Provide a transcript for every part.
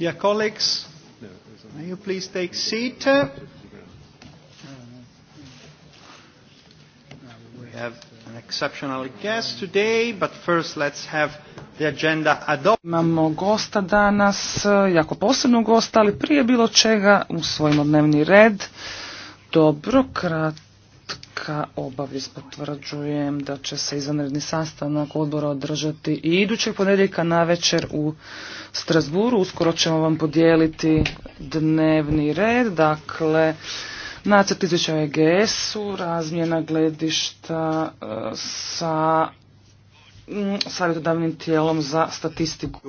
Dear colleagues, may you please take seat? Uh, we have an exceptional guest today, but first let's have the agenda adopted. Imamo gosta danas, uh, jako posebnog gosta, ali prije bilo čega usvojimo dnevni red. Dobro, kratko Ka obavijest. Potvrđujem da će se izvanredni sastanak odbora održati i idućeg ponedjeljka na večer u Strasburu. Uskoro ćemo vam podijeliti dnevni red, dakle nacrt izvješća EGS-u, razmjena gledišta e, sa savjetodavnim tijelom za statistiku.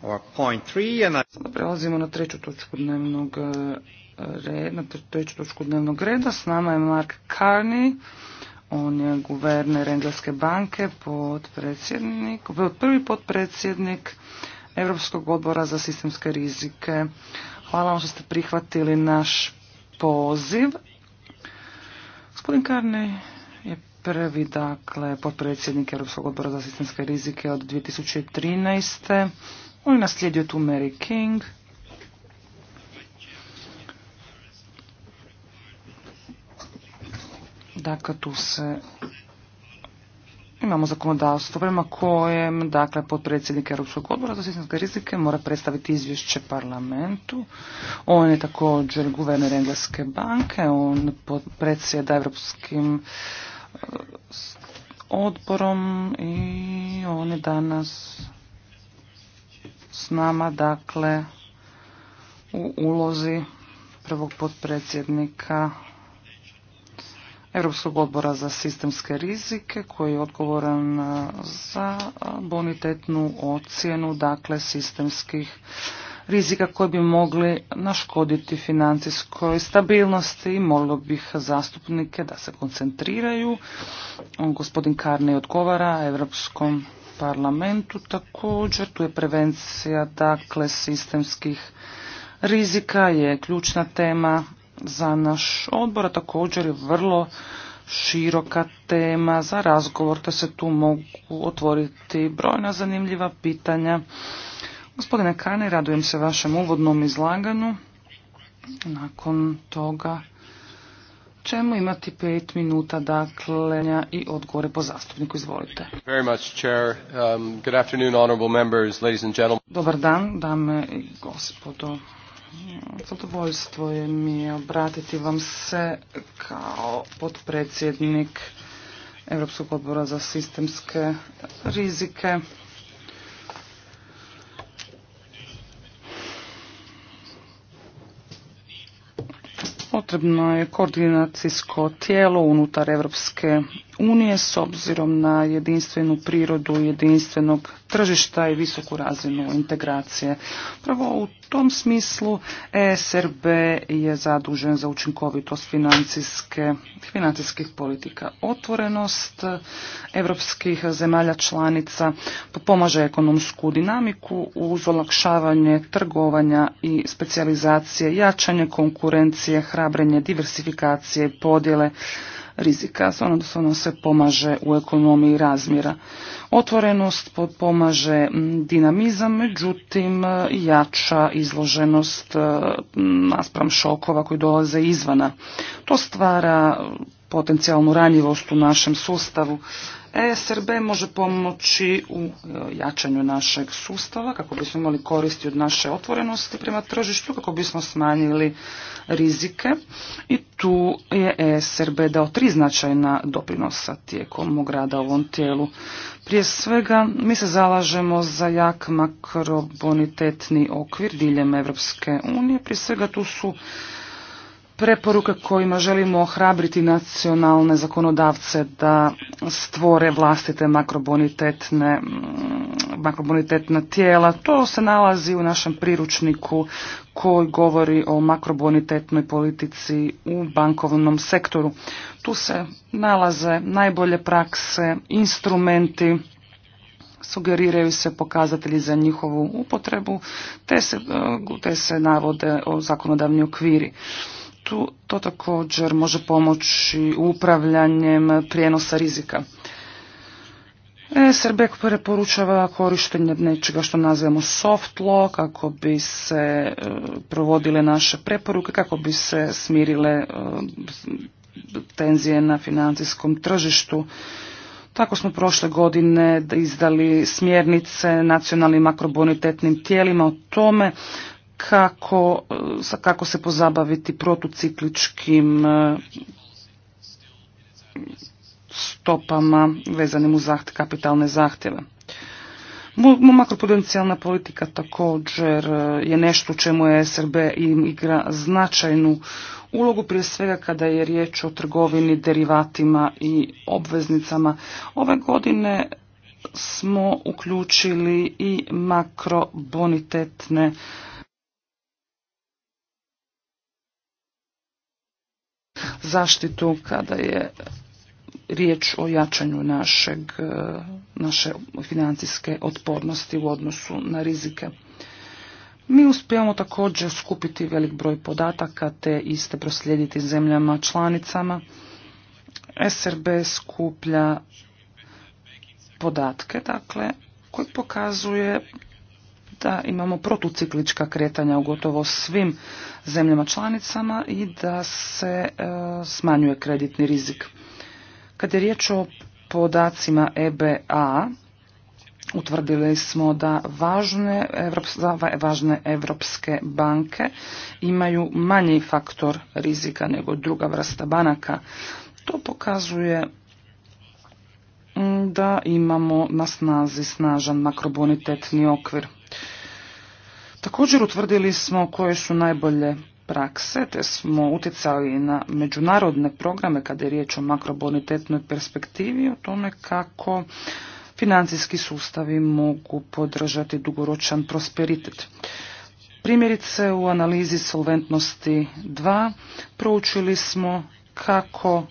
Sada prelazimo na treću točku dnevnog e, na treću točku dnevnog reda. S nama je Mark Carney, on je guverner Engleske banke, prvi potpredsjednik Europskog odbora za sistemske rizike. Hvala vam što ste prihvatili naš poziv. Gospodin Carney je prvi, dakle, potpredsjednik Europskog odbora za sistemske rizike od 2013. On je naslijedio tu Mary King, Dakle, tu se imamo zakonodavstvo prema kojem, dakle, potpredsjednik Europskog odbora za sistemske rizike mora predstaviti izvješće parlamentu. On je također guverner Engleske banke, on predsjeda Europskim eh, odborom i on je danas s nama, dakle, u ulozi prvog potpredsjednika Europskog odbora za sistemske rizike koji je odgovoran e, za e, bonitetnu ocjenu dakle sistemskih rizika koji bi mogli naškoditi financijskoj stabilnosti i molio bih zastupnike da se koncentriraju. Gospodin Karni odgovara Europskom parlamentu također. Tu je prevencija dakle sistemskih rizika je ključna tema za naš odbor, a također je vrlo široka tema za razgovor, te se tu mogu otvoriti brojna zanimljiva pitanja. Gospodine Kane, radujem se vašem uvodnom izlaganju. Nakon toga ćemo imati pet minuta dakle i odgovore po zastupniku. Izvolite. Dobar dan, dame i gospodo Zadovoljstvo je mi obratiti vam se kao potpredsjednik Europskog odbora za sistemske rizike. Potrebno je koordinacijsko tijelo unutar Europske unije s obzirom na jedinstvenu prirodu jedinstvenog tržišta i visoku razinu integracije. Prvo u tom smislu ESRB je zadužen za učinkovitost financijske, financijskih politika. Otvorenost evropskih zemalja članica pomaže ekonomsku dinamiku uz olakšavanje trgovanja i specijalizacije, jačanje konkurencije, hrabrenje, diversifikacije, podjele, rizika, odnosno se pomaže u ekonomiji razmjera. Otvorenost pomaže dinamizam, međutim e, jača izloženost e, naspram šokova koji dolaze izvana. To stvara potencijalnu ranjivost u našem sustavu. ESRB može pomoći u e, jačanju našeg sustava kako bismo imali koristi od naše otvorenosti prema tržištu, kako bismo smanjili rizike i tu je ESRB dao tri značajna doprinosa tijekom mog rada ovom tijelu. Prije svega mi se zalažemo za jak makrobonitetni okvir diljem Evropske unije, prije svega tu su preporuke kojima želimo ohrabriti nacionalne zakonodavce da stvore vlastite makrobonitetne, mm, makrobonitetna tijela. To se nalazi u našem priručniku koji govori o makrobonitetnoj politici u bankovnom sektoru. Tu se nalaze najbolje prakse, instrumenti, sugeriraju se pokazatelji za njihovu upotrebu, te se, e, te se navode o zakonodavni okviri. Tu to također može pomoći upravljanjem prijenosa rizika. E, SRB preporučava korištenje nečega što nazivamo soft law kako bi se e, provodile naše preporuke, kako bi se smirile e, tenzije na financijskom tržištu. Tako smo prošle godine izdali smjernice nacionalnim makrobonitetnim tijelima o tome kako, kako se pozabaviti protucikličkim e, stopama vezanim uz zaht, kapitalne zahtjeve. Makroprudencijalna politika također e, je nešto u čemu je SRB igra značajnu ulogu prije svega kada je riječ o trgovini, derivatima i obveznicama. Ove godine smo uključili i makrobonitetne zaštitu kada je riječ o jačanju našeg, e, naše financijske otpornosti u odnosu na rizike. Mi uspijemo također skupiti velik broj podataka te iste proslijediti zemljama članicama. SRB skuplja podatke, dakle, koji pokazuje da imamo protuciklička kretanja u gotovo svim zemljama članicama i da se e, smanjuje kreditni rizik. Kad je riječ o podacima EBA, utvrdili smo da važne, važne evropske banke imaju manji faktor rizika nego druga vrsta banaka. To pokazuje da imamo na snazi snažan makrobonitetni okvir. Također utvrdili smo koje su najbolje prakse, te smo utjecali na međunarodne programe kada je riječ o makrobonitetnoj perspektivi, o tome kako financijski sustavi mogu podržati dugoročan prosperitet. Primjerice u analizi solventnosti 2 proučili smo kako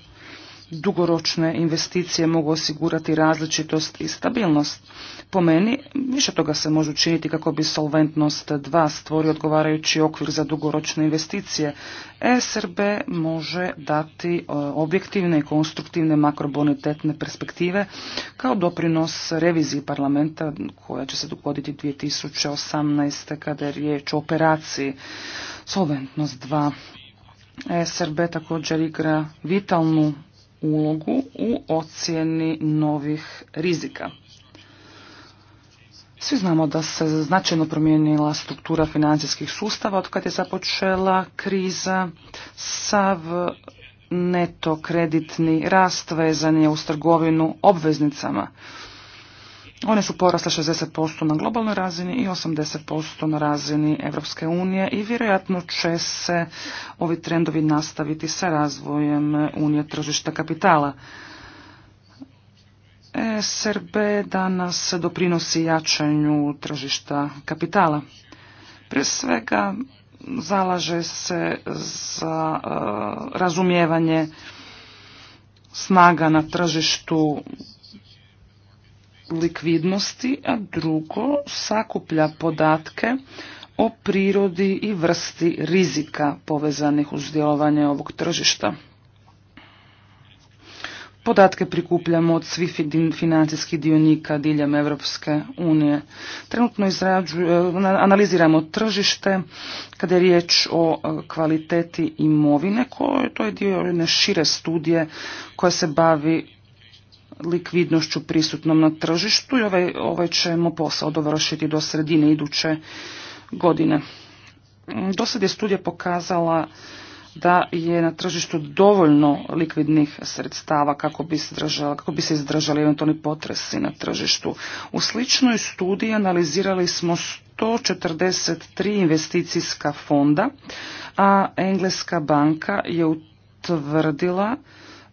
dugoročne investicije mogu osigurati različitost i stabilnost. Po meni, više toga se može učiniti kako bi Solventnost 2 stvorio odgovarajući okvir za dugoročne investicije. esrb može dati e, objektivne i konstruktivne makrobonitetne perspektive kao doprinos reviziji parlamenta koja će se dogoditi 2018. kada je riječ o operaciji Solventnost 2. eSRB također igra vitalnu ulogu u ocjeni novih rizika. Svi znamo da se značajno promijenila struktura financijskih sustava od kad je započela kriza. Sav neto kreditni rast vezan je uz trgovinu obveznicama. One su porasle 60% na globalnoj razini i 80% na razini Europske unije i vjerojatno će se ovi trendovi nastaviti sa razvojem unije tržišta kapitala. E SRB danas doprinosi jačanju tržišta kapitala. Prije svega zalaže se za e, razumijevanje snaga na tržištu likvidnosti, a drugo sakuplja podatke o prirodi i vrsti rizika povezanih uz djelovanje ovog tržišta. Podatke prikupljamo od svih financijskih dionika diljem Evropske unije. Trenutno analiziramo tržište kada je riječ o e, kvaliteti imovine, koje to je dio jedne šire studije koja se bavi likvidnošću prisutnom na tržištu i ovaj, ovaj ćemo posao dovršiti do sredine iduće godine. Do sad je studija pokazala da je na tržištu dovoljno likvidnih sredstava kako bi, kako bi se izdržali eventualni potresi na tržištu. U sličnoj studiji analizirali smo 143 investicijska fonda, a Engleska banka je utvrdila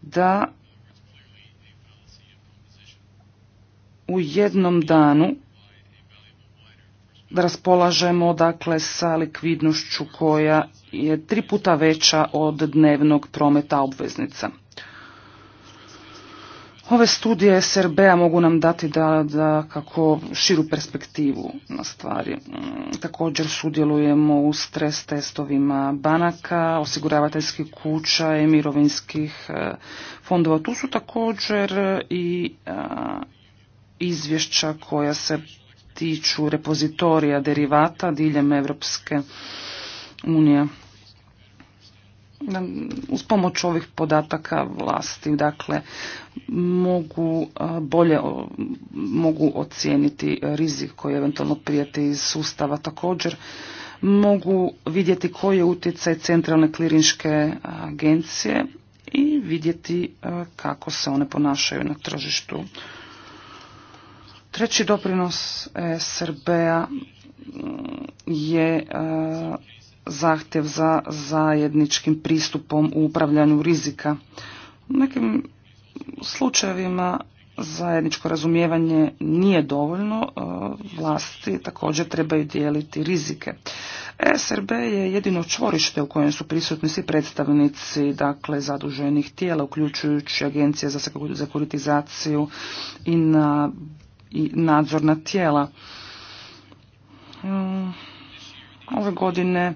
da u jednom danu da raspolažemo dakle sa likvidnošću koja je tri puta veća od dnevnog prometa obveznica. Ove studije SRB-a mogu nam dati da, da kako širu perspektivu na stvari. Mm, također sudjelujemo u stres testovima banaka, osiguravateljskih kuća i mirovinskih e, fondova. Tu su također i izvješća koja se tiču repozitorija derivata diljem Evropske unije. Uz pomoć ovih podataka vlasti, dakle, mogu bolje mogu ocijeniti rizik koji eventualno prijeti iz sustava također mogu vidjeti koji je utjecaj centralne klirinške agencije i vidjeti kako se one ponašaju na tržištu. Treći doprinos e, SRB-a je e, zahtjev za zajedničkim pristupom u upravljanju rizika. U nekim slučajevima zajedničko razumijevanje nije dovoljno, e, vlasti također trebaju dijeliti rizike. SRB je jedino čvorište u kojem su prisutni svi predstavnici dakle, zaduženih tijela, uključujući agencije za sekuritizaciju i na i nadzorna tijela. Mm, ove godine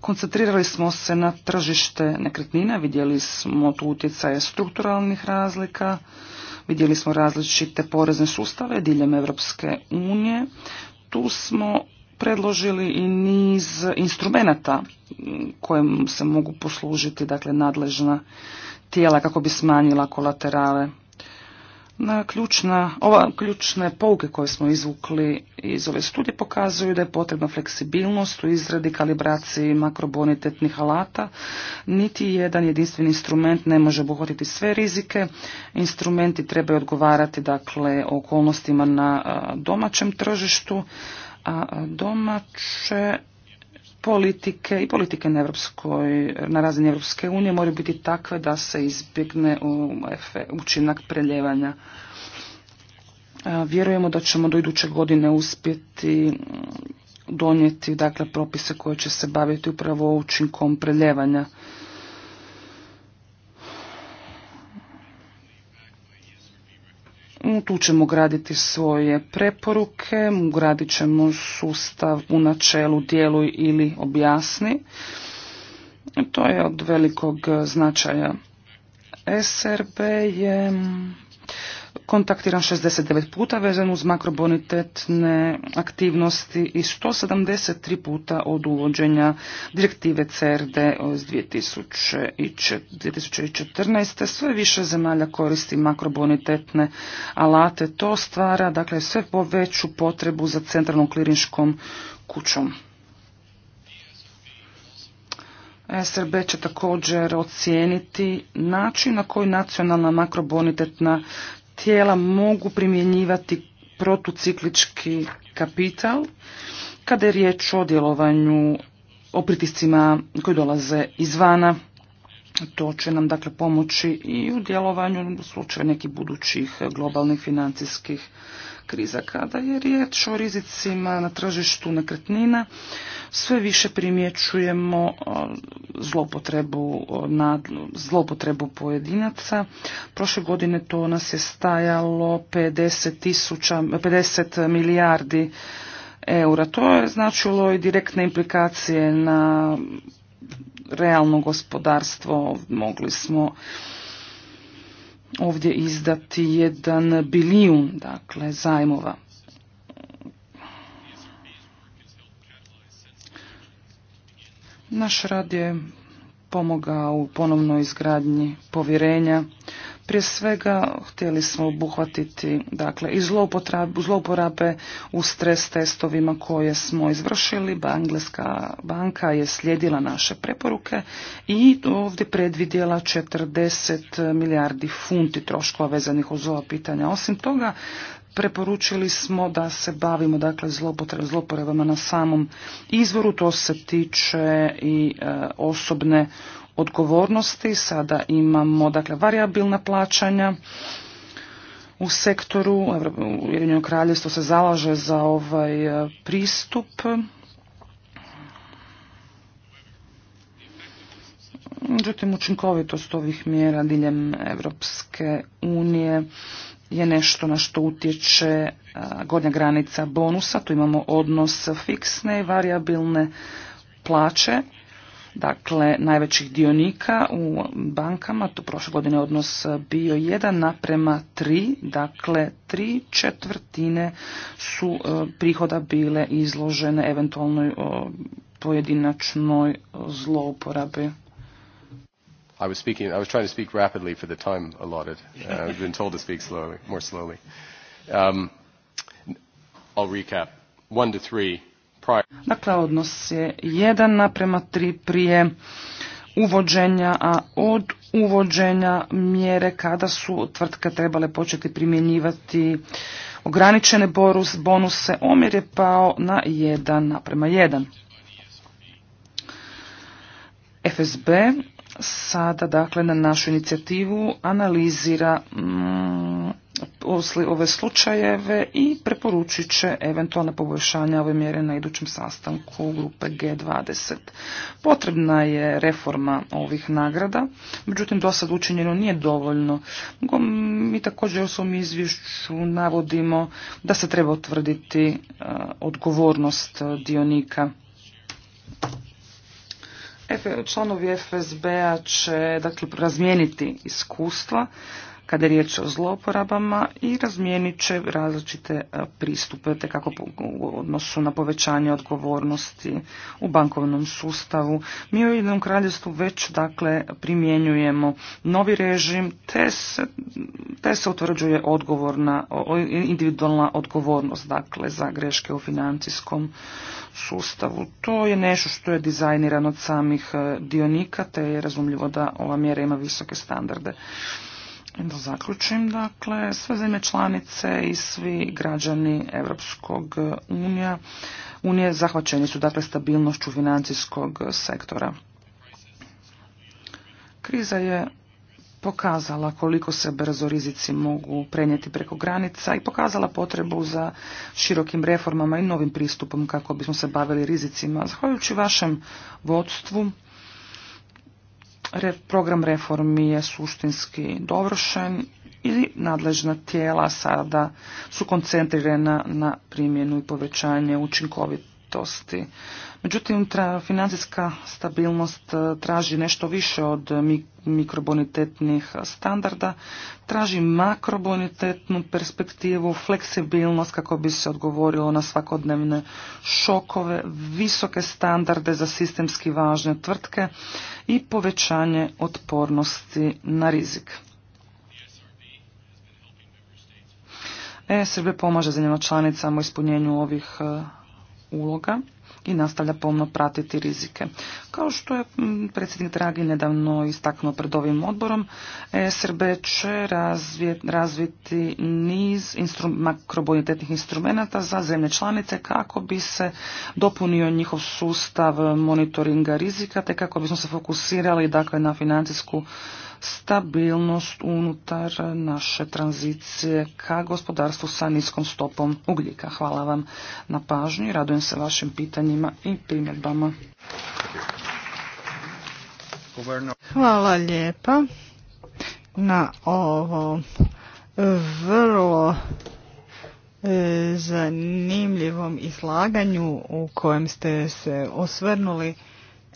koncentrirali smo se na tržište nekretnina, vidjeli smo tu utjecaje strukturalnih razlika, vidjeli smo različite porezne sustave diljem Europske unije. Tu smo predložili i niz instrumenata kojim se mogu poslužiti dakle nadležna tijela kako bi smanjila kolaterale na ključna, ova ključne pouke koje smo izvukli iz ove studije pokazuju da je potrebna fleksibilnost u izradi kalibraciji makrobonitetnih alata. Niti jedan jedinstveni instrument ne može obuhvatiti sve rizike. Instrumenti trebaju odgovarati dakle okolnostima na domaćem tržištu, a domaće politike i politike na, Evropskoj, na razini Evropske unije moraju biti takve da se izbjegne učinak preljevanja. Vjerujemo da ćemo do iduće godine uspjeti donijeti dakle, propise koje će se baviti upravo učinkom preljevanja. Mm, tu ćemo graditi svoje preporuke, ugradit ćemo sustav u načelu, dijelu ili objasni. To je od velikog značaja. SRB je kontaktiran 69 puta vezan uz makrobonitetne aktivnosti i 173 puta od uvođenja direktive CRD iz 2014. Sve više zemalja koristi makrobonitetne alate. To stvara dakle, sve poveću veću potrebu za centralnom klirinškom kućom. SRB će također ocijeniti način na koji nacionalna makrobonitetna tijela mogu primjenjivati protuciklički kapital kada je riječ o djelovanju o pritiscima koji dolaze izvana. To će nam dakle pomoći i u djelovanju u slučaju nekih budućih globalnih financijskih kriza. Kada je riječ o rizicima na tržištu nekretnina, sve više primjećujemo e, zlopotrebu, e, na zlopotrebu pojedinaca. Prošle godine to nas je stajalo 50, 50 milijardi eura. To je značilo i direktne implikacije na realno gospodarstvo. Mogli smo ovdje izdati jedan bilijun dakle, zajmova. Naš rad je pomogao u ponovnoj izgradnji povjerenja, prije svega htjeli smo obuhvatiti dakle, i zlouporabe u stres testovima koje smo izvršili. Angleska banka je slijedila naše preporuke i ovdje predvidjela 40 milijardi funti troškova vezanih uz ova pitanja. Osim toga, preporučili smo da se bavimo dakle zlouporabama na samom izvoru, to se tiče i e, osobne odgovornosti. Sada imamo dakle variabilna plaćanja u sektoru. Ujedinjeno kraljevstvo se zalaže za ovaj e, pristup. Međutim, učinkovitost ovih mjera diljem Evropske unije je nešto na što utječe e, gornja granica bonusa. Tu imamo odnos fiksne i variabilne plaće dakle najvećih dionika u bankama, to prošle godine odnos bio 1 naprema 3, dakle 3 četvrtine su e, prihoda bile izložene eventualnoj e, pojedinačnoj zlouporabi. I was speaking I was trying to speak rapidly for the time allotted. Uh, I've been told to speak slowly, more slowly. Um, I'll recap. 1 to 3 Dakle, odnos je 1 naprema 3 prije uvođenja, a od uvođenja mjere kada su tvrtke trebale početi primjenjivati ograničene bonuse, omjer je pao na 1 naprema 1. FSB sada dakle na našu inicijativu analizira mm, ove slučajeve i preporučit će eventualne poboljšanja ove mjere na idućem sastanku grupe G20. Potrebna je reforma ovih nagrada, međutim do sad učinjeno nije dovoljno. Mi također u svom izvješću navodimo da se treba utvrditi e, odgovornost dionika. Članovi FSB-a će dakle, razmijeniti iskustva kada je riječ o zloporabama i razmijenit će različite e, pristupe te kako u odnosu na povećanje odgovornosti u bankovnom sustavu. Mi u jednom kraljestvu već dakle primjenjujemo novi režim te se, te se utvrđuje odgovorna, individualna odgovornost dakle za greške u financijskom sustavu. To je nešto što je dizajnirano od samih e, dionika te je razumljivo da ova mjera ima visoke standarde. Da zaključim, dakle, sve zemlje članice i svi građani Europskog unija, unije zahvaćeni su dakle stabilnošću financijskog sektora. Kriza je pokazala koliko se brzo rizici mogu prenijeti preko granica i pokazala potrebu za širokim reformama i novim pristupom kako bismo se bavili rizicima. Zahvaljujući vašem vodstvu, program reformi je suštinski dovršen i nadležna tijela sada su koncentrirana na primjenu i povećanje učinkovitosti. Međutim, financijska stabilnost eh, traži nešto više od mikrobonitetnih standarda, traži makrobonitetnu perspektivu, fleksibilnost kako bi se odgovorilo na svakodnevne šokove, visoke standarde za sistemski važne tvrtke i povećanje otpornosti na rizik. ESRB pomaže zemljama članicama u ispunjenju ovih e, uloga i nastavlja pomno pratiti rizike. Kao što je predsjednik Dragi nedavno istaknuo pred ovim odborom, e SRB će razviti niz makrobonitetnih instrumenata za zemlje članice kako bi se dopunio njihov sustav monitoringa rizika te kako bismo se fokusirali dakle, na financijsku stabilnost unutar naše tranzicije ka gospodarstvu sa niskom stopom ugljika. Hvala vam na pažnji, radujem se vašim pitanjima i primjedbama. Hvala lijepa na ovo vrlo e, zanimljivom izlaganju u kojem ste se osvrnuli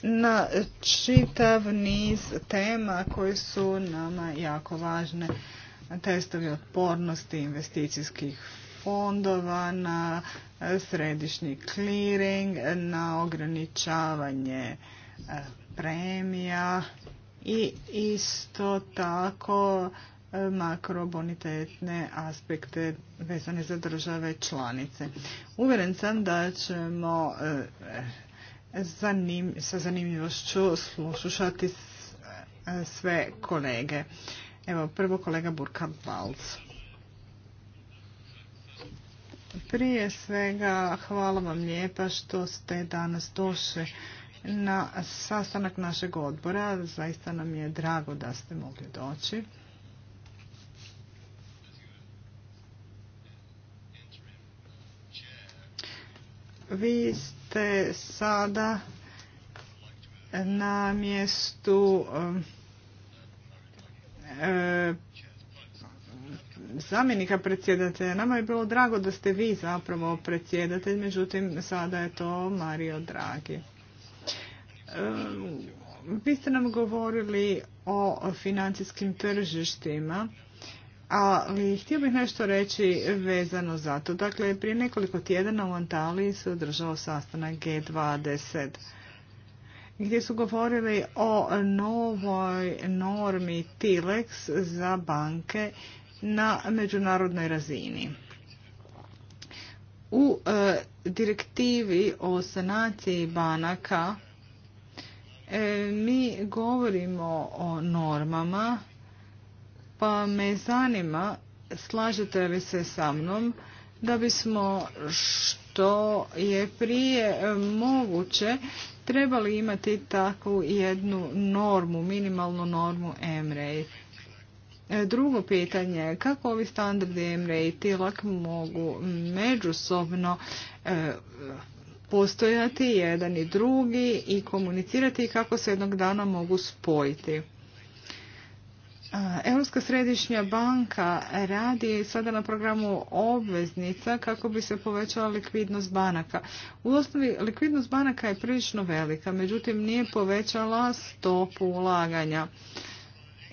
na čitav niz tema koje su nama jako važne. Testovi otpornosti investicijskih fondova na središnji clearing, na ograničavanje e, premija i isto tako e, makrobonitetne aspekte vezane za države članice. Uvjeren sam da ćemo e, zanim, sa zanimljivošću slušati sve kolege. Evo, prvo kolega Burka Balc. Prije svega, hvala vam lijepa što ste danas došli na sastanak našeg odbora. Zaista nam je drago da ste mogli doći. Vi ste sada na mjestu um, e, zamjenika predsjedatelja. Nama je bilo drago da ste vi zapravo predsjedatelj, međutim sada je to Mario Draghi. Um, vi ste nam govorili o financijskim tržištima ali htio bih nešto reći vezano za to. Dakle, prije nekoliko tjedana u Antaliji se održao sastanak G20 gdje su govorili o novoj normi TILEX za banke na međunarodnoj razini. U e, direktivi o sanaciji banaka e, mi govorimo o normama pa me zanima slažete li se sa mnom da bismo što je prije moguće trebali imati takvu jednu normu, minimalnu normu MREI. Drugo pitanje, kako ovi standardi MRE i TILAK mogu međusobno e, postojati jedan i drugi i komunicirati i kako se jednog dana mogu spojiti? Europska središnja banka radi sada na programu obveznica kako bi se povećala likvidnost banaka. U osnovi likvidnost banaka je prilično velika, međutim nije povećala stopu ulaganja.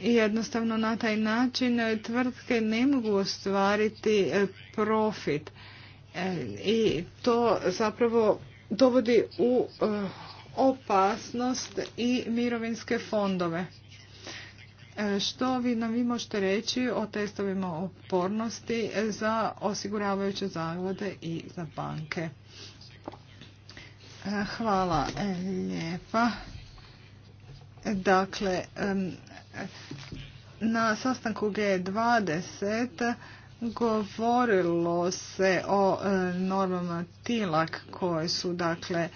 I jednostavno na taj način tvrtke ne mogu ostvariti e, profit e, i to zapravo dovodi u e, opasnost i mirovinske fondove. E, što vi nam vi možete reći o testovima opornosti e, za osiguravajuće zavode i za banke? E, hvala lijepa. Dakle, na sastanku G20 govorilo se o normama tilak koje su dakle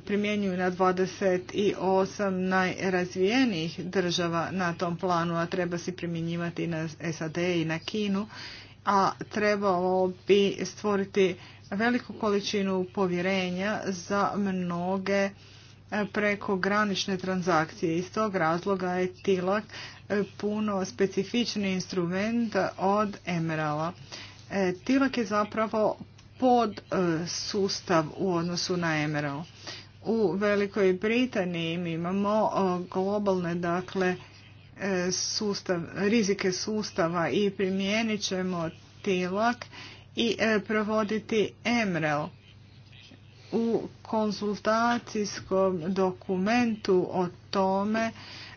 primjenjuju na 28 najrazvijenijih država na tom planu, a treba se primjenjivati na SAD i na Kinu, a trebalo bi stvoriti veliku količinu povjerenja za mnoge granične transakcije. Iz tog razloga je tilak puno specifični instrument od emerala. E, tilak je zapravo pod sustav u odnosu na emeral. U Velikoj Britaniji mi imamo globalne dakle e, sustav, rizike sustava i primijenit ćemo tilak i e, provoditi EMREL. U konsultacijskom dokumentu o tome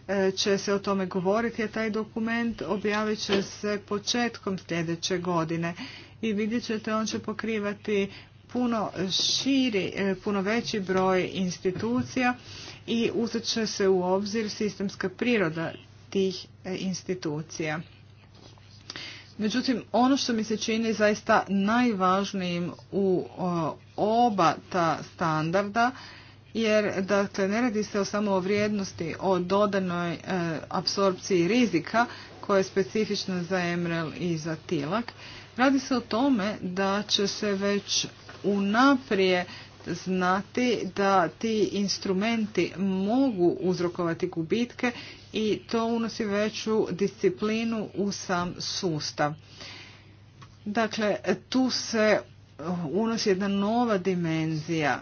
e, će se o tome govoriti, a taj dokument objavit će se početkom sljedeće godine. I vidjet ćete, on će pokrivati puno širi, e, puno veći broj institucija i uzet se u obzir sistemska priroda tih e, institucija. Međutim, ono što mi se čini zaista najvažnijim u oba ta standarda, jer dakle, ne radi se o samo o vrijednosti, o dodanoj e, apsorpciji rizika koja je specifična za Emrel i za Tilak. Radi se o tome da će se već unaprijed znati da ti instrumenti mogu uzrokovati gubitke i to unosi veću disciplinu u sam sustav. Dakle, tu se unosi jedna nova dimenzija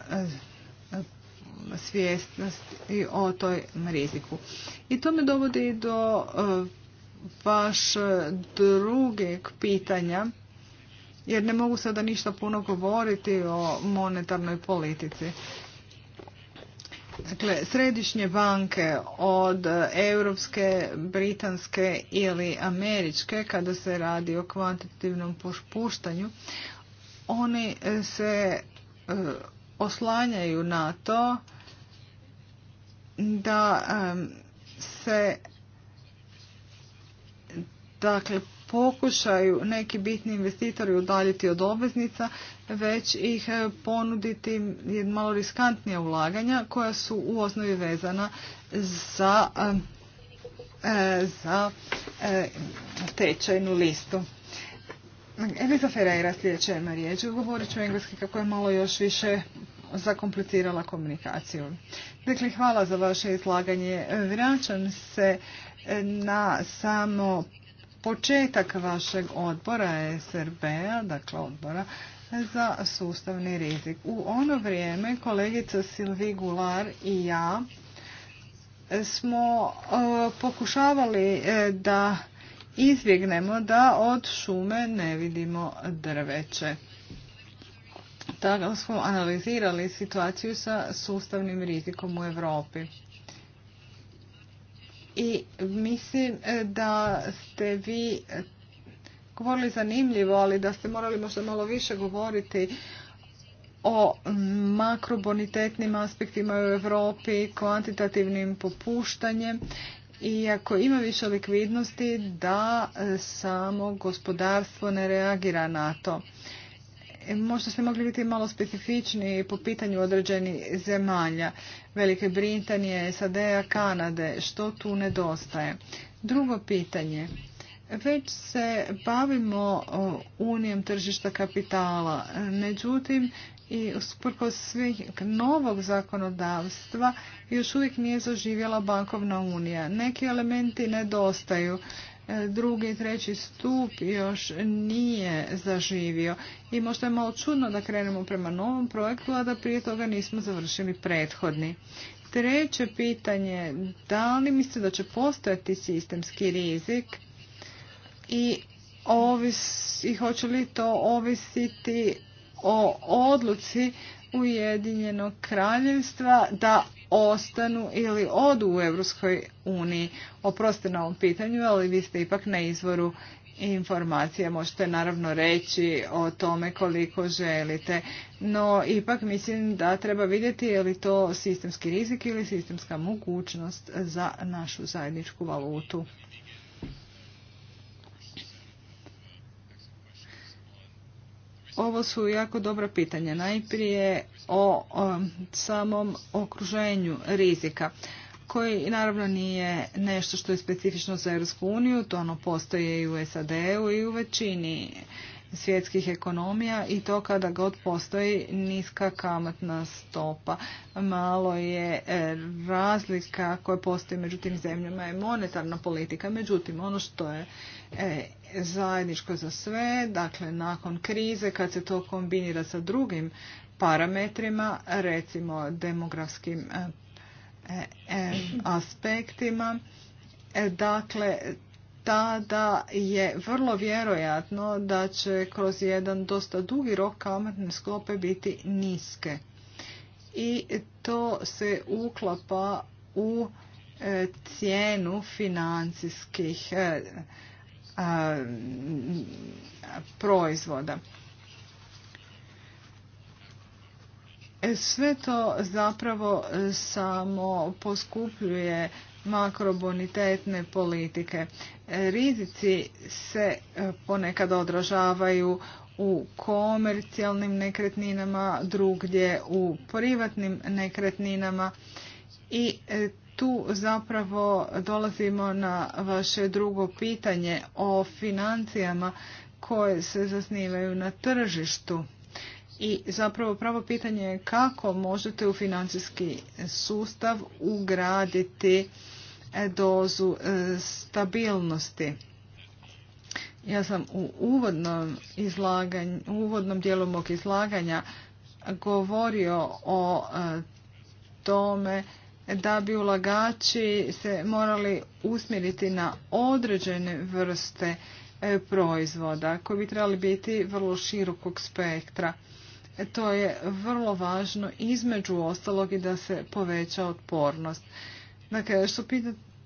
svjesnosti o toj riziku. I to me dovodi do e, vaš drugeg pitanja jer ne mogu sada ništa puno govoriti o monetarnoj politici. Dakle, središnje banke od europske, britanske ili američke, kada se radi o kvantitativnom popuštanju, oni se e, oslanjaju na to da e, se dakle pokušaju neki bitni investitori udaljiti od obveznica, već ih e, ponuditi malo riskantnija ulaganja koja su u osnovi vezana za, e, e, za tečajnu listu. Eliza Ferreira sljedeća na riječ. Govorit ću engleski kako je malo još više zakomplicirala komunikaciju. Dakle, hvala za vaše izlaganje. Vraćam se na samo početak vašeg odbora SRB-a, dakle odbora za sustavni rizik. U ono vrijeme kolegica Silvi Gular i ja smo e, pokušavali e, da izbjegnemo da od šume ne vidimo drveće. Tako smo analizirali situaciju sa sustavnim rizikom u Europi i mislim e, da ste vi e, govorili zanimljivo, ali da ste morali možda malo više govoriti o makrobonitetnim aspektima u Europi, kvantitativnim popuštanjem i ako ima više likvidnosti da e, samo gospodarstvo ne reagira na to. Možda ste mogli biti malo specifični po pitanju određenih zemalja, Velike Britanije, SAD-a, Kanade, što tu nedostaje. Drugo pitanje, već se bavimo unijem tržišta kapitala, međutim i usprkos svih novog zakonodavstva još uvijek nije zaživjela bankovna unija. Neki elementi nedostaju drugi i treći stup još nije zaživio i možda je malo čudno da krenemo prema novom projektu, a da prije toga nismo završili prethodni. Treće pitanje, da li mislite da će postojati sistemski rizik i, ovis, i hoće li to ovisiti o odluci Ujedinjenog kraljevstva da ostanu ili odu u Europskoj uniji. Oprostite na ovom pitanju, ali vi ste ipak na izvoru informacije. Možete naravno reći o tome koliko želite, no ipak mislim da treba vidjeti je li to sistemski rizik ili sistemska mogućnost za našu zajedničku valutu. ovo su jako dobra pitanja. Najprije o, samom okruženju rizika koji naravno nije nešto što je specifično za EU. uniju, to ono postoje i u SAD-u i u većini svjetskih ekonomija i to kada god postoji niska kamatna stopa. Malo je e, razlika koja postoji među tim zemljama je monetarna politika. Međutim, ono što je e, zajedničko za sve, dakle nakon krize kad se to kombinira sa drugim parametrima, recimo demografskim e, aspektima, dakle tada je vrlo vjerojatno da će kroz jedan dosta dugi rok kamatne sklope biti niske. I to se uklapa u e, cijenu financijskih e, proizvoda. E, sve to zapravo samo poskupljuje makrobonitetne politike. E, rizici se e, ponekad odražavaju u komercijalnim nekretninama, drugdje u privatnim nekretninama i e, tu zapravo dolazimo na vaše drugo pitanje o financijama koje se zasnivaju na tržištu. I zapravo pravo pitanje je kako možete u financijski sustav ugraditi dozu e, stabilnosti. Ja sam u uvodnom, izlaganju, u uvodnom dijelu mog izlaganja govorio o e, tome da bi ulagači se morali usmjeriti na određene vrste e, proizvoda koji bi trebali biti vrlo širokog spektra. To je vrlo važno između ostalog i da se poveća otpornost. Dakle,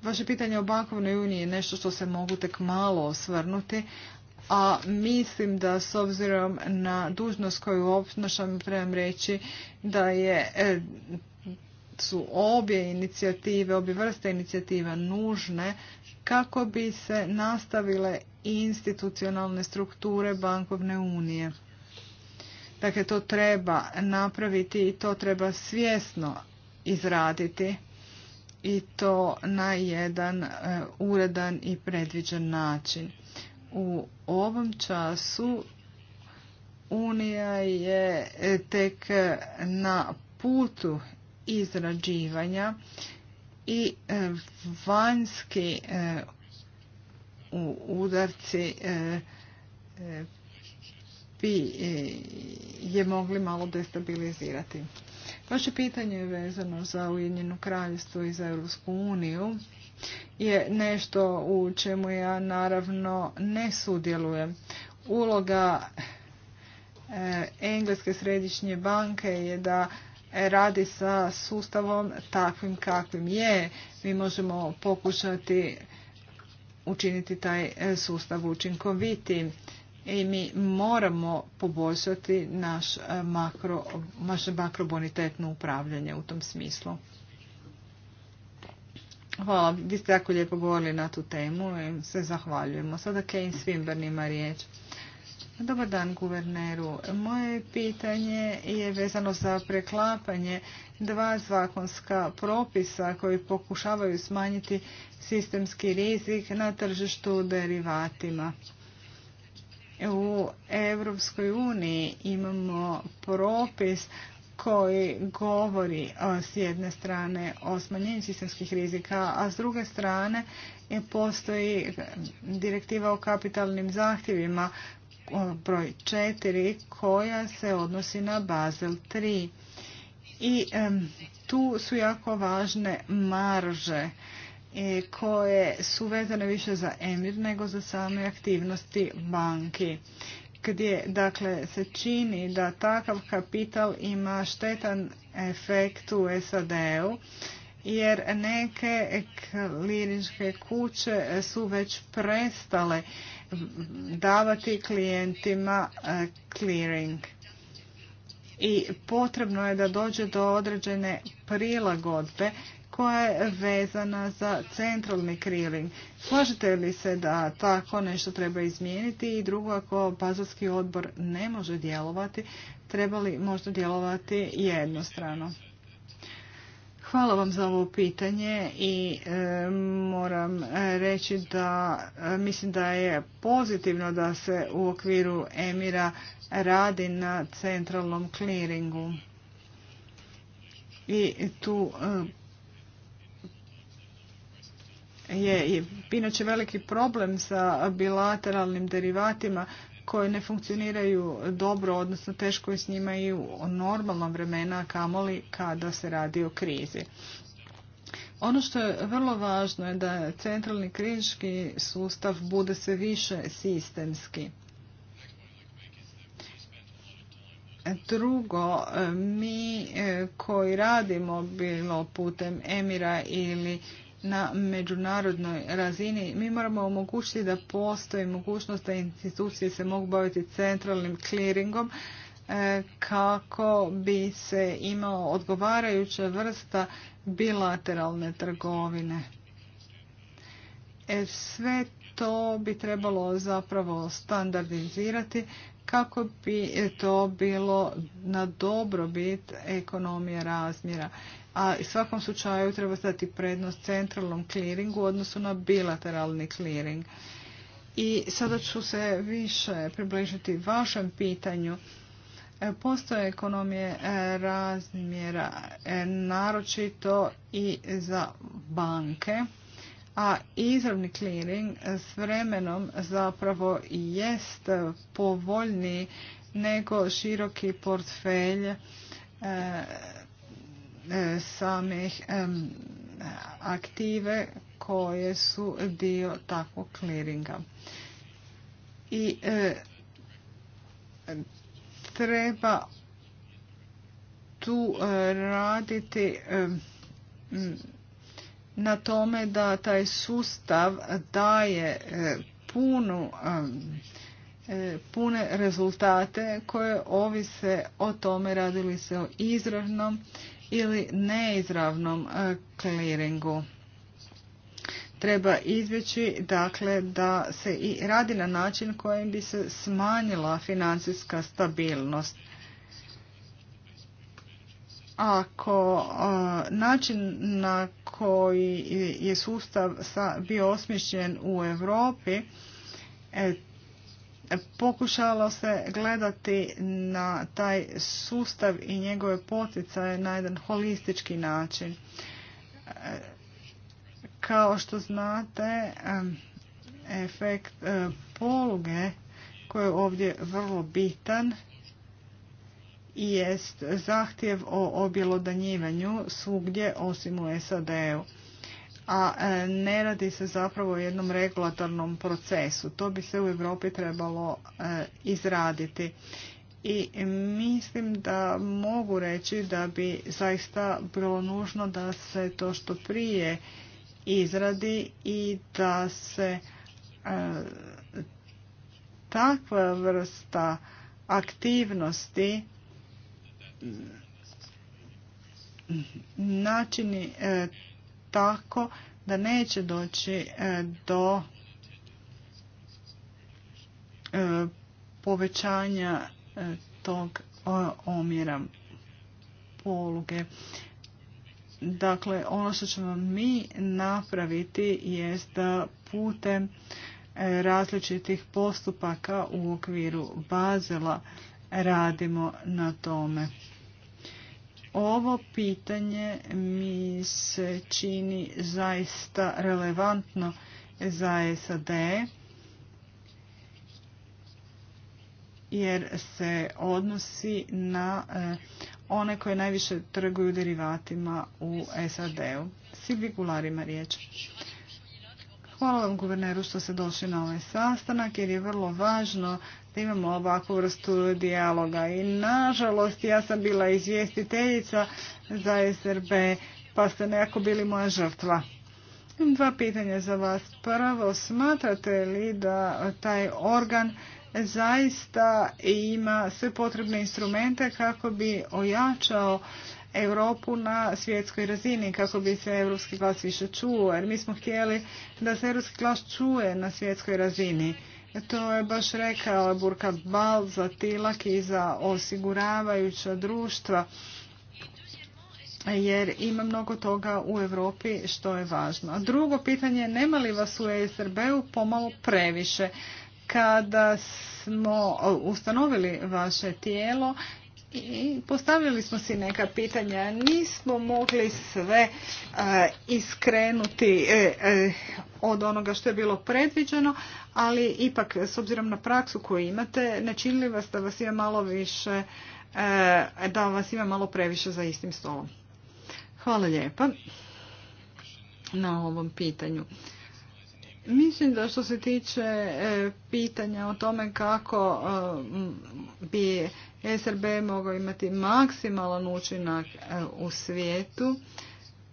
vaše pitanje o bankovnoj uniji je nešto što se mogu tek malo osvrnuti, a mislim da s obzirom na dužnost koju obnašam trebam reći da je e, su obje inicijative, obje vrste inicijativa nužne kako bi se nastavile institucionalne strukture bankovne unije. Dakle, to treba napraviti i to treba svjesno izraditi i to na jedan e, uredan i predviđen način. U ovom času Unija je e, tek na putu izrađivanja i e, vanjski udarci bi je mogli malo destabilizirati. Vaše pitanje je vezano za Ujedinjenu kraljestvo i za Europsku uniju je nešto u čemu ja naravno ne sudjelujem. Uloga eh, Engleske središnje banke je da radi sa sustavom takvim kakvim je. Mi možemo pokušati učiniti taj eh, sustav učinkovitim i mi moramo poboljšati naš e, makro, naše makrobonitetno upravljanje u tom smislu. Hvala, vi ste jako lijepo govorili na tu temu i se zahvaljujemo. Sada Kane Swinburne ima riječ. Dobar dan, guverneru. Moje pitanje je vezano za preklapanje dva zakonska propisa koji pokušavaju smanjiti sistemski rizik na tržištu derivatima u Europskoj uniji imamo propis koji govori s jedne strane o smanjenju sistemskih rizika, a s druge strane e, postoji direktiva o kapitalnim zahtjevima broj 4 koja se odnosi na Basel 3. I tu su jako važne marže E, koje su vezane više za emir nego za same aktivnosti banki gdje dakle se čini da takav kapital ima štetan efekt u SAD-u jer neke kliničke kuće su već prestale davati klijentima e, clearing. I potrebno je da dođe do određene prilagodbe koja je vezana za centralni kriling. Slažete li se da tako nešto treba izmijeniti i drugo ako bazarski odbor ne može djelovati, treba li možda djelovati jednostrano? Hvala vam za ovo pitanje i e, moram reći da e, mislim da je pozitivno da se u okviru Emira radi na centralnom kliringu. I tu e, je inače veliki problem sa bilateralnim derivatima koji ne funkcioniraju dobro, odnosno teško je s njima i u normalnom vremena, kamoli kada se radi o krizi. Ono što je vrlo važno je da centralni kriški sustav bude se više sistemski. Drugo, mi eh, koji radimo bilo putem Emira ili na međunarodnoj razini, mi moramo omogućiti da postoji mogućnost da institucije se mogu baviti centralnim kliringom e, kako bi se imao odgovarajuća vrsta bilateralne trgovine. E, sve to bi trebalo zapravo standardizirati kako bi to bilo na dobrobit ekonomije razmjera a u svakom slučaju treba stati prednost centralnom clearingu u odnosu na bilateralni clearing. I sada ću se više približiti vašem pitanju. E, postoje ekonomije e, razmjera, e, naročito i za banke, a izravni clearing s vremenom zapravo jest povoljniji nego široki portfelj E, samih e, aktive koje su dio takvog kliringa. I e, treba tu raditi na tome da taj sustav daje punu pune rezultate koje ovise o tome radili se o izravnom ili neizravnom kliringu. E, Treba izbjeći dakle, da se i radi na način kojim bi se smanjila financijska stabilnost. Ako e, način na koji je sustav bio osmišljen u Europi e, pokušalo se gledati na taj sustav i njegove poticaje na jedan holistički način. Kao što znate, efekt e, poluge koji je ovdje vrlo bitan jest zahtjev o objelodanjivanju svugdje osim u SAD-u a e, ne radi se zapravo o jednom regulatornom procesu. To bi se u Europi trebalo e, izraditi. I mislim da mogu reći da bi zaista bilo nužno da se to što prije izradi i da se e, takva vrsta aktivnosti načini tako da neće doći e, do e, povećanja e, tog omjera poluge. Dakle, ono što ćemo mi napraviti jest da putem različitih postupaka u okviru Bazela radimo na tome. Ovo pitanje mi se čini zaista relevantno za SAD jer se odnosi na e, one koje najviše trguju derivatima u SAD-u. Silvi Gularima riječ. Hvala vam guverneru što ste došli na ovaj sastanak jer je vrlo važno imamo ovakvu vrstu dijaloga. I nažalost ja sam bila izvjestiteljica za SRB pa ste nekako bili moja žrtva. Dva pitanja za vas. Prvo, smatrate li da taj organ zaista ima sve potrebne instrumente kako bi ojačao Europu na svjetskoj razini kako bi se europski glas više čuo jer mi smo htjeli da se europski glas čuje na svjetskoj razini to je baš rekao Burka Bal za tilak i za osiguravajuća društva jer ima mnogo toga u Europi što je važno. drugo pitanje je nema li vas u e srb u pomalo previše? Kada smo ustanovili vaše tijelo, i smo si neka pitanja. Nismo mogli sve e, iskrenuti e, e, od onoga što je bilo predviđeno, ali ipak s obzirom na praksu koju imate, ne čini vas da vas ima malo više, da vas ima malo previše za istim stolom. Hvala lijepa na ovom pitanju. Mislim da što se tiče pitanja o tome kako bi SRB je mogao imati maksimalan učinak e, u svijetu.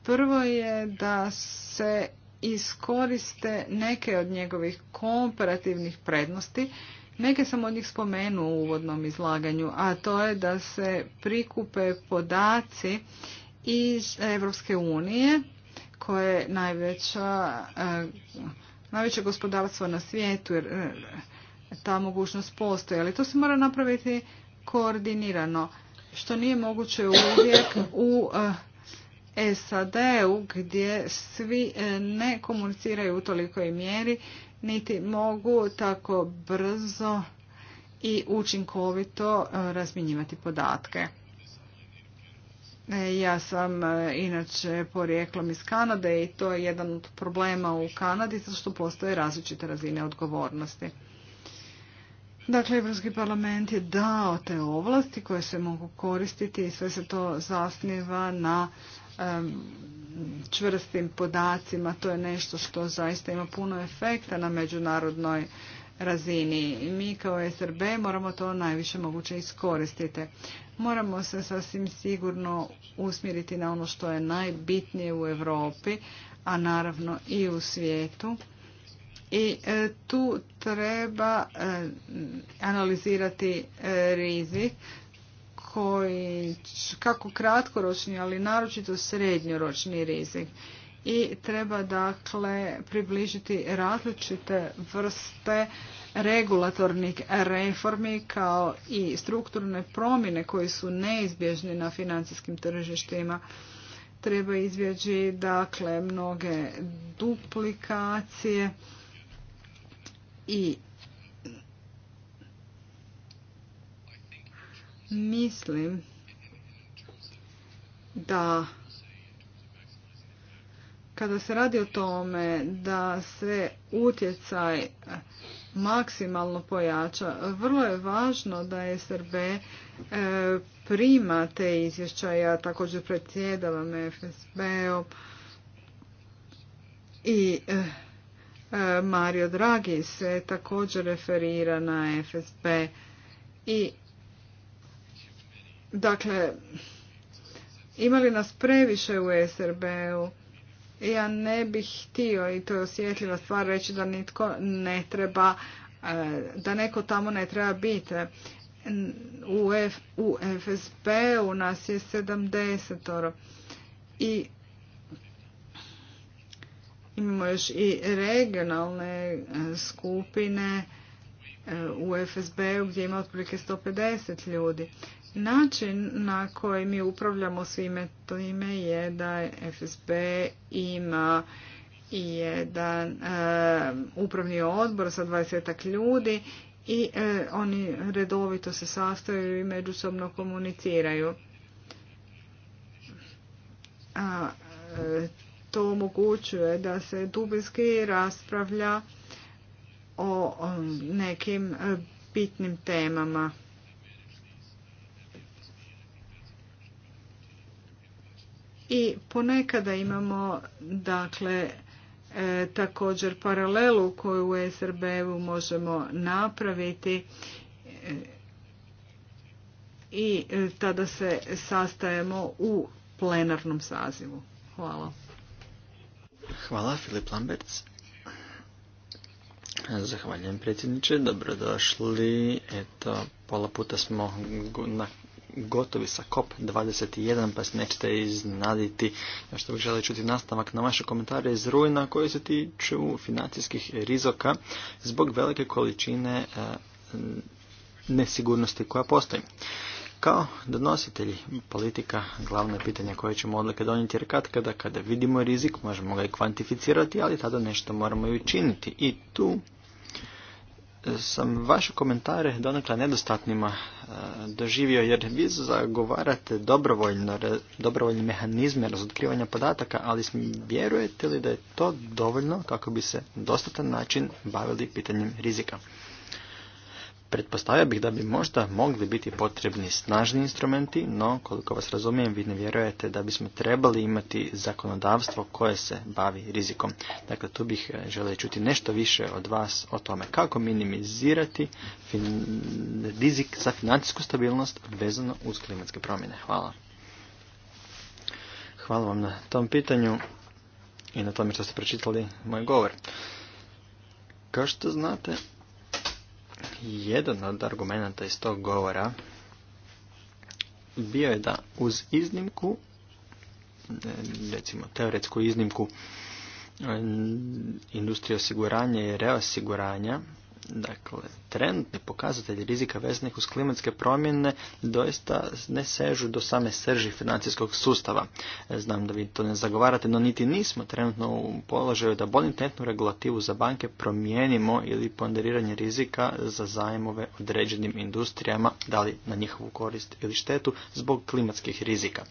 Prvo je da se iskoriste neke od njegovih komparativnih prednosti. Neke sam od njih spomenuo u uvodnom izlaganju, a to je da se prikupe podaci iz Europske unije, koje je najveća, e, najveće gospodarstvo na svijetu, jer e, ta mogućnost postoji. Ali to se mora napraviti koordinirano, što nije moguće uvijek u eh, SAD-u gdje svi eh, ne komuniciraju u tolikoj mjeri, niti mogu tako brzo i učinkovito eh, razminjivati podatke. Ja sam inače porijeklom iz Kanade i to je jedan od problema u Kanadi zato što postoje različite razine odgovornosti. Dakle, Evropski parlament je dao te ovlasti koje se mogu koristiti i sve se to zasniva na čvrstim podacima. To je nešto što zaista ima puno efekta na međunarodnoj razini. I mi kao SRB moramo to najviše moguće iskoristiti. Moramo se sasvim sigurno usmjeriti na ono što je najbitnije u Europi, a naravno i u svijetu i e, tu treba e, analizirati e, rizik koji kako kratkoročni, ali naročito srednjoročni rizik. I treba dakle približiti različite vrste regulatornih reformi kao i strukturne promjene koje su neizbježne na financijskim tržištima. Treba izbjeći dakle mnoge duplikacije i mislim da kada se radi o tome da se utjecaj maksimalno pojača, vrlo je važno da SRB e, prima te izvješća. Ja također predsjedavam FSB-om i e, Mario Draghi se također referira na FSB i dakle imali nas previše u SRB-u ja ne bih htio i to je osjetljiva stvar reći da nitko ne treba e, da neko tamo ne treba biti u, u FSB-u nas je 70 i Imamo još i regionalne e, skupine e, u FSB-u gdje ima otprilike 150 ljudi. Način na koji mi upravljamo svime ime je da FSB ima i jedan e, upravni odbor sa 20 ljudi i oni redovito se sastaju i međusobno komuniciraju to omogućuje da se dubinski raspravlja o nekim e, bitnim temama. I ponekada imamo dakle e, također paralelu koju u SRB-u možemo napraviti e, i tada se sastajemo u plenarnom sazivu. Hvala. Hvala, Filip Lamberts. Zahvaljujem predsjedniče, dobrodošli. Eto, pola puta smo gotovi sa COP21, pa se nećete iznaditi ja što bih želio čuti nastavak na vaše komentare iz rujna koji se tiču financijskih rizoka zbog velike količine e, nesigurnosti koja postoji. Kao donositelji politika, glavno je pitanje koje ćemo odlike donijeti, jer kad kada, kada vidimo rizik, možemo ga i kvantificirati, ali tada nešto moramo i učiniti. I tu e, sam vaše komentare donekle nedostatnima e, doživio, jer vi zagovarate dobrovoljno, dobrovoljne mehanizme razotkrivanja podataka, ali vjerujete li da je to dovoljno kako bi se dostatan način bavili pitanjem rizika? Pretpostavio bih da bi možda mogli biti potrebni snažni instrumenti, no koliko vas razumijem vi ne vjerujete da bismo trebali imati zakonodavstvo koje se bavi rizikom. Dakle, tu bih e, želio čuti nešto više od vas o tome kako minimizirati fin rizik za financijsku stabilnost vezano uz klimatske promjene. Hvala. Hvala vam na tom pitanju i na tome što ste pročitali moj govor. Kao što znate, jedan od argumenta iz tog govora bio je da uz iznimku, recimo teoretsku iznimku, industrije osiguranja i reosiguranja Dakle, trenutni pokazatelji rizika vezanih uz klimatske promjene doista ne sežu do same srži financijskog sustava. E, znam da vi to ne zagovarate, no niti nismo trenutno u položaju da bonitetnu regulativu za banke promijenimo ili ponderiranje rizika za zajmove određenim industrijama, da li na njihovu korist ili štetu, zbog klimatskih rizika.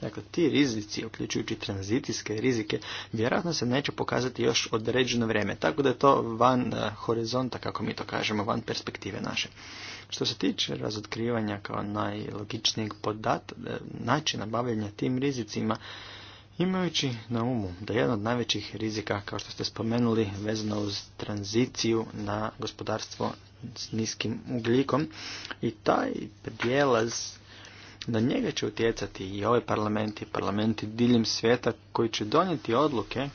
Dakle, ti rizici, uključujući tranzicijske rizike, vjerojatno se neće pokazati još određeno vrijeme, tako da je to van eh, horizonta, kako mi to kažemo, van perspektive naše. Što se tiče razotkrivanja kao najlogičnijeg podat, eh, načina bavljenja tim rizicima, Imajući na umu da je jedan od najvećih rizika, kao što ste spomenuli, vezano uz tranziciju na gospodarstvo s niskim ugljikom i taj prijelaz na njega će utjecati i ovaj parlament i parlamenti diljem svijeta koji će donijeti odluke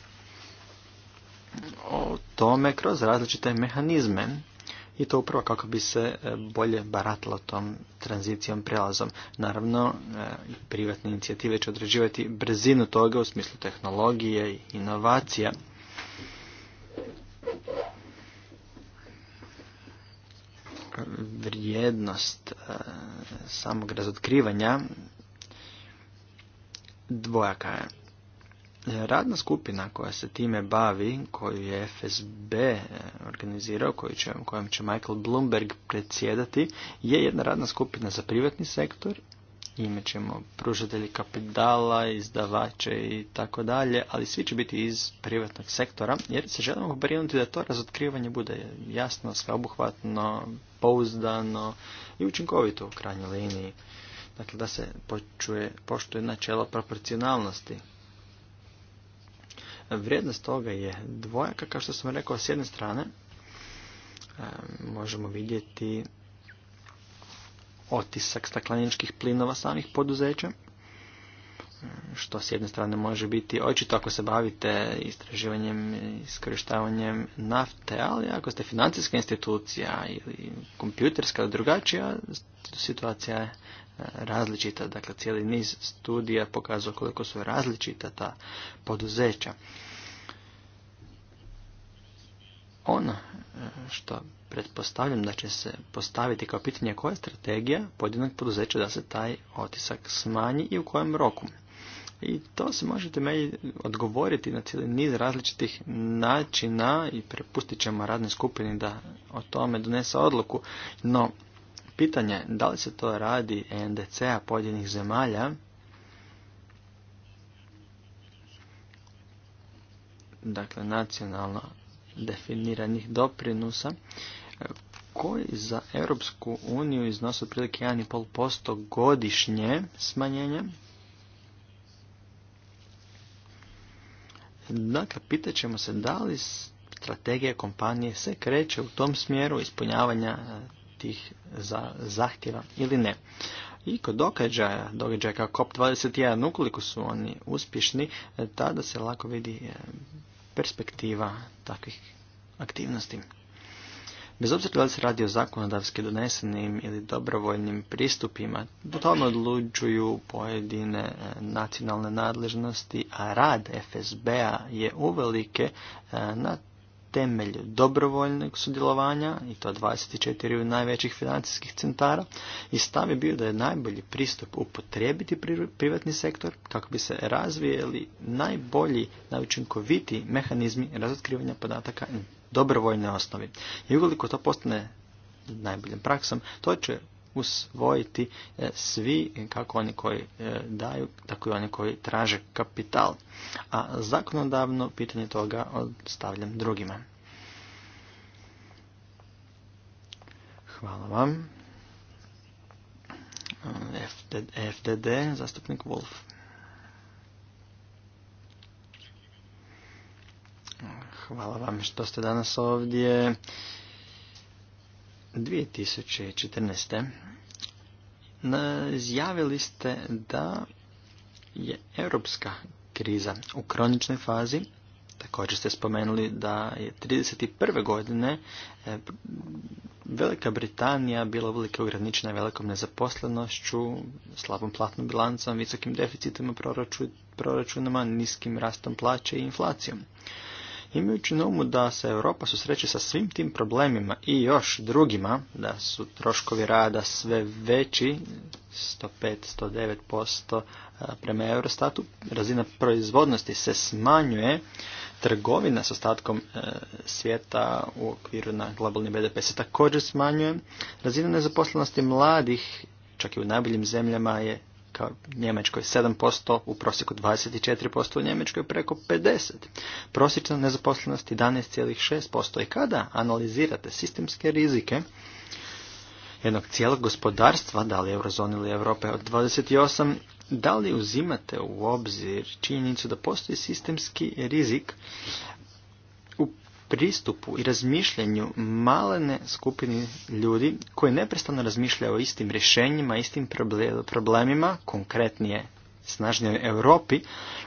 o tome kroz različite mehanizme i to upravo kako bi se e, bolje baratilo tom tranzicijom prelazom. Naravno, e, privatne inicijative će određivati brzinu toga u smislu tehnologije i inovacija vrijednost e, samog razotkrivanja dvojaka je. Radna skupina koja se time bavi, koju je FSB e, organizirao, koju će, kojom će Michael Bloomberg predsjedati, je jedna radna skupina za privatni sektor imat ćemo pružatelji kapitala, izdavače i tako dalje, ali svi će biti iz privatnog sektora, jer se želimo brinuti da to razotkrivanje bude jasno, sveobuhvatno, pouzdano i učinkovito u krajnjoj liniji. Dakle, da se počuje, poštuje načelo proporcionalnosti vrijednost toga je dvojaka, kao što sam rekao, s jedne strane e, možemo vidjeti otisak stakleničkih plinova samih poduzeća, što s jedne strane može biti očito ako se bavite istraživanjem i iskorištavanjem nafte, ali ako ste financijska institucija ili kompjuterska ili drugačija, situacija je e, različita. Dakle, cijeli niz studija pokazuje koliko su različita ta poduzeća. Ono e, što pretpostavljam da će se postaviti kao pitanje koja je strategija pojedinog poduzeća da se taj otisak smanji i u kojem roku. I to se možete meni odgovoriti na cijeli niz različitih načina i prepustit ćemo radnoj skupini da o tome donese odluku. No, pitanje je da li se to radi NDC-a pojedinih zemalja, dakle nacionalno definiranih doprinosa e, koji za Europsku uniju iznose otprilike 1,5% godišnje smanjenja. Dakle, pitat ćemo se da li strategija kompanije se kreće u tom smjeru ispunjavanja e, tih za zahtjeva ili ne. I kod događaja, događaja kao COP21, ukoliko su oni uspješni, e, tada se lako vidi perspektiva takvih aktivnosti. Bez obzira da li se radi o zakonodavski donesenim ili dobrovoljnim pristupima, do tome odlučuju pojedine e, nacionalne nadležnosti, a rad FSB-a je uvelike e, na Temelj dobrovoljnog sudjelovanja, i to 24 najvećih financijskih centara, i stav je bio da je najbolji pristup upotrijebiti privatni sektor kako bi se razvijeli najbolji, najučinkovitiji mehanizmi razotkrivanja podataka na dobrovoljnoj osnovi. I ukoliko to postane najboljim praksom, to će usvojiti e, svi, kako oni koji e, daju, tako i oni koji traže kapital. A zakonodavno pitanje toga ostavljam drugima. Hvala vam. FDD zastupnik Wolf. Hvala vam što ste danas ovdje. 2014. Izjavili ste da je europska kriza u kroničnoj fazi. Također ste spomenuli da je 31. godine e, Velika Britanija bila uvijek ograničena velikom nezaposlenošću, slabom platnom bilancom, visokim deficitima proračunama, niskim rastom plaće i inflacijom. Imajući na umu da se Europa susreće sa svim tim problemima i još drugima, da su troškovi rada sve veći, 105-109% prema Eurostatu, razina proizvodnosti se smanjuje, trgovina s ostatkom e, svijeta u okviru na globalni BDP se također smanjuje, razina nezaposlenosti mladih, čak i u najboljim zemljama, je kao Njemačkoj 7%, u prosjeku 24%, u Njemačkoj preko 50%. Prosječna nezaposlenost 11,6% i kada analizirate sistemske rizike jednog cijelog gospodarstva, da li Eurozone ili Europe od 28, da li uzimate u obzir činjenicu da postoji sistemski rizik pristupu i razmišljanju malene skupine ljudi koji neprestano razmišljaju o istim rješenjima, istim problemima, konkretnije snažnijoj Europi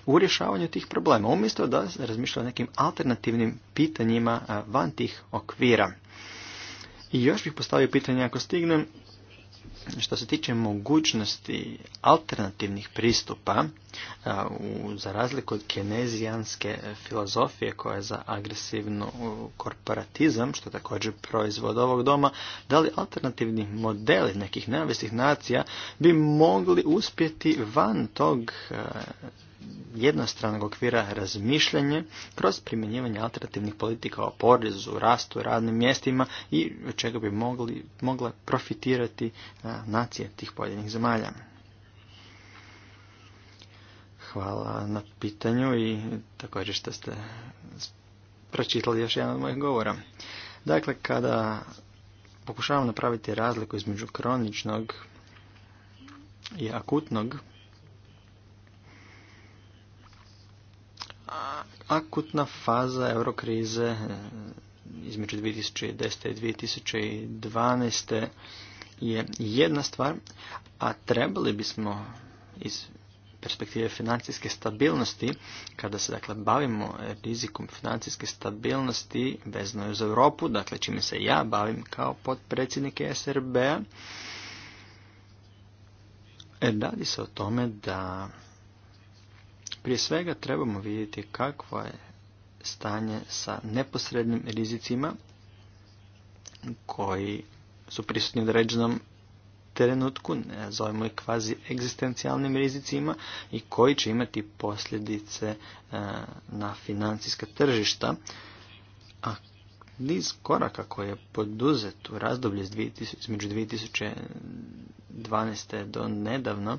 u rješavanju tih problema, umjesto da se razmišlja o nekim alternativnim pitanjima van tih okvira. I još bih postavio pitanje ako stignem, što se tiče mogućnosti alternativnih pristupa, za razliku od kenezijanske filozofije koja je za agresivnu korporatizam, što je također proizvod ovog doma, da li alternativni modeli nekih neovisnih nacija bi mogli uspjeti van tog jednostranog okvira razmišljanje kroz primjenjivanje alternativnih politika o porezu, rastu, radnim mjestima i od čega bi mogli, profitirati nacije tih pojedinih zemalja. Hvala na pitanju i također što ste pročitali još jedan od mojih govora. Dakle, kada pokušavam napraviti razliku između kroničnog i akutnog akutna faza eurokrize e, između 2010. i 2012. je jedna stvar, a trebali bismo iz perspektive financijske stabilnosti, kada se dakle bavimo rizikom financijske stabilnosti vezano je za Europu, dakle čime se ja bavim kao potpredsjednik SRB-a, e, radi se o tome da prije svega trebamo vidjeti kakvo je stanje sa neposrednim rizicima koji su prisutni u određenom trenutku, zovemo ih kvazi egzistencijalnim rizicima i koji će imati posljedice e, na financijska tržišta. A niz koraka koji je poduzet u razdoblju između 2012. do nedavno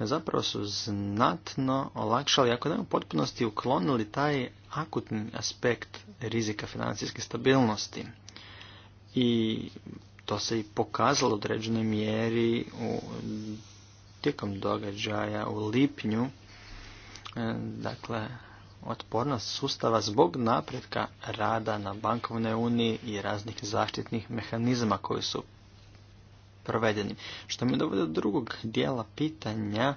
zapravo su znatno olakšali, ako ne u potpunosti uklonili taj akutni aspekt rizika financijske stabilnosti. I to se i pokazalo u određenoj mjeri u tijekom događaja u lipnju. E, dakle, otpornost sustava zbog napretka rada na bankovnoj uniji i raznih zaštitnih mehanizama koji su provedenim. Što mi dovodi do drugog dijela pitanja,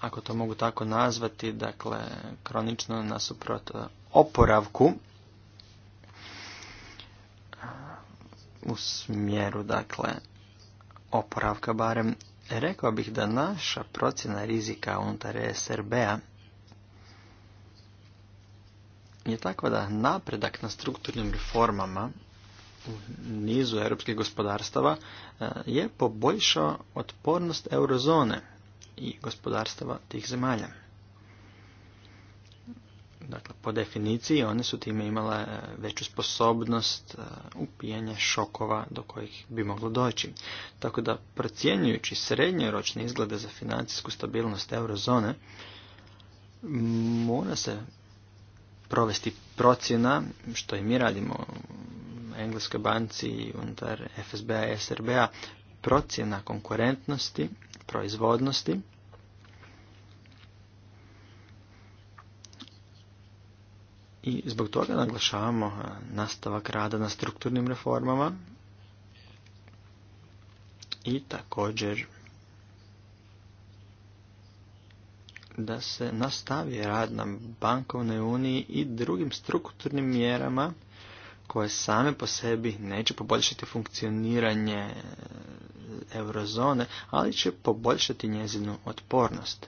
ako to mogu tako nazvati, dakle, kronično nasuprot e, oporavku u smjeru, dakle, oporavka barem, rekao bih da naša procjena rizika unutar e SRB-a je takva da napredak na strukturnim reformama u nizu europskih gospodarstava e, je poboljšao otpornost eurozone i gospodarstava tih zemalja. Dakle, po definiciji one su time imale e, veću sposobnost e, upijanja šokova do kojih bi moglo doći. Tako da, procjenjujući srednjoročne izglede za financijsku stabilnost eurozone, mora se provesti procjena, što i mi radimo Engleskoj banci i unutar fsb i srb procjena konkurentnosti, proizvodnosti. I zbog toga naglašavamo e, nastavak rada na strukturnim reformama i također da se nastavi rad na bankovnoj uniji i drugim strukturnim mjerama koje same po sebi neće poboljšati funkcioniranje e, eurozone, ali će poboljšati njezinu otpornost.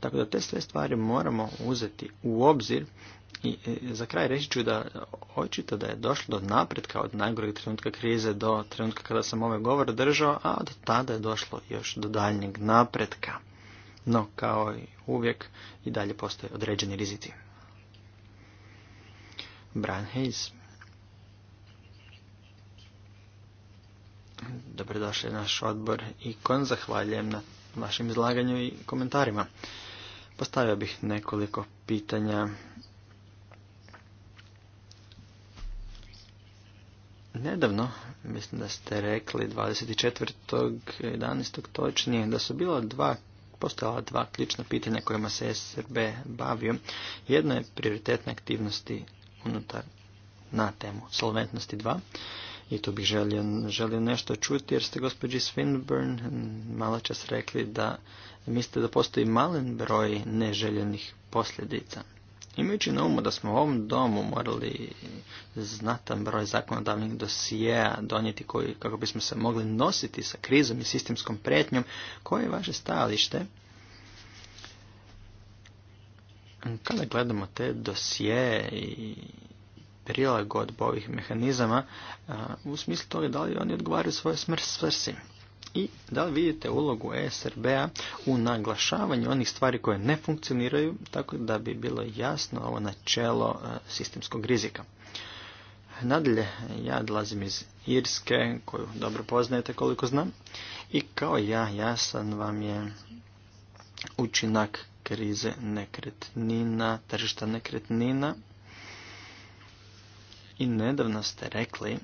Tako da te sve stvari moramo uzeti u obzir i e, za kraj reći ću da očito da je došlo do napretka od najgoreg trenutka krize do trenutka kada sam ove ovaj govor držao, a od tada je došlo još do daljnjeg napretka. No, kao i uvijek, i dalje postoje određeni rizici. Brian Hayes dobrodošli naš odbor i kon zahvaljujem na vašem izlaganju i komentarima. Postavio bih nekoliko pitanja. Nedavno, mislim da ste rekli 24.11. točnije, da su bila dva postojala dva ključna pitanja kojima se SRB bavio. Jedno je prioritetne aktivnosti unutar na temu solventnosti dva. I tu bih želio, želio nešto čuti jer ste gospođi Swinburne malo čas rekli da mislite da postoji malen broj neželjenih posljedica. Imajući na umu da smo u ovom domu morali znatan broj zakonodavnih dosijeja donijeti koji, kako bismo se mogli nositi sa krizom i sistemskom pretnjom, koje je vaše stajalište kada gledamo te dosije i prilagodba ovih mehanizama u smislu toga da li oni odgovaraju svoje smrt svrsi. I da li vidite ulogu ESRB-a u naglašavanju onih stvari koje ne funkcioniraju, tako da bi bilo jasno ovo načelo sistemskog rizika. Nadalje, ja dolazim iz Irske, koju dobro poznajete koliko znam, i kao ja jasan vam je učinak krize nekretnina, tržišta nekretnina i nedavno ste rekli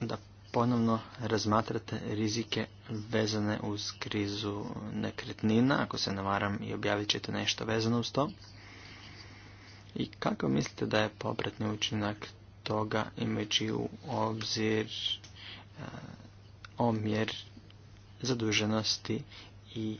da ponovno razmatrate rizike vezane uz krizu nekretnina, ako se ne i objavit ćete nešto vezano uz to. I kako mislite da je popratni učinak toga imajući u obzir e, omjer zaduženosti i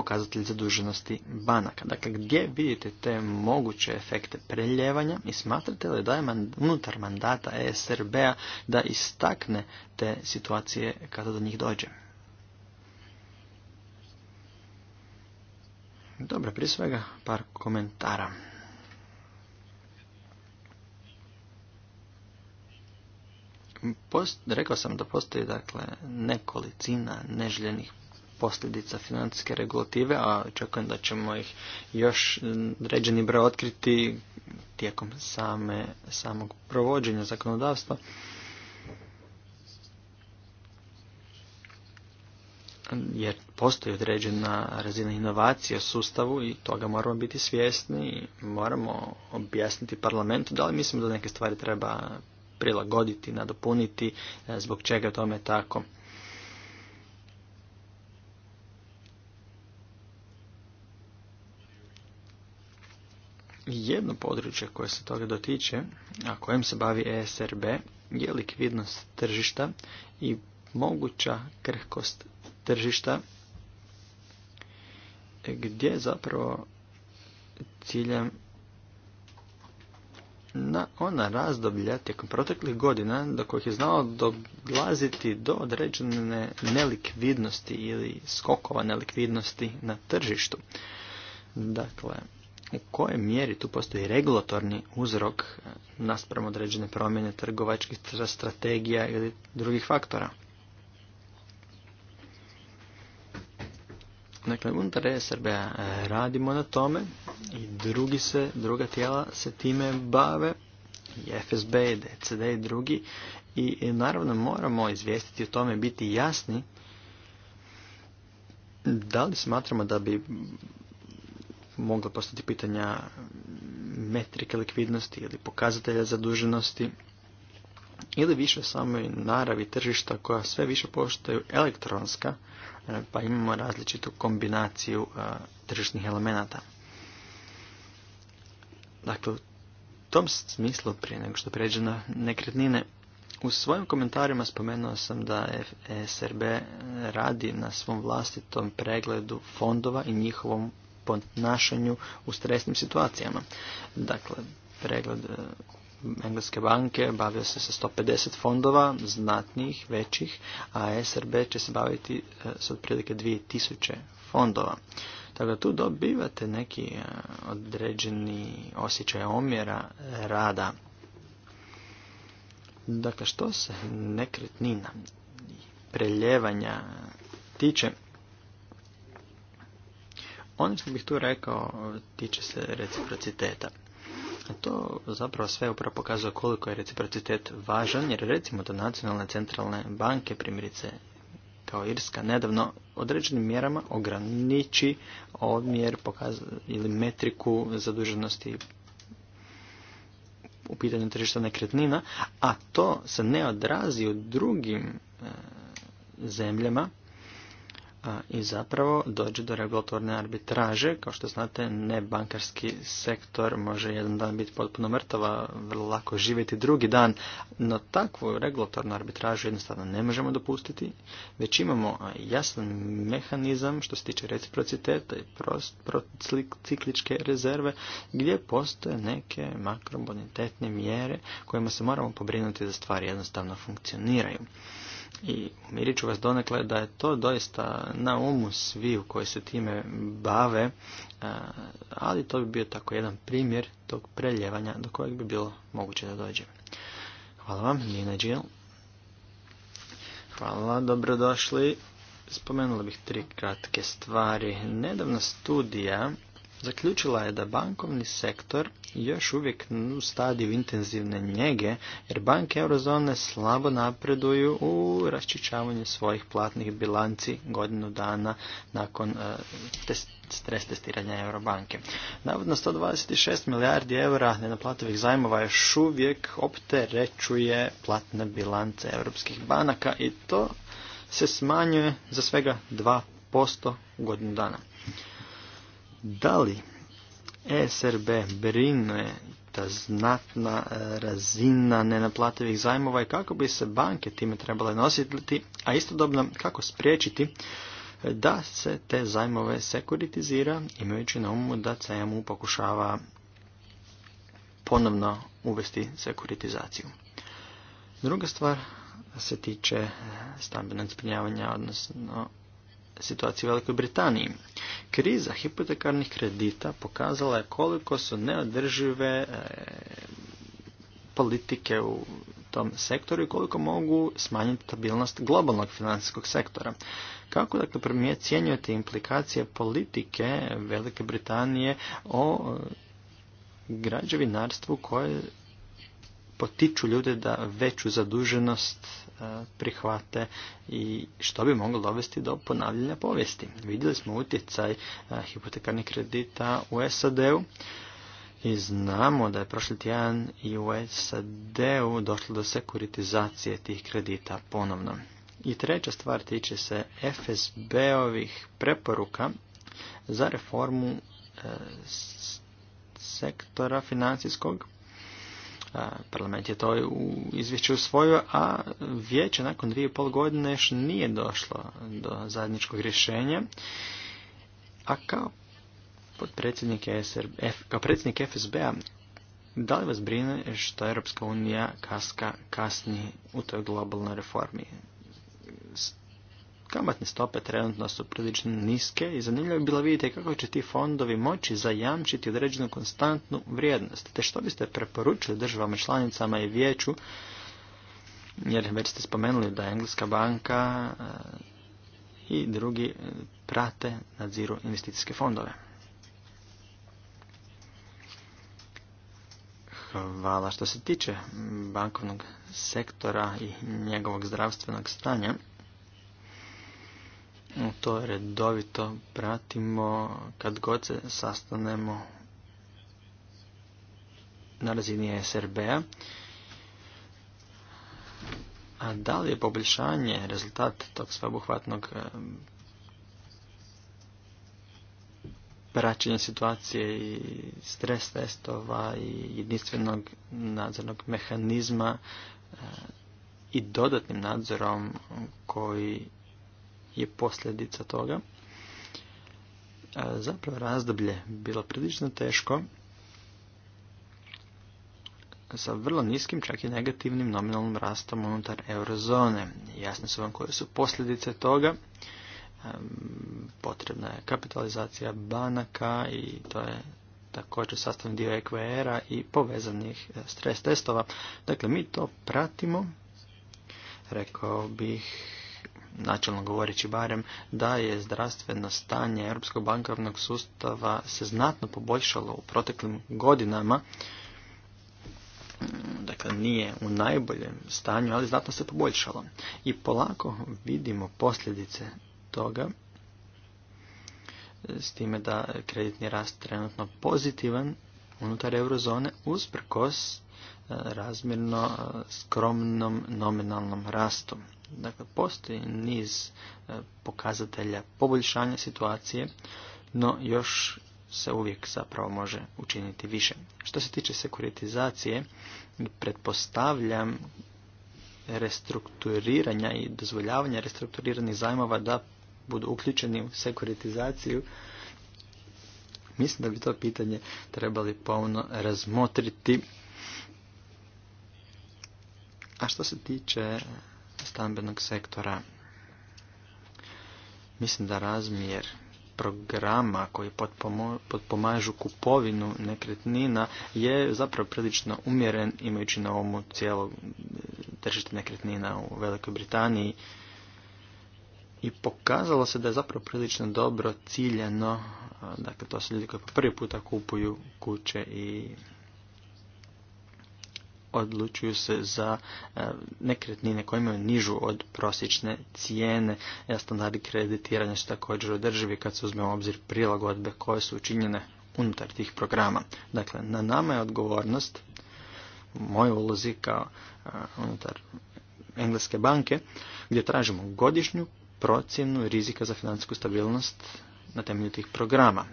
pokazatelj zaduženosti banaka. Dakle, gdje vidite te moguće efekte preljevanja i smatrate li da je man, unutar mandata ESRB-a da istakne te situacije kada do njih dođe? Dobro, prije svega par komentara. Post, rekao sam da postoji dakle nekolicina neželjenih posljedica financijske regulative, a očekujem da ćemo ih još ređeni broj otkriti tijekom same, samog provođenja zakonodavstva. Jer postoji određena razina inovacije u sustavu i toga moramo biti svjesni i moramo objasniti parlamentu da li mislimo da neke stvari treba prilagoditi, nadopuniti, e, zbog čega tome tako. Jedno područje koje se toga dotiče, a kojem se bavi ESRB, je likvidnost tržišta i moguća krhkost tržišta gdje zapravo ciljem na ona razdoblja tijekom proteklih godina do kojih je znao dolaziti do određene nelikvidnosti ili skokova nelikvidnosti na tržištu. Dakle, u kojoj mjeri tu postoji regulatorni uzrok e, naspram određene promjene trgovačkih strategija ili drugih faktora. Dakle, unutar e srb e, radimo na tome i drugi se, druga tijela se time bave, i FSB, i DCD i drugi. I, i naravno moramo izvijestiti o tome, biti jasni da li smatramo da bi mogla postati pitanja metrike likvidnosti ili pokazatelja zaduženosti ili više samoj naravi tržišta koja sve više postaju elektronska, e, pa imamo različitu kombinaciju e, tržišnih elemenata. Dakle, u tom smislu, prije nego što pređe na nekretnine, u svojim komentarima spomenuo sam da e SRB radi na svom vlastitom pregledu fondova i njihovom ponašanju u stresnim situacijama. Dakle, pregled e, Engleske banke bavio se sa 150 fondova, znatnijih, većih, a SRB će se baviti e, sa otprilike 2000 fondova. Tako da tu dobivate neki e, određeni osjećaj omjera rada. Dakle, što se nekretnina preljevanja tiče, ono što bih tu rekao e, tiče se reciprociteta. A to zapravo sve upravo pokazuje koliko je reciprocitet važan, jer recimo da nacionalne centralne banke, primjerice kao Irska, nedavno određenim mjerama ograniči odmjer ili metriku zaduženosti u pitanju tržišta nekretnina, a to se ne odrazi u drugim e, zemljama i zapravo dođe do regulatorne arbitraže. Kao što znate, ne bankarski sektor može jedan dan biti potpuno mrtava, vrlo lako živjeti drugi dan, no takvu regulatornu arbitražu jednostavno ne možemo dopustiti, već imamo jasan mehanizam što se tiče reciprociteta i procikličke rezerve, gdje postoje neke makrobonitetne mjere kojima se moramo pobrinuti da stvari jednostavno funkcioniraju. I umirit ću vas donekle da je to doista na umu sviju koji se time bave, ali to bi bio tako jedan primjer tog preljevanja do kojeg bi bilo moguće da dođe. Hvala vam, Nina Jill. Hvala, dobrodošli. Spomenula bih tri kratke stvari. Nedavna studija zaključila je da bankovni sektor još uvijek u stadiju intenzivne njege, jer banke eurozone slabo napreduju u raščičavanju svojih platnih bilanci godinu dana nakon e, stres testiranja Eurobanke. Navodno 126 milijardi eura nenaplativih zajmova još uvijek opterećuje platne bilance europskih banaka i to se smanjuje za svega 2% posto godinu dana. Da li ESRB brine ta znatna e, razina nenaplativih zajmova i kako bi se banke time trebale nositi, a istodobno kako spriječiti e, da se te zajmove sekuritizira imajući na umu da CMU pokušava ponovno uvesti sekuritizaciju. Druga stvar se tiče e, stambenog zbrinjavanja, odnosno situaciji u Velikoj Britaniji. Kriza hipotekarnih kredita pokazala je koliko su neodržive e, politike u tom sektoru i koliko mogu smanjiti stabilnost globalnog financijskog sektora. Kako dakle cjenjujete implikacije politike Velike Britanije o e, građevinarstvu koje potiču ljude da veću zaduženost E, prihvate i što bi moglo dovesti do ponavljanja povijesti. Vidjeli smo utjecaj e, hipotekarnih kredita u SAD-u i znamo da je prošli tjedan i u SAD-u došlo do sekuritizacije tih kredita ponovno. I treća stvar tiče se FSB-ovih preporuka za reformu e, sektora financijskog Parlament je to u izvješću a vijeće nakon dvije i pol godine još nije došlo do zajedničkog rješenja. A kao kao predsjednik FSB-a, da li vas brine što Europska unija kaska kasni u toj globalnoj reformi? Kamatne stope trenutno su prilično niske i zanimljivo bi bilo vidjeti kako će ti fondovi moći zajamčiti određenu konstantnu vrijednost. Te što biste preporučili državama članicama i vijeću, jer već ste spomenuli da je Engleska banka e, i drugi e, prate nadziru investicijske fondove. Hvala što se tiče bankovnog sektora i njegovog zdravstvenog stanja. To redovito pratimo kad god se sastanemo na razini SRB-a. A da li je poboljšanje rezultat tog sveobuhvatnog eh, praćenja situacije i stres testova i jedinstvenog nadzornog mehanizma eh, i dodatnim nadzorom koji je posljedica toga. E, zapravo razdoblje bilo prilično teško sa vrlo niskim, čak i negativnim nominalnim rastom unutar eurozone. Jasne su vam koje su posljedice toga. Potrebna je kapitalizacija banaka i to je također sastavni dio eqr i povezanih e, stres testova. Dakle, mi to pratimo, rekao bih načelno govoreći barem, da je zdravstveno stanje Europskog bankovnog sustava se znatno poboljšalo u proteklim godinama. Mm, dakle, nije u najboljem stanju, ali znatno se poboljšalo. I polako vidimo posljedice toga s time da kreditni rast trenutno pozitivan unutar eurozone usprkos e, razmjerno e, skromnom nominalnom rastu. Dakle, postoji niz e, pokazatelja poboljšanja situacije, no još se uvijek zapravo može učiniti više. Što se tiče sekuritizacije, pretpostavljam restrukturiranja i dozvoljavanja restrukturiranih zajmova da budu uključeni u sekuritizaciju. Mislim da bi to pitanje trebali pomno razmotriti. A što se tiče stambenog sektora. Mislim da razmjer programa koji potpomažu kupovinu nekretnina je zapravo prilično umjeren imajući na umu cijelog e, tržište nekretnina u Velikoj Britaniji i pokazalo se da je zapravo prilično dobro ciljeno dakle to su ljudi koji po prvi puta kupuju kuće i odlučuju se za e, nekretnine koje imaju nižu od prosječne cijene. E, standardi kreditiranja su također održivi kad se uzme u obzir prilagodbe koje su učinjene unutar tih programa. Dakle, na nama je odgovornost, moj ulozi kao e, unutar Engleske banke, gdje tražimo godišnju procjenu rizika za financijsku stabilnost na temelju tih programa.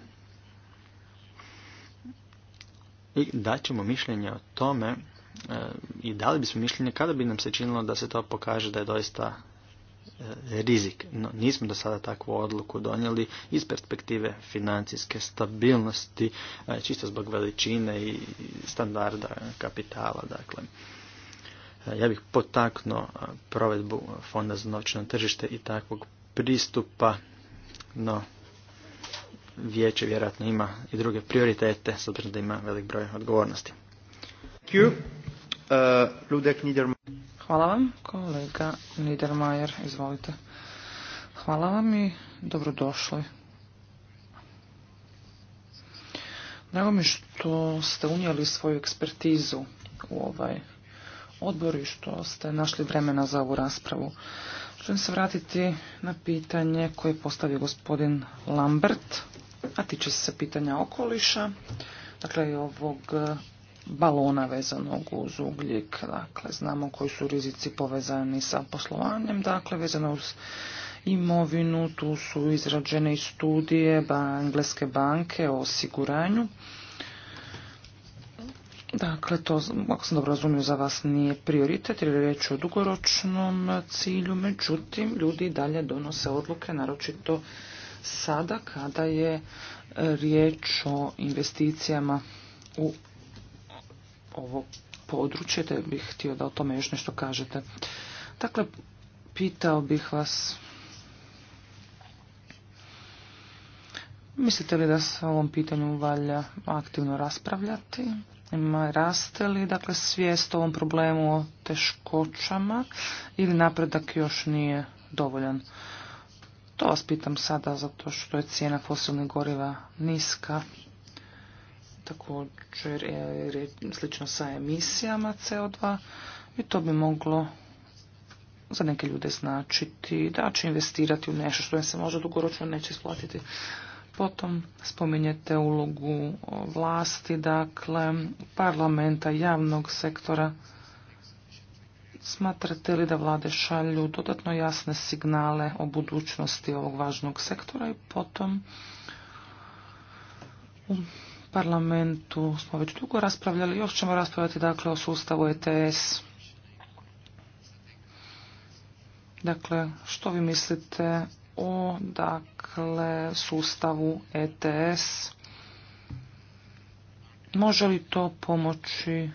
I daćemo mišljenje o tome i dali bismo mišljenje kada bi nam se činilo da se to pokaže da je doista e, rizik. No, nismo do sada takvu odluku donijeli iz perspektive financijske stabilnosti, e, čisto zbog veličine i standarda kapitala. Dakle, e, ja bih potaknuo provedbu fonda za novčano tržište i takvog pristupa, no vijeće vjerojatno ima i druge prioritete, s obzirom da ima velik broj odgovornosti. Uh, Hvala vam, kolega Niedermayer, izvolite. Hvala vam i dobrodošli. Drago mi što ste unijeli svoju ekspertizu u ovaj odbor i što ste našli vremena za ovu raspravu. Želim se vratiti na pitanje koje je postavio gospodin Lambert, a tiče se pitanja okoliša, dakle i ovog balona vezanog uz ugljik. Dakle, znamo koji su rizici povezani sa poslovanjem, dakle, vezano uz imovinu, tu su izrađene i studije ba, Engleske banke o osiguranju. Dakle, to, ako sam dobro razumio, za vas nije prioritet jer je riječ o dugoročnom cilju, međutim, ljudi dalje donose odluke, naročito sada kada je riječ o investicijama u ovo područje, te bih htio da o tome još nešto kažete. Dakle, pitao bih vas, mislite li da se o ovom pitanju valja aktivno raspravljati? Ima, raste li dakle, svijest o ovom problemu, o teškoćama ili napredak još nije dovoljan? To vas pitam sada zato što je cijena fosilnih goriva niska također je slično sa emisijama CO2 i to bi moglo za neke ljude značiti da će investirati u nešto što im se možda dugoročno neće isplatiti. Potom spominjete ulogu vlasti, dakle, parlamenta, javnog sektora. Smatrate li da vlade šalju dodatno jasne signale o budućnosti ovog važnog sektora i potom parlamentu smo već dugo raspravljali, još ćemo raspravljati dakle o sustavu ETS. Dakle, što vi mislite o dakle sustavu ETS? Može li to pomoći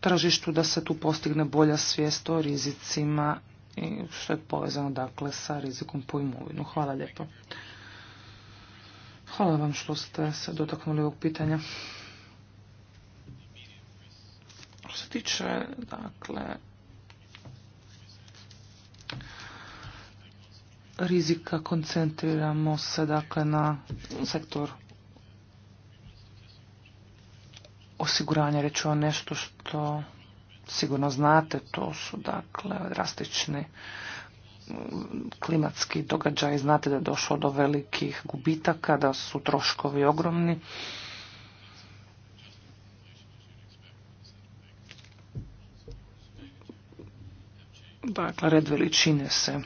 tržištu da se tu postigne bolja svijest o rizicima i što je povezano dakle sa rizikom po imovinu? Hvala lijepo. Hvala vam što ste se dotaknuli ovog pitanja. Što se tiče, dakle, rizika koncentriramo se, dakle, na sektor osiguranja. Reći vam nešto što sigurno znate, to su, dakle, drastični klimatski događaj. Znate da je došlo do velikih gubitaka, da su troškovi ogromni. Dakle, red veličine se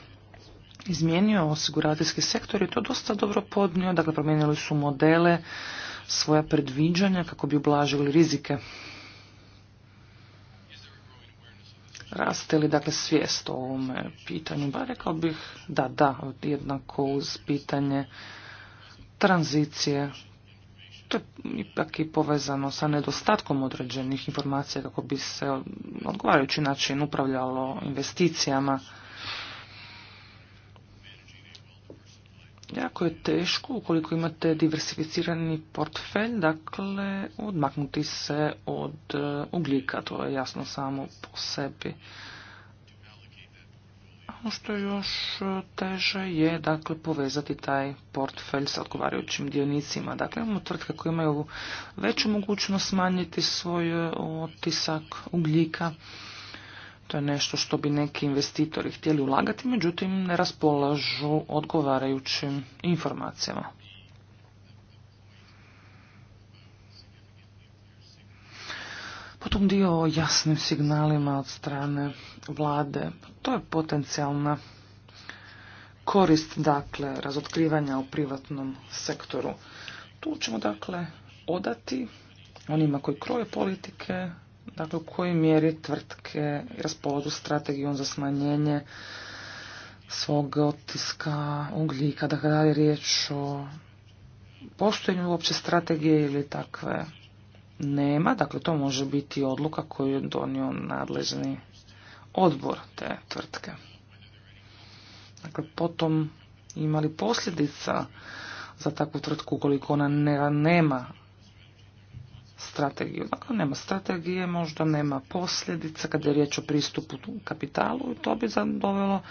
izmijenio, osiguracijski sektor je to dosta dobro podnio, dakle promijenili su modele, svoja predviđanja kako bi ublažili rizike. Raste li dakle svijest o ovome pitanju? Ba rekao bih da, da, jednako uz pitanje tranzicije. To je ipak i povezano sa nedostatkom određenih informacija kako bi se odgovarajući način upravljalo investicijama. Jako je teško ukoliko imate diversificirani portfelj, dakle odmaknuti se od e, ugljika, to je jasno samo po sebi. Ono što je još e, teže je dakle povezati taj portfelj sa odgovarajućim dionicima. Dakle, imamo tvrtke koje imaju veću mogućnost smanjiti svoj e, otisak ugljika. To je nešto što bi neki investitori htjeli ulagati, međutim ne raspolažu odgovarajućim informacijama. Potom dio o jasnim signalima od strane vlade. To je potencijalna korist, dakle, razotkrivanja u privatnom sektoru. Tu ćemo, dakle, odati onima koji kroje politike, Dakle, u kojoj mjeri tvrtke raspolažu strategijom za smanjenje svog otiska ugljika, dakle, da kada je riječ o postojenju uopće strategije ili takve nema, dakle to može biti odluka koju je donio nadležni odbor te tvrtke. Dakle, potom imali posljedica za takvu tvrtku ukoliko ona nema strategiju. Dakle, nema strategije, možda nema posljedica kada je riječ o pristupu kapitalu i to bi dovelo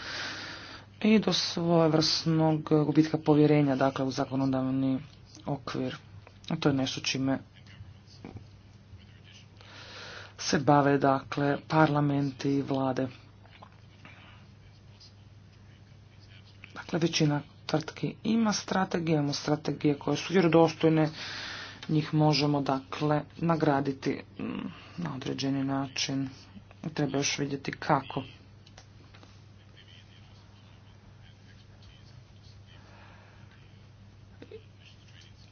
i do svojevrsnog gubitka povjerenja dakle, u zakonodavni okvir. To je nešto čime se bave dakle parlamenti i vlade. Dakle, većina tvrtki ima strategije, imamo strategije koje su vjerodostojne, njih možemo dakle nagraditi mm, na određeni način. Treba još vidjeti kako.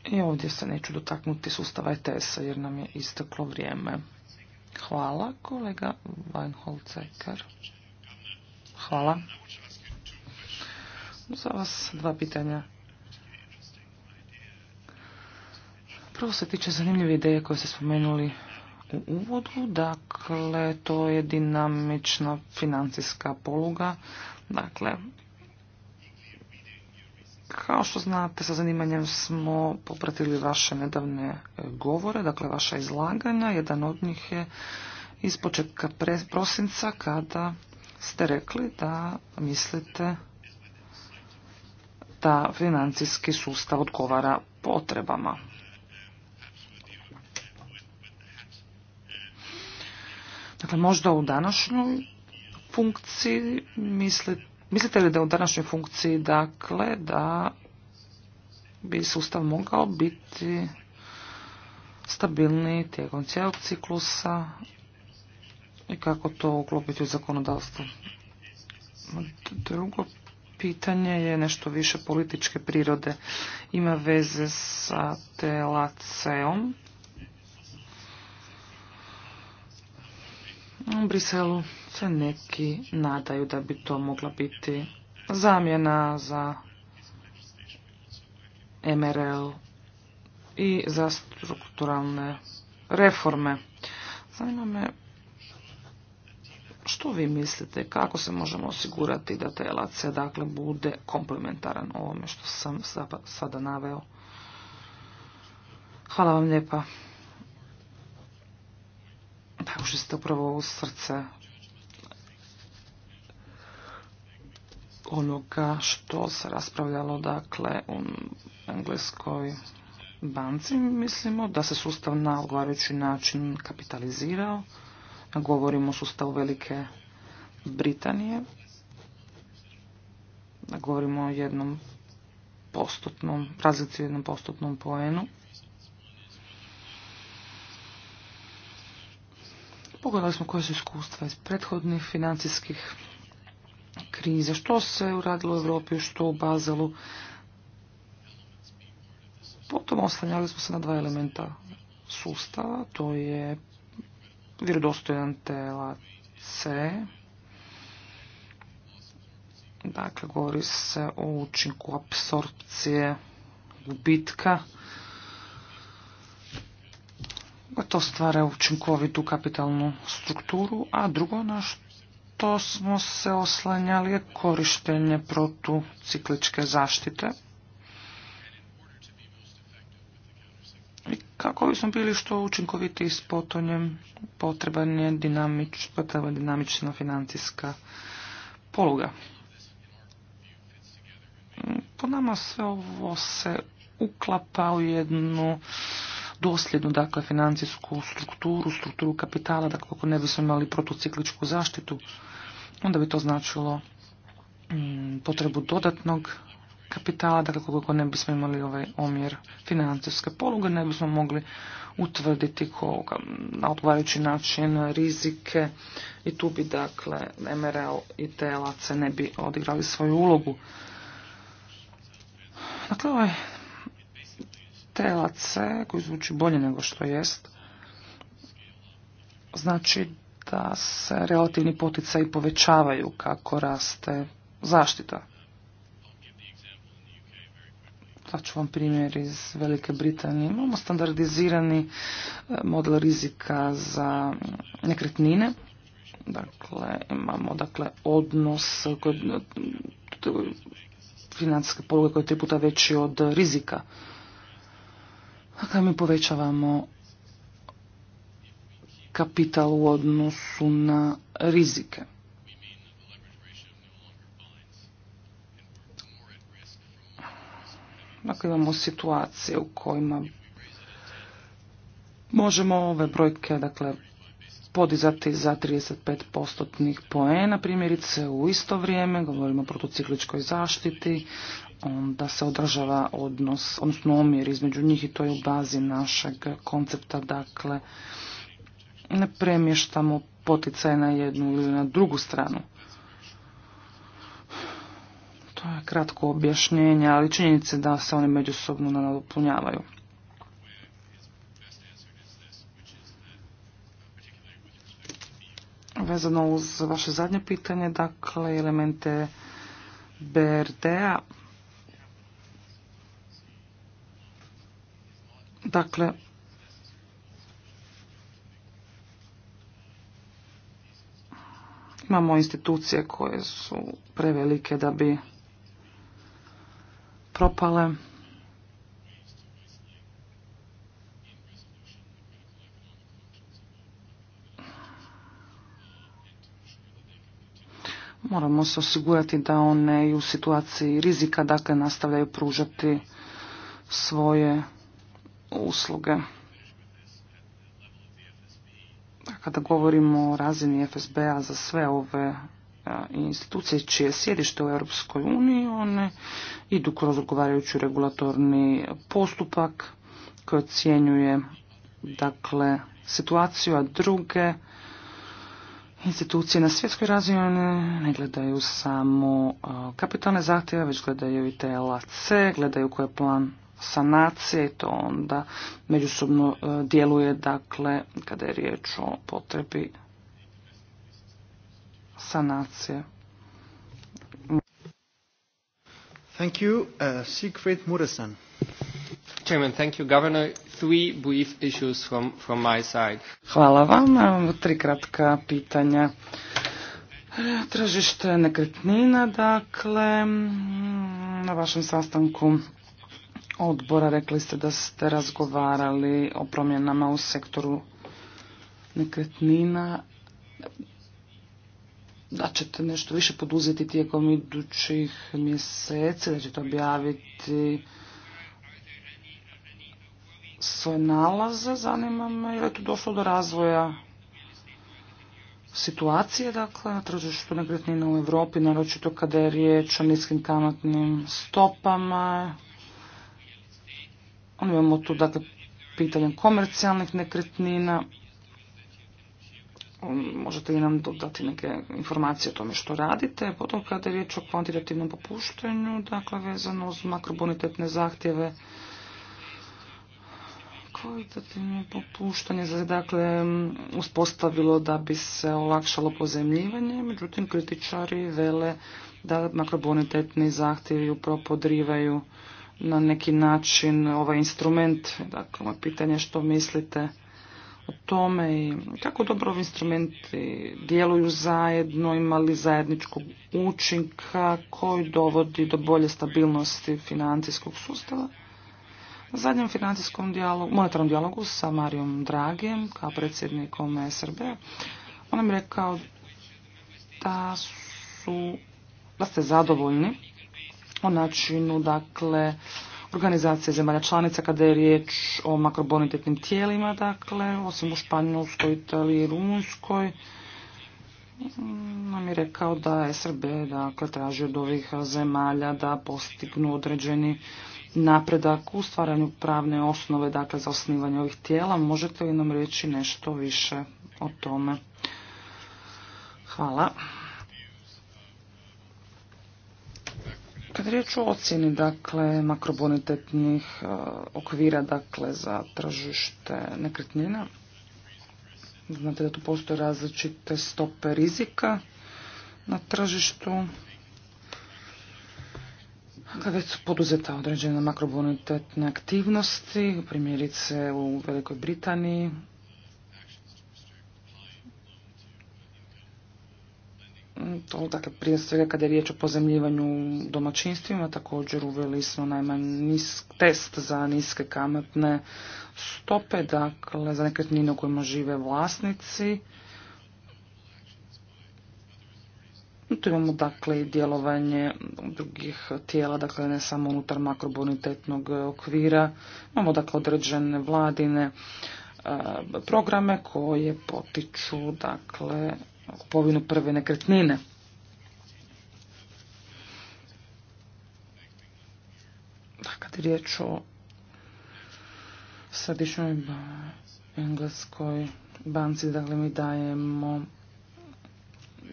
I ovdje se neću dotaknuti sustava ETS-a jer nam je isteklo vrijeme. Hvala kolega Weinholzekar. Hvala. Za vas dva pitanja. Prvo se tiče zanimljive ideje koje ste spomenuli u uvodu, dakle to je dinamična financijska poluga, dakle kao što znate, sa zanimanjem smo popratili vaše nedavne govore, dakle vaša izlaganja. Jedan od njih je iz početka prosinca kada ste rekli da mislite da financijski sustav odgovara potrebama. Dakle, možda u današnjoj funkciji mislite, mislite li da u današnjoj funkciji dakle da bi sustav mogao biti stabilniji tijekom cijelog ciklusa i kako to uklopiti u zakonodavstvo. Drugo pitanje je nešto više političke prirode. Ima veze sa tlac U Briselu se neki nadaju da bi to mogla biti zamjena za MRL i za strukturalne reforme. Zanima me što vi mislite, kako se možemo osigurati da lac dakle bude komplementaran ovome što sam sada naveo? Hvala vam lijepa. Pa ušli ste upravo u srce onoga što se raspravljalo dakle u engleskoj banci. Mislimo da se sustav na odgovarajući način kapitalizirao. Govorimo o sustavu Velike Britanije. Govorimo o jednom postotnom, razlici u jednom postotnom poenu. Pogledali smo koje su iskustva iz prethodnih financijskih kriza, što se uradilo u Europi, što u Bazelu. Potom oslanjali smo se na dva elementa sustava, to je vjerodostojan C. dakle govori se o učinku apsorpcije gubitka to stvara učinkovitu kapitalnu strukturu, a drugo na što smo se oslanjali je korištenje protucikličke zaštite. I kako bismo bili što učinkoviti s potonjem, potreban je dinamič, potreba dinamična financijska poluga. Po nama sve ovo se uklapa u jednu dosljednu dakle, financijsku strukturu, strukturu kapitala, dakle kako ne bismo imali protocikličku zaštitu, onda bi to značilo mm, potrebu dodatnog kapitala, dakle kako ne bismo imali ovaj omjer financijske poluge, ne bismo mogli utvrditi koga, na odgovarajući način rizike i tu bi dakle MRL i TLAC ne bi odigrali svoju ulogu. Dakle, ovaj TLC, koji zvuči bolje nego što jest, znači da se relativni poticaji povećavaju kako raste zaštita. Da ću vam primjer iz Velike Britanije. Imamo standardizirani e, model rizika za nekretnine. Dakle, imamo dakle, odnos e, financijske poluge koji je tri puta veći od rizika. Dakle, mi povećavamo kapital u odnosu na rizike. Dakle, imamo situacije u kojima možemo ove brojke, dakle, podizati za 35 postotnih poena, primjerice u isto vrijeme, govorimo o protocikličkoj zaštiti, onda se održava odnos, odnosno omjer između njih i to je u bazi našeg koncepta, dakle ne premještamo poticaje na jednu ili na drugu stranu. To je kratko objašnjenje, ali činjenice da se oni međusobno nadopunjavaju. Vezano uz vaše zadnje pitanje, dakle, elemente BRD-a, Dakle, imamo institucije koje su prevelike da bi propale. Moramo se osigurati da one i u situaciji rizika dakle nastavljaju pružati svoje usluge. Dakle, kada govorimo o razini FSB-a za sve ove e, institucije čije sjedište u Europskoj uniji, one idu kroz odgovarajući regulatorni postupak koji ocjenjuje dakle, situaciju, a druge institucije na svjetskoj razini ne gledaju samo e, kapitalne zahtjeve, već gledaju i TLAC, gledaju koji je plan sanacije i to onda međusobno e, djeluje dakle kada je riječ o potrebi sanacije. Thank you, uh, Siegfried Muresan. Chairman, thank you, Governor. Three brief issues from, from my side. Hvala vam. Tri kratka pitanja. Tražište nekretnina, dakle, na vašem sastanku odbora rekli ste da ste razgovarali o promjenama u sektoru nekretnina. Da ćete nešto više poduzeti tijekom idućih mjeseci, da ćete objaviti svoje nalaze. Zanima me je li tu došlo do razvoja situacije dakle, na tržištu nekretnina u Europi, naročito kada je riječ o niskim kamatnim stopama, ono imamo tu dakle pitanje komercijalnih nekretnina. Um, možete li nam dodati neke informacije o tome što radite? Potom kada je riječ o kvantitativnom popuštenju, dakle vezano uz makrobonitetne zahtjeve, kvalitativno popuštanje dakle uspostavilo da bi se olakšalo pozemljivanje, međutim kritičari vele da makrobonitetni zahtjevi upravo podrivaju na neki način ovaj instrument, dakle pitanje što mislite o tome i kako dobro ovi instrumenti djeluju zajedno, imali zajedničkog učinka koji dovodi do bolje stabilnosti financijskog sustava. Na zadnjem financijskom dijalogu, monetarnom dijalogu sa Marijom Dragem kao predsjednikom SRB, on nam rekao da su da ste zadovoljni o načinu dakle, organizacije zemalja članica kada je riječ o makrobonitetnim tijelima, dakle, osim u Španjolskoj, Italiji i Rumunjskoj. Nam je rekao da SRB dakle, traži od ovih zemalja da postignu određeni napredak u stvaranju pravne osnove dakle, za osnivanje ovih tijela. Možete li nam reći nešto više o tome? Hvala. Kad riječ o ocjeni dakle, makrobonitetnih e, okvira dakle, za tržište nekretnina, znate da tu postoje različite stope rizika na tržištu. Kad već su poduzeta određene makrobonitetne aktivnosti, primjerice u Velikoj Britaniji, To, dakle, prije svega kada je riječ o pozemljivanju domaćinstvima, također uveli smo najmanji test za niske kamatne stope, dakle, za nekretnine u kojima žive vlasnici. Tu imamo dakle i djelovanje drugih tijela, dakle ne samo unutar makrobonitetnog okvira. Imamo dakle određene vladine eh, programe koje potiču dakle kupovinu prve nekretnine. Da, dakle, kad je riječ o središnjoj engleskoj banci, dakle mi dajemo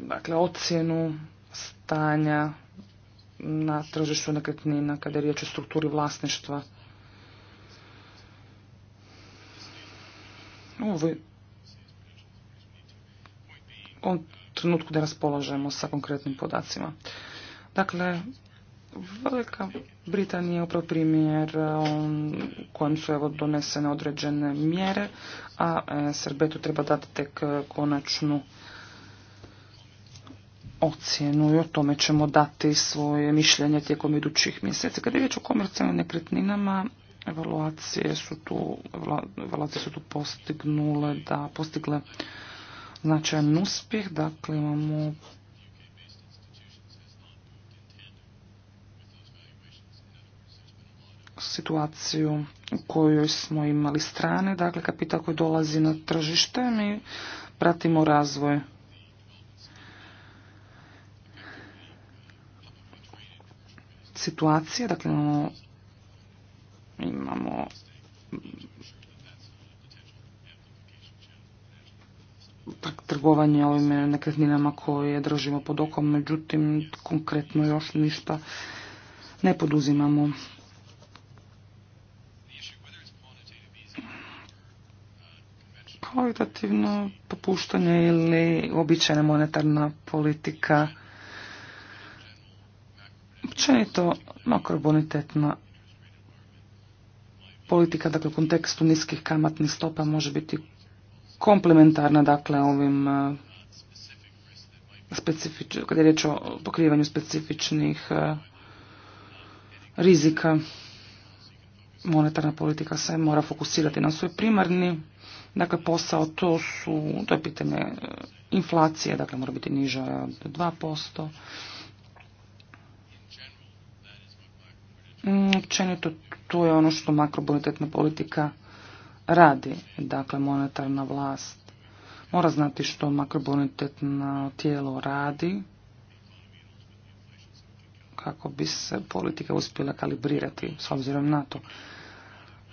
dakle, ocjenu stanja na tržištu nekretnina kada je riječ o strukturi vlasništva ovom trenutku da raspolažemo sa konkretnim podacima. Dakle, Velika Britanija je upravo primjer eh, u kojem su evo donesene određene mjere, a eh, Srbetu treba dati tek eh, konačnu ocjenu i o tome ćemo dati svoje mišljenje tijekom idućih mjeseci. Kada je riječ o komercijalnim nekretninama, evaluacije su tu, evaluacije su tu postignule da postigle značajan uspjeh. Dakle, imamo situaciju u kojoj smo imali strane, dakle kapital koji dolazi na tržište, mi pratimo razvoj. Situacije, dakle imamo trgovanje ovim nekretninama koje držimo pod okom, međutim konkretno još ništa ne poduzimamo. Kvalitativno popuštanje ili običajna monetarna politika, općenito makrobonitetna politika, dakle u kontekstu niskih kamatnih stopa može biti komplementarna dakle ovim e, kad kada je riječ o pokrivanju specifičnih e, rizika. Monetarna politika se mora fokusirati na svoj primarni dakle posao, to su, to je pitanje e, inflacije, dakle mora biti niža od 2%. Mm, općenito, to je ono što makrobonitetna politika radi, dakle monetarna vlast. Mora znati što makrobonitetno tijelo radi kako bi se politika uspjela kalibrirati s obzirom na to.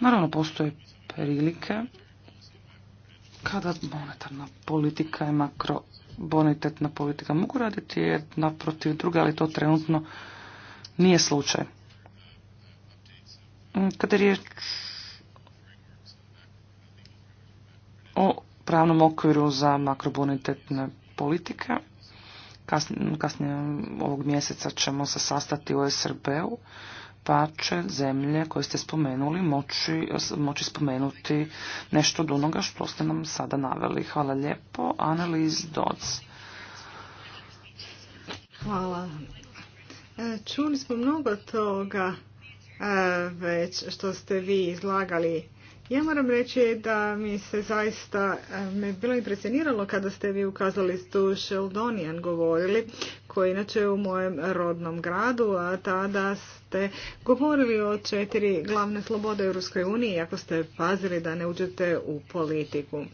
Naravno, postoje prilike kada monetarna politika i makrobonitetna politika mogu raditi jedna protiv druge, ali to trenutno nije slučaj. Kada je riječ o pravnom okviru za makrobonitetne politike. Kasnije, ovog mjeseca ćemo se sastati u SRB-u, pa će zemlje koje ste spomenuli moći, spomenuti nešto od onoga što ste nam sada naveli. Hvala lijepo. analiz doc Hvala. E, čuli smo mnogo toga e, već što ste vi izlagali ja moram reći da mi se zaista eh, me bilo impresioniralo kada ste vi u tu Sheldonian govorili, koji inače u mojem rodnom gradu, a tada ste govorili o četiri glavne slobode Europskoj uniji, ako ste pazili da ne uđete u politiku.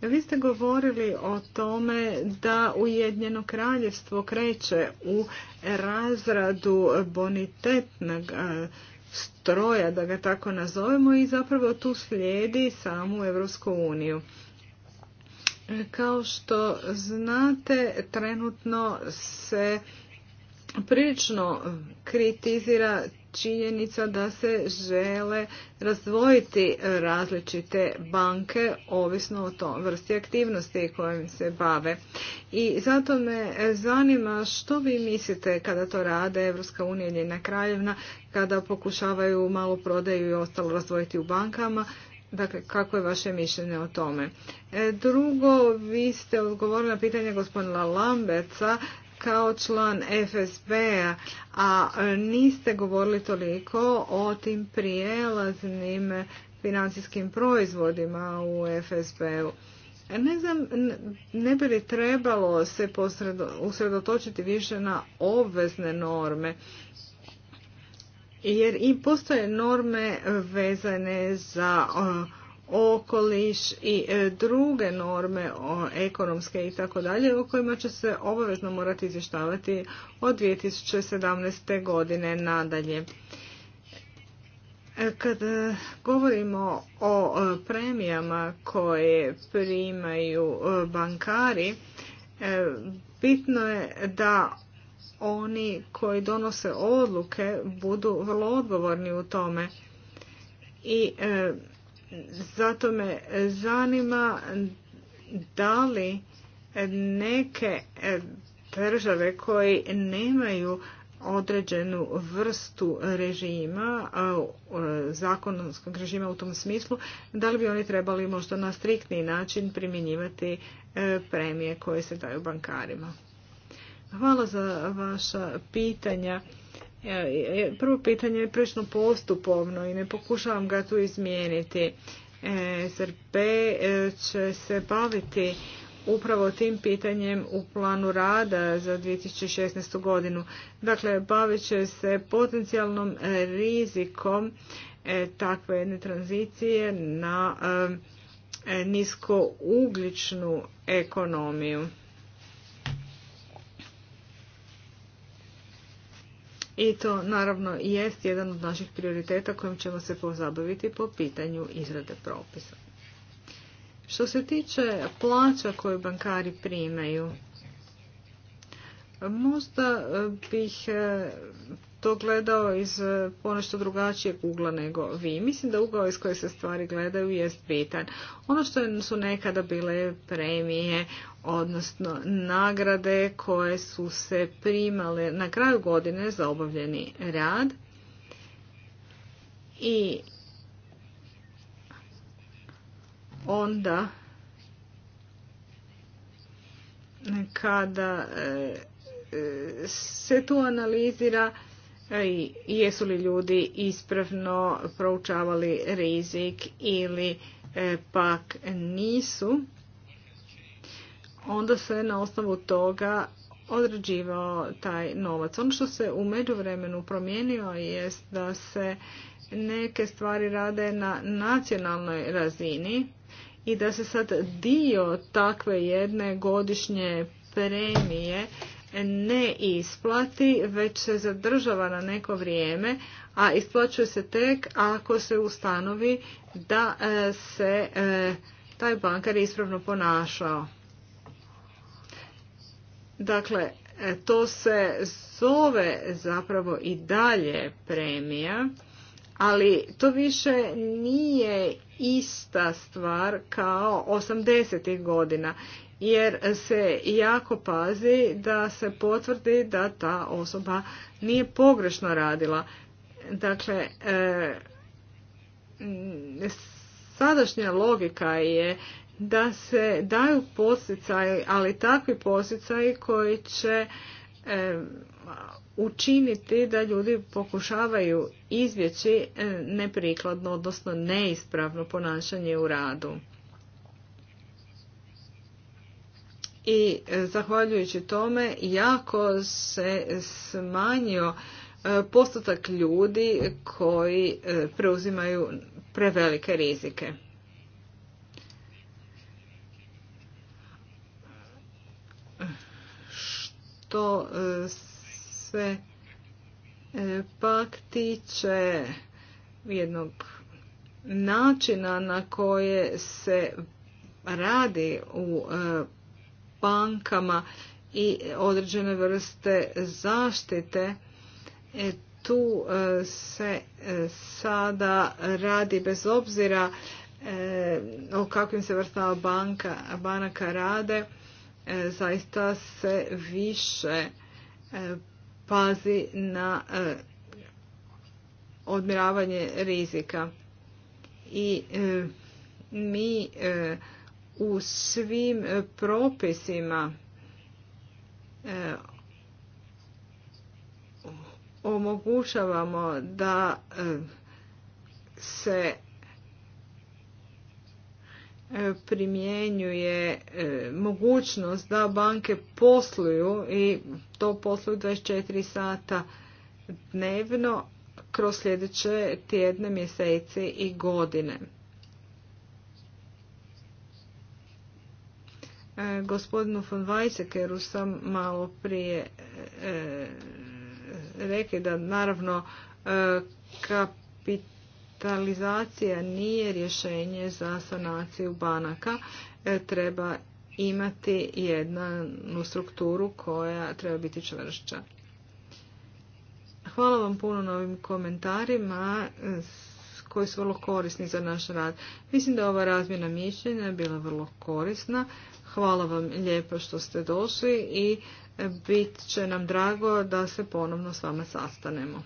Vi ste govorili o tome da Ujedinjeno kraljevstvo kreće u razradu bonitetnog eh, da ga tako nazovemo, i zapravo tu slijedi samu Evropsku uniju. Kao što znate, trenutno se prilično kritizira činjenica da se žele razdvojiti različite banke ovisno o tom vrsti aktivnosti kojim se bave. I zato me zanima što vi mislite kada to rade Evropska unija i njena kraljevna, kada pokušavaju malo prodaju i ostalo razdvojiti u bankama, Dakle, kako je vaše mišljenje o tome? E, drugo, vi ste odgovorili na pitanje gospodina Lambeca kao član FSB-a, a e, niste govorili toliko o tim prijelaznim financijskim proizvodima u FSB-u. Ne znam, ne bi li trebalo se usredotočiti više na obvezne norme, jer i postoje norme vezane za e, okoliš i e, druge norme ekonomske i tako dalje o kojima će se obavezno morati izvještavati od 2017. godine nadalje. E, kad e, govorimo o premijama koje primaju bankari, bitno je da oni koji donose odluke budu vrlo odgovorni u tome i zato me zanima da li neke e, države koje nemaju određenu vrstu režima, e, zakonskog režima u tom smislu, da li bi oni trebali možda na striktniji način primjenjivati e, premije koje se daju bankarima. Hvala za vaša pitanja. Prvo pitanje je prilično postupovno i ne pokušavam ga tu izmijeniti. SRP e, e, će se baviti upravo tim pitanjem u planu rada za 2016. godinu. Dakle, bavit će se potencijalnom rizikom e, takve jedne tranzicije na niskougličnu ekonomiju. I to naravno jest jedan od naših prioriteta kojim ćemo se pozabaviti po pitanju izrade propisa. Što se tiče plaća koju bankari primaju, možda bih to gledao iz e, ponešto drugačijeg ugla nego vi. Mislim da ugao iz koje se stvari gledaju jest bitan. Ono što su nekada bile premije, odnosno nagrade koje su se primale na kraju godine za obavljeni rad i onda kada e, e, se tu analizira E, jesu li ljudi ispravno proučavali rizik ili e, pak nisu, onda se na osnovu toga određivao taj novac. Ono što se u međuvremenu promijenio jest da se neke stvari rade na nacionalnoj razini i da se sad dio takve jedne godišnje premije ne isplati, već se zadržava na neko vrijeme, a isplaćuje se tek ako se ustanovi da e, se e, taj bankar ispravno ponašao. Dakle, e, to se zove zapravo i dalje premija, ali to više nije ista stvar kao 80. godina jer se jako pazi da se potvrdi da ta osoba nije pogrešno radila. Dakle, e, sadašnja logika je da se daju posjecaji, ali takvi posjecaji koji će e, učiniti da ljudi pokušavaju izvjeći e, neprikladno, odnosno neispravno ponašanje u radu. i e, zahvaljujući tome jako se smanjio e, postotak ljudi koji e, preuzimaju prevelike rizike. Što se pak tiče jednog načina na koje se radi u bankama i određene vrste zaštite. E, tu e, se e, sada radi bez obzira o kakvim se vrstama banka, banaka rade, zaista se više pazi na odmiravanje rizika. I mi u svim e, propisima e, omogućavamo da e, se primjenjuje mogućnost da banke posluju i to posluju 24 sata dnevno kroz sljedeće tjedne, mjeseci i godine. E, gospodinu von Weizsäckeru sam malo prije e, e, rekli da naravno kapitalizacija nije rješenje za sanaciju banaka. Treba imati jednu strukturu koja treba biti čvršća. Hvala vam puno na ovim komentarima koji su vrlo korisni za naš rad. Mislim da ova razmjena mišljenja bila vrlo korisna. Hvala vam lijepo što ste došli i bit će nam drago da se ponovno s vama sastanemo.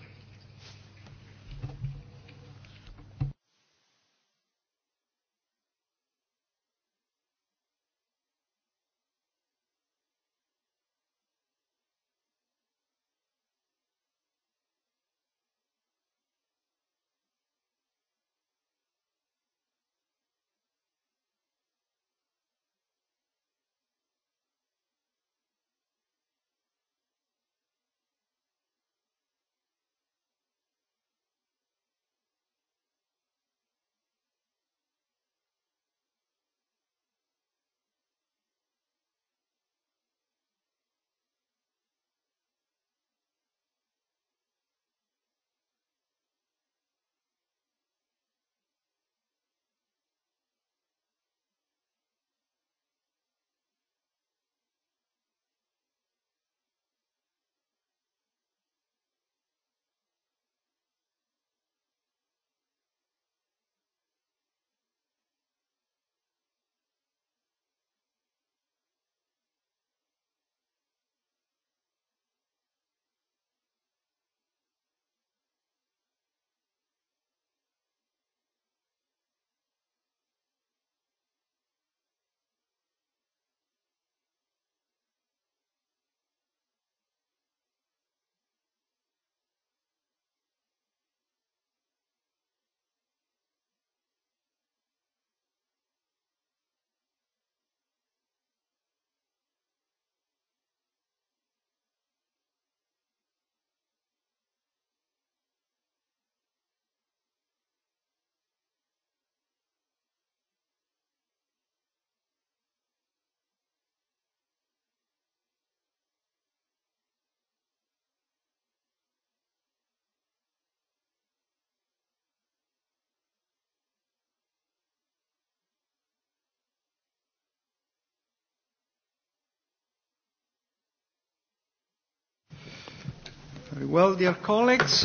Very well, dear colleagues,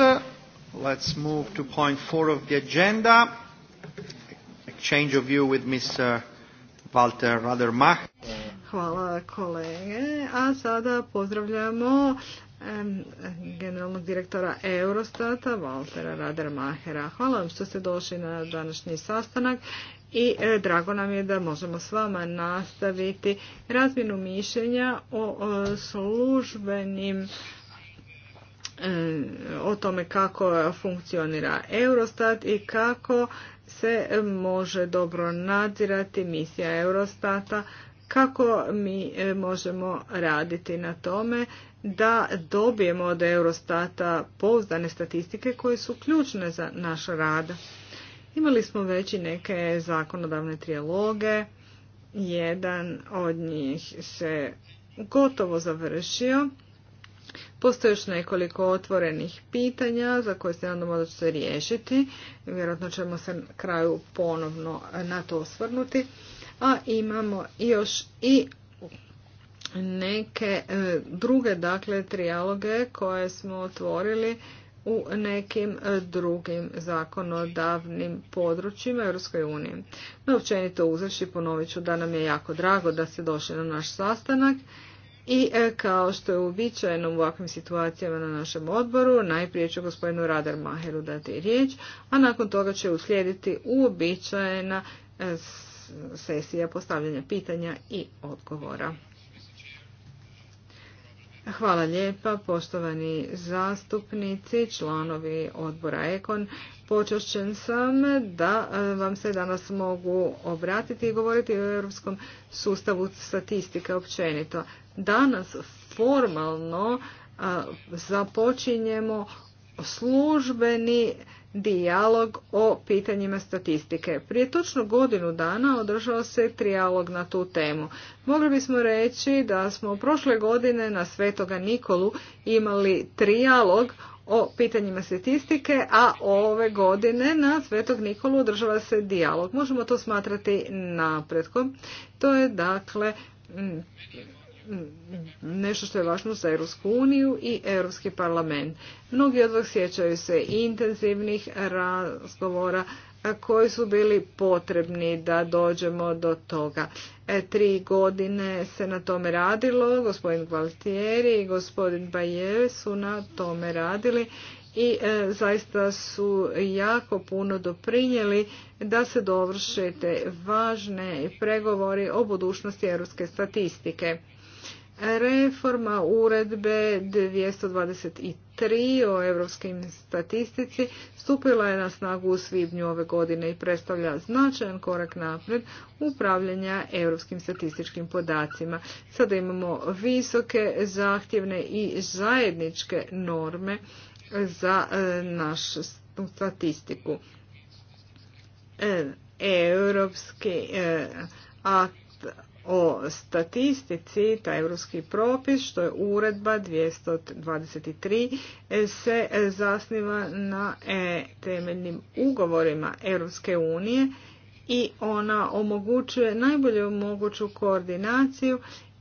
let's move to point four of the agenda. Exchange of view with Mr. Walter Hvala kolege. A sada pozdravljamo generalnog direktora Eurostata Valtera Radermachera. Hvala vam što ste došli na današnji sastanak i e, drago nam je da možemo s vama nastaviti razmjenu mišljenja o e, službenim o tome kako funkcionira Eurostat i kako se može dobro nadzirati misija Eurostata, kako mi e, možemo raditi na tome da dobijemo od Eurostata pouzdane statistike koje su ključne za naš rad. Imali smo već i neke zakonodavne trijaloge, jedan od njih se gotovo završio Postoji još nekoliko otvorenih pitanja za koje se nadamo da će se riješiti. Vjerojatno ćemo se na kraju ponovno na to osvrnuti. A imamo još i neke e, druge dakle trijaloge koje smo otvorili u nekim e, drugim zakonodavnim područjima Europskoj unije. No, općenito ponovit ću da nam je jako drago da ste došli na naš sastanak i e, kao što je uobičajeno u ovakvim situacijama na našem odboru, najprije ću gospodinu Radar Maheru dati riječ, a nakon toga će uslijediti uobičajena e, sesija postavljanja pitanja i odgovora. Hvala lijepa, poštovani zastupnici, članovi odbora Ekon. Počašćen sam da e, vam se danas mogu obratiti i govoriti o europskom sustavu statistike općenito. Danas formalno započinjemo službeni dijalog o pitanjima statistike. Prije točno godinu dana održao se trijalog na tu temu. Mogli bismo reći da smo prošle godine na Svetoga Nikolu imali trijalog o pitanjima statistike, a ove godine na Svetog Nikolu održava se dijalog. Možemo to smatrati napretkom. To je dakle nešto što je važno za Europsku uniju i Europski parlament. Mnogi od vas sjećaju se intenzivnih razgovora koji su bili potrebni da dođemo do toga. E, tri godine se na tome radilo, gospodin Gualtieri i gospodin Bajer su na tome radili i e, zaista su jako puno doprinijeli da se dovrše važne pregovori o budućnosti europske statistike. Reforma uredbe 223 o europskim statistici stupila je na snagu u svibnju ove godine i predstavlja značajan korak napred upravljanja europskim statističkim podacima. Sada imamo visoke, zahtjevne i zajedničke norme za e, našu statistiku. E, Europski e, akt o statistici, taj europski propis, što je uredba 223, e, se e, zasniva na e, temeljnim ugovorima Europske unije i ona omogućuje najbolju moguću koordinaciju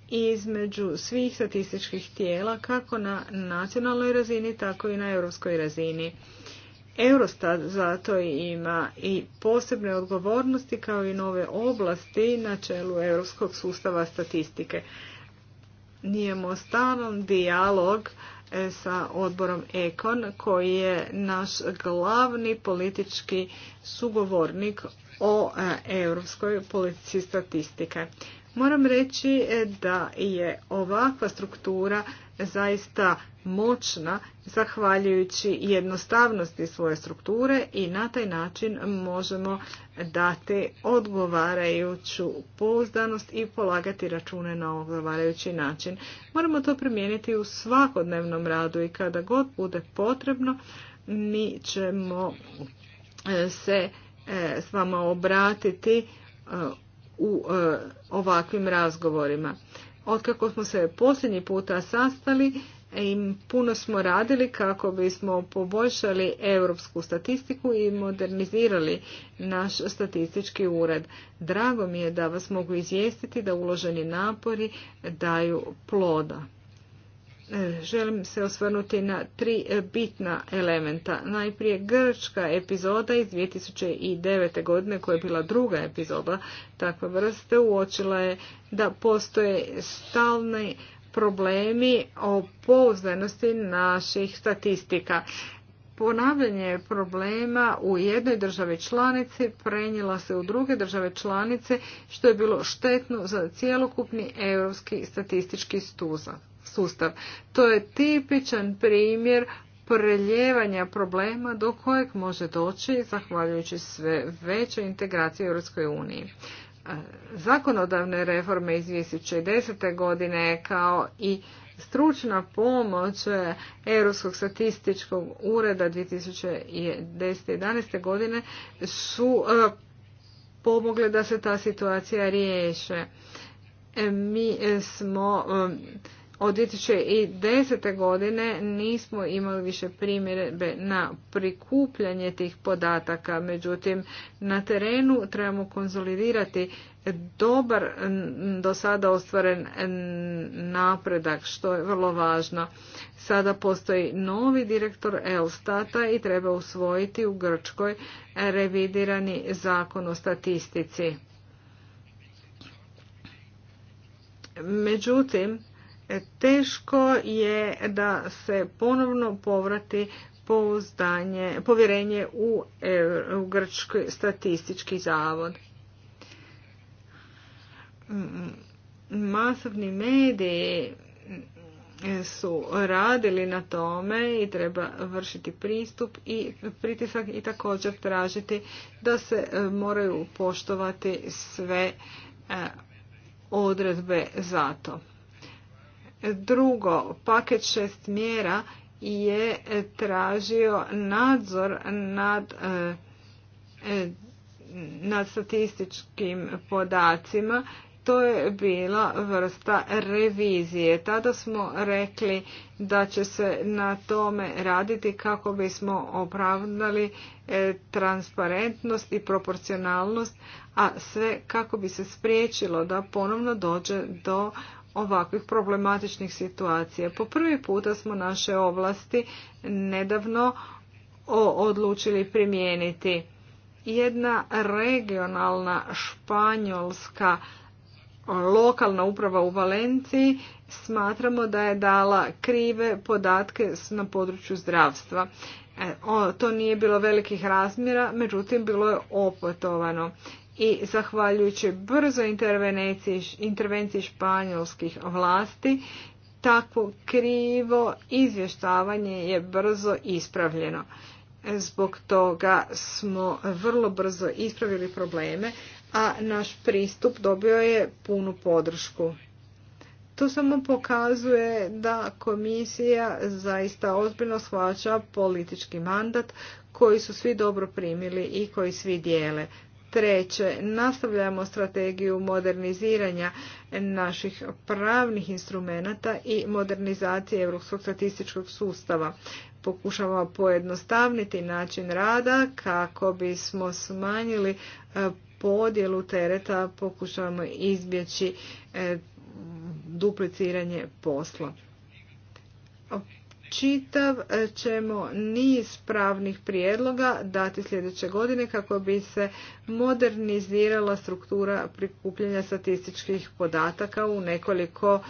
između svih statističkih tijela kako na nacionalnoj razini, tako i na europskoj razini. Eurostat zato ima i posebne odgovornosti kao i nove oblasti na čelu europskog sustava statistike. Nijemo stanom dijalog e, sa odborom Ekon koji je naš glavni politički sugovornik o e, europskoj politici statistike. Moram reći e, da je ovakva struktura zaista moćna zahvaljujući jednostavnosti svoje strukture i na taj način možemo dati odgovarajuću pouzdanost i polagati račune na odgovarajući način. Moramo to primijeniti u svakodnevnom radu i kada god bude potrebno mi ćemo e, se e, s vama obratiti e, u ovakvim razgovorima. Otkako smo se posljednji puta sastali, i puno smo radili kako bismo poboljšali europsku statistiku i modernizirali naš statistički ured. Drago mi je da vas mogu izvijestiti da uloženi napori daju ploda. E, želim se osvrnuti na tri e, bitna elementa. Najprije grčka epizoda iz 2009. godine koja je bila druga epizoda takve vrste uočila je da postoje stalni problemi o pouzdanosti naših statistika. Ponavljanje problema u jednoj državi članici prenijela se u druge države članice što je bilo štetno za cjelokupni europski statistički stuzak sustav. To je tipičan primjer preljevanja problema do kojeg može doći zahvaljujući sve većoj integraciji u Europskoj uniji. E, zakonodavne reforme iz 2010. godine kao i stručna pomoć Europskog statističkog ureda 2010-2011. godine su e, pomogle da se ta situacija riješe. E, mi smo od 2010. godine nismo imali više primjere na prikupljanje tih podataka. Međutim, na terenu trebamo konzolidirati dobar do sada ostvaren napredak, što je vrlo važno. Sada postoji novi direktor Elstata i treba usvojiti u Grčkoj revidirani zakon o statistici. Međutim, teško je da se ponovno povrati povjerenje u, e, u Grčki statistički zavod. Mm, masovni mediji su radili na tome i treba vršiti pristup i pritisak i također tražiti da se e, moraju poštovati sve e, odredbe za to. Drugo, paket šest mjera je tražio nadzor nad, e, e, nad statističkim podacima. To je bila vrsta revizije. Tada smo rekli da će se na tome raditi kako bismo opravdali e, transparentnost i proporcionalnost, a sve kako bi se spriječilo da ponovno dođe do ovakvih problematičnih situacija. Po prvi puta smo naše ovlasti nedavno odlučili primijeniti. Jedna regionalna španjolska lokalna uprava u Valenciji smatramo da je dala krive podatke na području zdravstva. E, to nije bilo velikih razmjera, međutim bilo je opotovano i zahvaljujući brzo intervenciji, intervenciji španjolskih vlasti takvo krivo izvještavanje je brzo ispravljeno. Zbog toga smo vrlo brzo ispravili probleme, a naš pristup dobio je punu podršku. To samo pokazuje da komisija zaista ozbiljno shvaća politički mandat koji su svi dobro primili i koji svi dijele. Treće, nastavljamo strategiju moderniziranja naših pravnih instrumenata i modernizacije europskog statističkog sustava. Pokušavamo pojednostavniti način rada kako bismo smanjili e, podjelu tereta, pokušavamo izbjeći e, dupliciranje posla čitav e, ćemo niz pravnih prijedloga dati sljedeće godine kako bi se modernizirala struktura prikupljanja statističkih podataka u nekoliko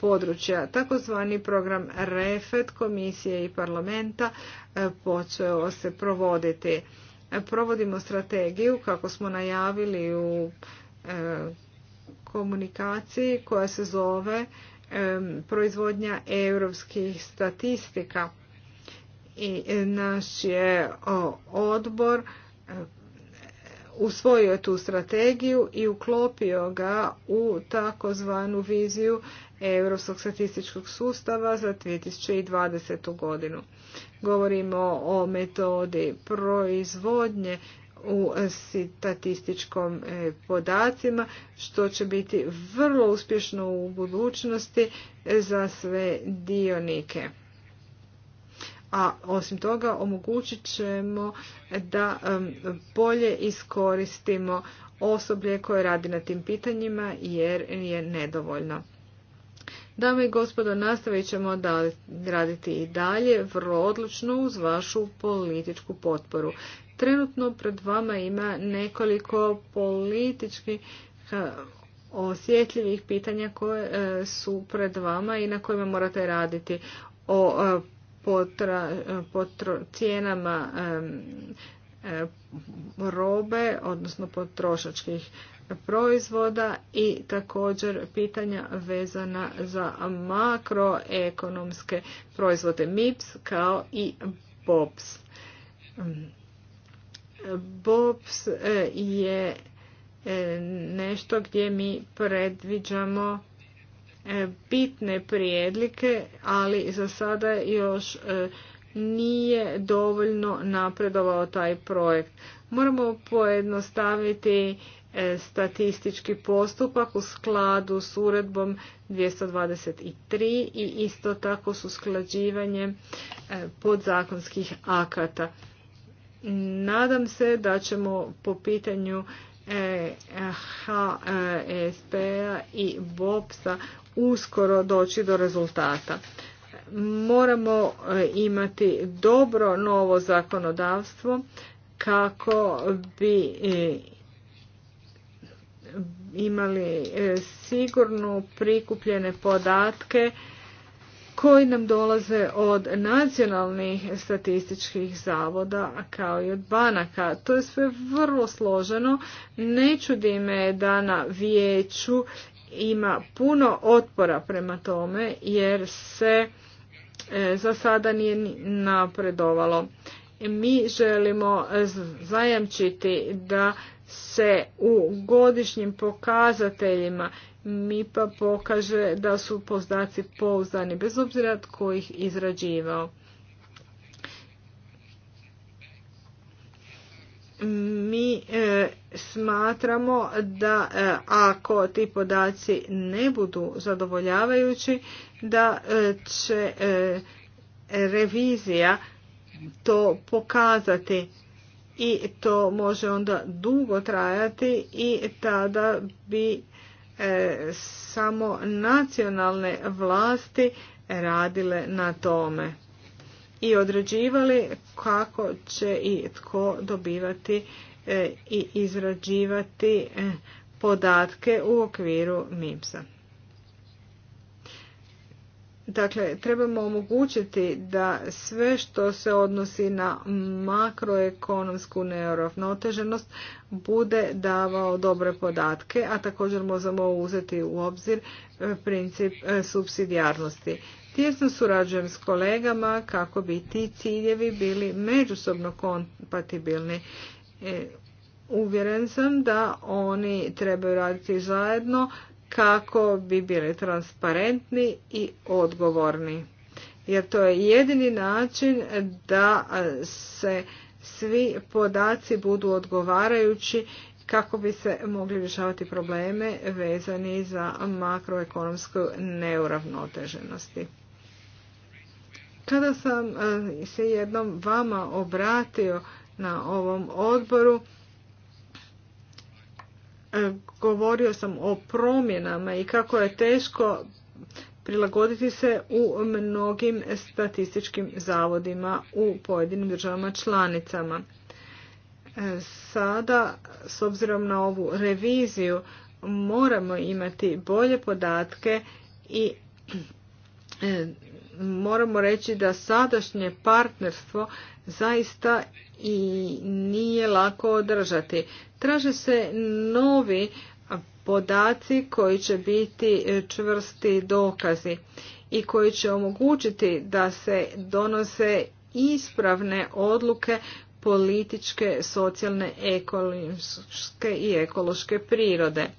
područja. Takozvani program REFET komisije i parlamenta e, počeo se provoditi. E, provodimo strategiju kako smo najavili u komunikaciji koja se zove proizvodnja europskih statistika. I naš je odbor usvojio tu strategiju i uklopio ga u takozvanu viziju Europskog statističkog sustava za 2020. godinu. Govorimo o metodi proizvodnje u e, statističkom e, podacima, što će biti vrlo uspješno u budućnosti e, za sve dionike. A osim toga omogućit ćemo da bolje iskoristimo osoblje koje radi na tim pitanjima jer je nedovoljno. Dame i gospodo, nastavit ćemo da raditi i dalje vrlo odlučno uz vašu političku potporu. Trenutno pred vama ima nekoliko politički eh, osjetljivih pitanja koje eh, su pred vama i na kojima morate raditi o eh, cijenama robe, odnosno potrošačkih proizvoda i također pitanja vezana za makroekonomske proizvode MIPS kao i POPS. Mm. BOBS e, je e, nešto gdje mi predviđamo e, bitne prijedlike, ali za sada još nije dovoljno napredovao taj projekt. Moramo pojednostaviti statistički postupak u skladu s uredbom 223 i isto tako s usklađivanjem podzakonskih akata. Nadam se da ćemo po pitanju e, HSP-a e i BOPS-a uskoro doći do rezultata. Moramo e, imati dobro novo zakonodavstvo kako bi imali sigurno prikupljene podatke koji nam dolaze od nacionalnih statističkih zavoda kao i od banaka. To je sve vrlo složeno. Ne čudi me da na vijeću ima puno otpora prema tome jer se e, za sada nije napredovalo. Mi želimo zajamčiti da se u godišnjim pokazateljima MIPA pokaže da su pozdaci pouzdani, bez obzira tko ih izrađivao. Mi e, smatramo da e, ako ti podaci ne budu zadovoljavajući, da e, će revizija to pokazati i to može onda dugo trajati i tada bi E, samo nacionalne vlasti radile na tome i određivali kako će i tko dobivati e, i izrađivati e, podatke u okviru mips Dakle, trebamo omogućiti da sve što se odnosi na makroekonomsku neuravnoteženost bude davao dobre podatke, a također možemo uzeti u obzir e, princip e, subsidijarnosti. Tijesno surađujem s kolegama kako bi ti ciljevi bili međusobno kompatibilni. E, uvjeren sam da oni trebaju raditi zajedno kako bi bili transparentni i odgovorni. Jer to je jedini način da se svi podaci budu odgovarajući kako bi se mogli rješavati probleme vezani za makroekonomsku neuravnoteženosti. Kada sam eh, se jednom vama obratio na ovom odboru, govorio sam o promjenama i kako je teško prilagoditi se u mnogim statističkim zavodima u pojedinim državama članicama. E, sada, s obzirom na ovu reviziju, moramo imati bolje podatke i e, moramo reći da sadašnje partnerstvo zaista i nije lako održati. Traže se novi podaci koji će biti čvrsti dokazi i koji će omogućiti da se donose ispravne odluke političke, socijalne, ekološke i ekološke prirode.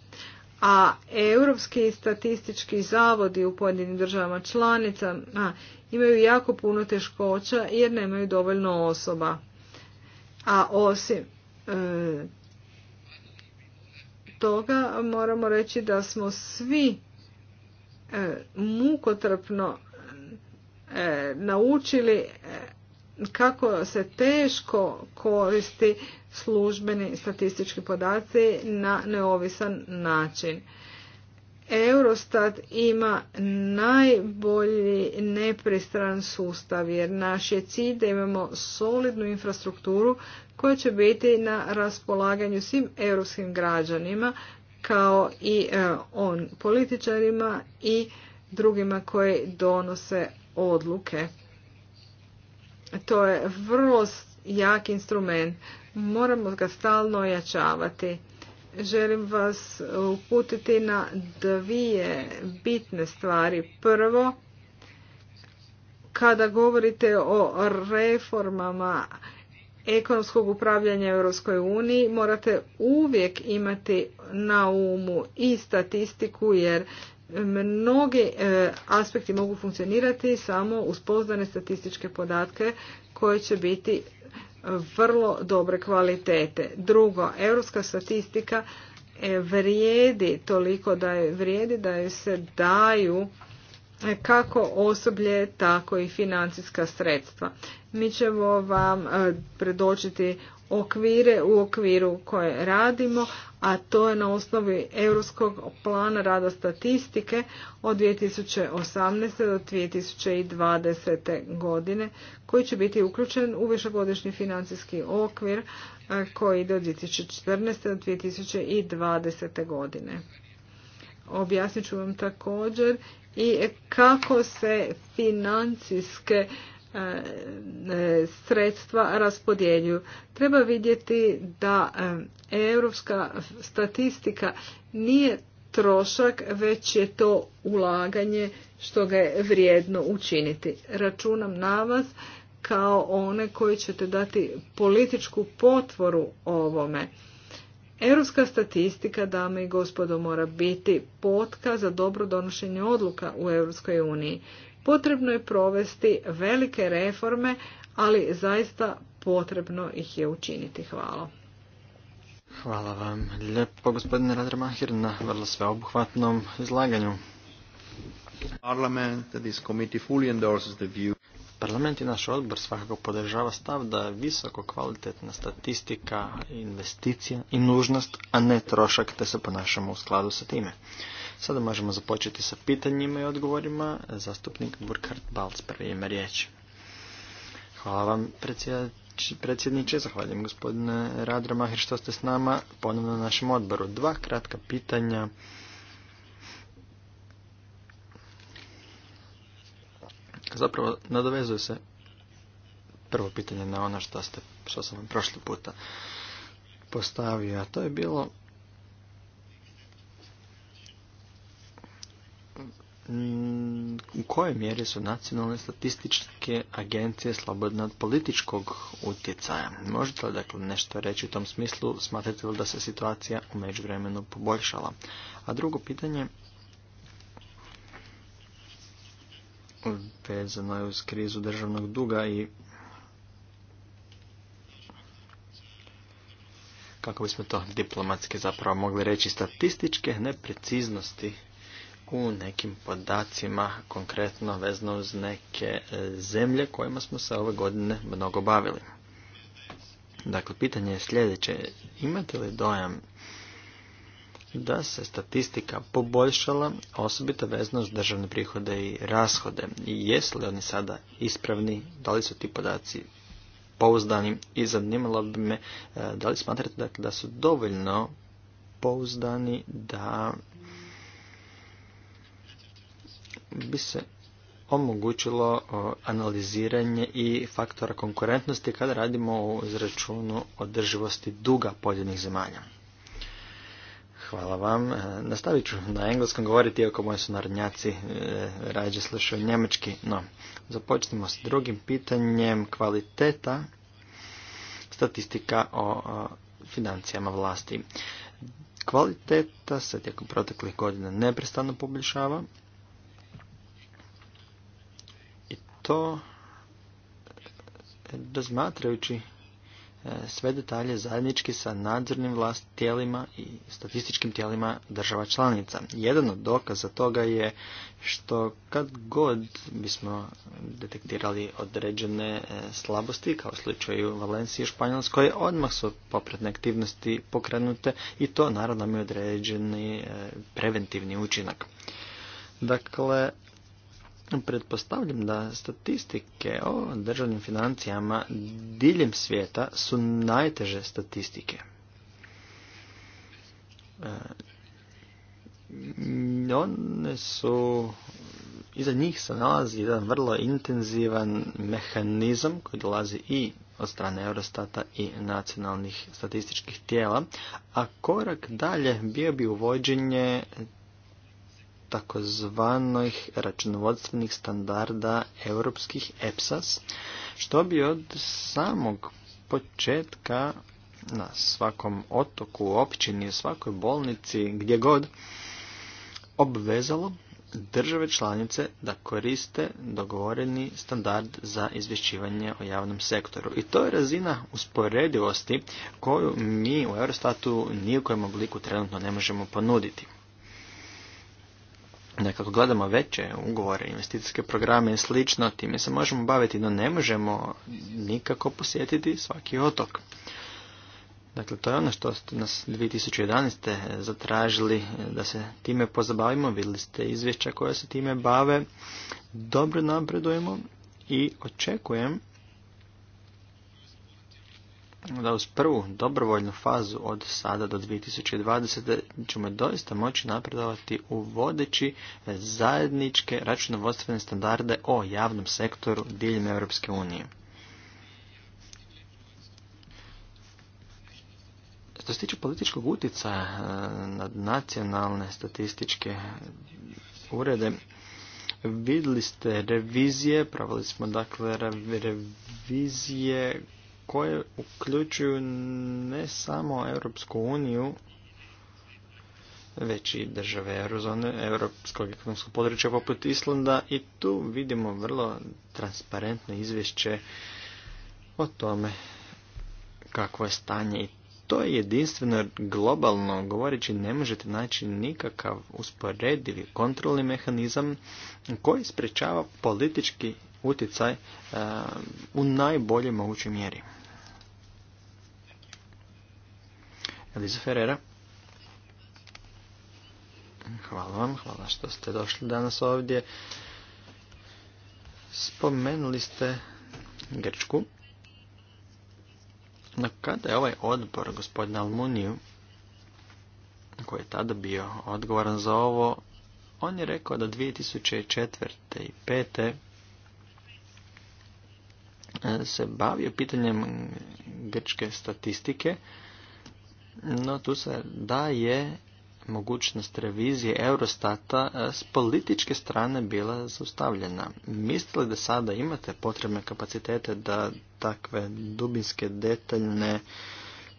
A europski statistički zavodi u pojedinim državama članicama imaju jako puno teškoća jer nemaju dovoljno osoba. A osim e, toga moramo reći da smo svi e, mukotrpno e, naučili e, kako se teško koristi službeni statistički podaci na neovisan način. Eurostat ima najbolji nepristran sustav jer naš je cilj da imamo solidnu infrastrukturu koje će biti na raspolaganju svim europskim građanima kao i e, on političarima i drugima koji donose odluke. To je vrlo jak instrument. Moramo ga stalno ojačavati. Želim vas uputiti na dvije bitne stvari. Prvo, kada govorite o reformama ekonomskog upravljanja Europskoj uniji morate uvijek imati na umu i statistiku jer mnogi e, aspekti mogu funkcionirati samo uz pozdane statističke podatke koje će biti vrlo dobre kvalitete. Drugo, europska statistika e, vrijedi toliko da je vrijedi da joj se daju kako osoblje, tako i financijska sredstva. Mi ćemo vam e, predočiti okvire u okviru koje radimo, a to je na osnovi Europskog plana rada statistike od 2018. do 2020. godine, koji će biti uključen u višegodišnji financijski okvir e, koji ide od 2014. do 2020. godine. Objasnit ću vam također i kako se financijske e, e, sredstva raspodjeljuju. Treba vidjeti da e, europska statistika nije trošak, već je to ulaganje što ga je vrijedno učiniti. Računam na vas kao one koji ćete dati političku potvoru ovome. Europska statistika, dame i gospodo, mora biti potka za dobro donošenje odluka u Europskoj uniji. Potrebno je provesti velike reforme, ali zaista potrebno ih je učiniti. Hvala. Hvala vam lijepo, gospodine Radramahir, na vrlo sveobuhvatnom izlaganju. Parlament, this committee fully endorses the view Parlament i naš odbor svakako podržava stav da je visoko kvalitetna statistika investicija i nužnost, a ne trošak, te se ponašamo u skladu sa time. Sada možemo započeti sa pitanjima i odgovorima. Zastupnik Burkhard Balc prvi ima riječ. Hvala vam predsjedniče, zahvaljujem gospodine Mahir što ste s nama ponovno na našem odboru. Dva kratka pitanja zapravo nadovezuje se prvo pitanje na ono što, ste, što sam vam prošli puta postavio, a to je bilo u kojoj mjeri su nacionalne statističke agencije slobodne od političkog utjecaja. Možete li dakle nešto reći u tom smislu, smatrate li da se situacija u međuvremenu poboljšala? A drugo pitanje vezano je uz krizu državnog duga i kako bismo to diplomatski zapravo mogli reći statističke nepreciznosti u nekim podacima konkretno vezano uz neke e, zemlje kojima smo se ove godine mnogo bavili. Dakle, pitanje je sljedeće. Imate li dojam da se statistika poboljšala, osobito vezano s državne prihode i rashode. I jesu li oni sada ispravni, da li su ti podaci pouzdani i zanimalo bi me e, da li smatrate dakle, da su dovoljno pouzdani da bi se omogućilo analiziranje i faktora konkurentnosti kada radimo o izračunu održivosti duga pojedinih zemalja. Hvala vam. E, nastavit ću na engleskom govoriti, iako moji su e, rađe slušaju njemački. No, započnimo s drugim pitanjem kvaliteta statistika o, o financijama vlasti. Kvaliteta se tijekom proteklih godina neprestano poboljšava i to razmatrajući e, sve detalje zajednički sa nadzornim vlast tijelima i statističkim tijelima država članica. Jedan od dokaza toga je što kad god bismo detektirali određene e, slabosti, kao u slučaju Valencije i Španjolskoj, odmah su popretne aktivnosti pokrenute i to naravno mi određeni e, preventivni učinak. Dakle, Pretpostavljam da statistike o državnim financijama diljem svijeta su najteže statistike. E, one su, iza njih se nalazi jedan vrlo intenzivan mehanizam koji dolazi i od strane Eurostata i nacionalnih statističkih tijela, a korak dalje bio bi uvođenje takozvanih računovodstvenih standarda europskih EPSAS, što bi od samog početka na svakom otoku, općini, svakoj bolnici, gdje god, obvezalo države članice da koriste dogovoreni standard za izvješćivanje o javnom sektoru. I to je razina usporedivosti koju mi u Eurostatu nijekom obliku trenutno ne možemo ponuditi. Nekako gledamo veće ugovore, investicijske programe i slično, time se možemo baviti, no ne možemo nikako posjetiti svaki otok. Dakle, to je ono što ste nas 2011. zatražili da se time pozabavimo, vidjeli ste izvješća koja se time bave, dobro napredujemo i očekujem da uz prvu dobrovoljnu fazu od sada do 2020. ćemo doista moći napredovati uvodeći zajedničke računovodstvene standarde o javnom sektoru diljem Europske unije. Što se tiče političkog utjecaja e, nad nacionalne statističke urede, vidjeli ste revizije, pravili smo dakle revizije koje uključuju ne samo Europsku uniju, već i države eurozone, europskog ekonomskog područja poput Islanda i tu vidimo vrlo transparentno izvješće o tome kakvo je stanje i to je jedinstveno globalno govoreći ne možete naći nikakav usporedivi kontrolni mehanizam koji sprečava politički utjecaj eh, u najboljoj mogućoj mjeri. Eliza Ferreira. Hvala vam, hvala što ste došli danas ovdje. Spomenuli ste Grčku. No kada je ovaj odbor gospodina Almuniju, koji je tada bio odgovoran za ovo, on je rekao da 2004. i 2005. E, se bavio pitanjem grčke statistike, no tu se je mogućnost revizije Eurostata e, s političke strane bila zaustavljena. Mislite da sada imate potrebne kapacitete da takve dubinske, detaljne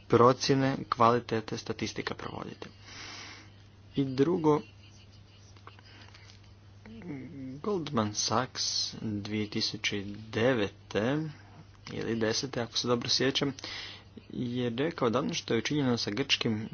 procjene kvalitete statistika provodite? I drugo, Goldman Sachs 2009. ili 10. ako se dobro sjećam je rekao da ono što je učinjeno sa grčkim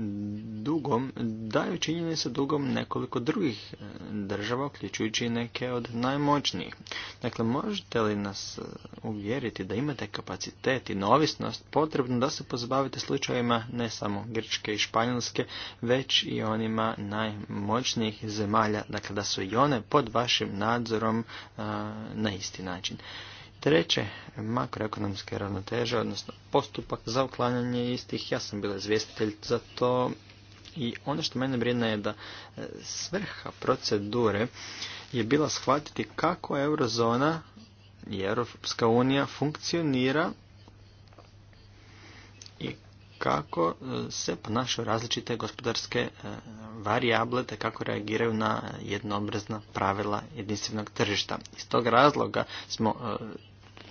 dugom, da je učinjeno sa dugom nekoliko drugih e, država, uključujući neke od najmoćnijih. Dakle, možete li nas e, uvjeriti da imate kapacitet i novisnost potrebno da se pozabavite slučajevima ne samo grčke i španjolske, već i onima najmoćnijih zemalja, dakle da su i one pod vašim nadzorom e, na isti način. Treće, makroekonomske ravnoteže, odnosno postupak za uklanjanje istih. Ja sam bila izvjestitelj za to i ono što mene brine je da e, svrha procedure je bila shvatiti kako eurozona i Europska unija funkcionira i kako e, se ponašaju različite gospodarske e, varijable te kako reagiraju na jednoobrazna pravila jedinstvenog tržišta. Iz tog razloga smo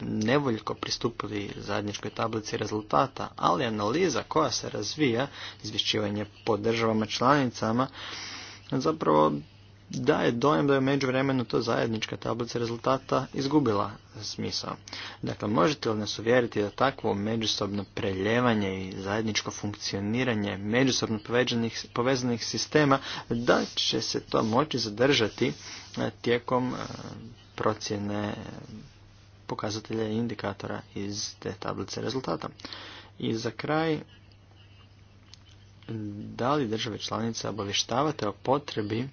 nevoljko pristupili zajedničkoj tablici rezultata, ali analiza koja se razvija, izvješćivanje po državama članicama, zapravo daje dojem da je među vremenu to zajednička tablica rezultata izgubila smisao. Dakle, možete li nas uvjeriti da takvo međusobno preljevanje i zajedničko funkcioniranje međusobno povezanih sistema, da će se to moći zadržati e, tijekom e, procjene pokazatelja i indikatora iz te tablice rezultata. I za kraj, da li države članice obavještavate o potrebi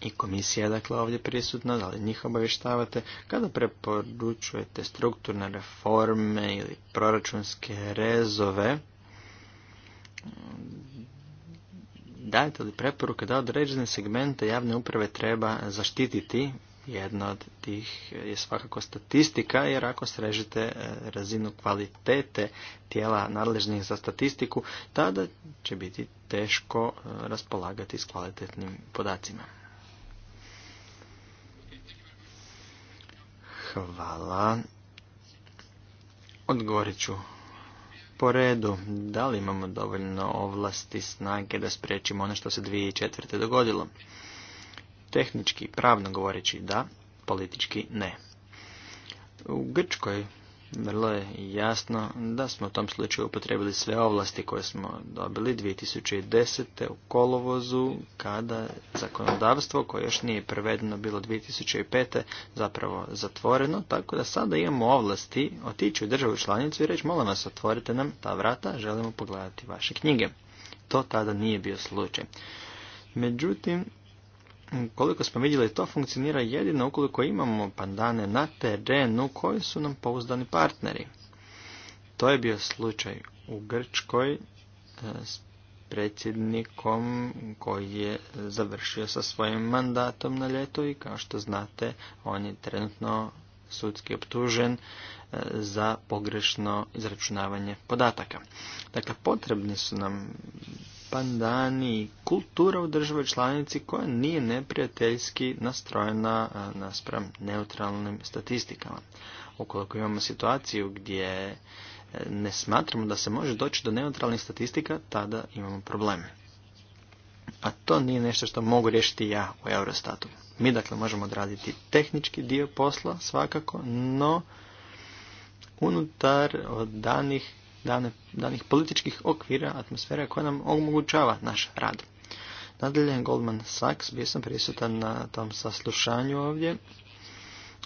i komisija dakle ovdje prisutna, da li njih obavještavate, kada preporučujete strukturne reforme ili proračunske rezove, dajete li preporuke da određene segmente javne uprave treba zaštititi jedna od tih je svakako statistika, jer ako srežite e, razinu kvalitete tijela nadležnih za statistiku, tada će biti teško e, raspolagati s kvalitetnim podacima. Hvala. Odgovorit ću po redu. Da li imamo dovoljno ovlasti snage da spriječimo ono što se 2004. dogodilo? Tehnički, pravno govoreći da, politički ne. U Grčkoj vrlo je jasno da smo u tom slučaju upotrebili sve ovlasti koje smo dobili 2010. u kolovozu kada zakonodavstvo koje još nije prevedeno bilo 2005. zapravo zatvoreno, tako da sada imamo ovlasti otići u državu članicu i reći molim vas otvorite nam ta vrata, želimo pogledati vaše knjige. To tada nije bio slučaj. Međutim, koliko smo vidjeli, to funkcionira jedino ukoliko imamo pandane na terenu koji su nam pouzdani partneri. To je bio slučaj u Grčkoj e, s predsjednikom koji je završio sa svojim mandatom na ljetu i kao što znate on je trenutno sudski optužen e, za pogrešno izračunavanje podataka. Dakle, potrebni su nam pandani kultura u državi članici koja nije neprijateljski nastrojena naspram neutralnim statistikama. Ukoliko imamo situaciju gdje e, ne smatramo da se može doći do neutralnih statistika, tada imamo probleme. A to nije nešto što mogu riješiti ja u Eurostatu. Mi dakle možemo odraditi tehnički dio posla svakako, no unutar od danih danih političkih okvira, atmosfera koja nam omogućava naš rad. Nadalje, Goldman Sachs, bio sam prisutan na tom saslušanju ovdje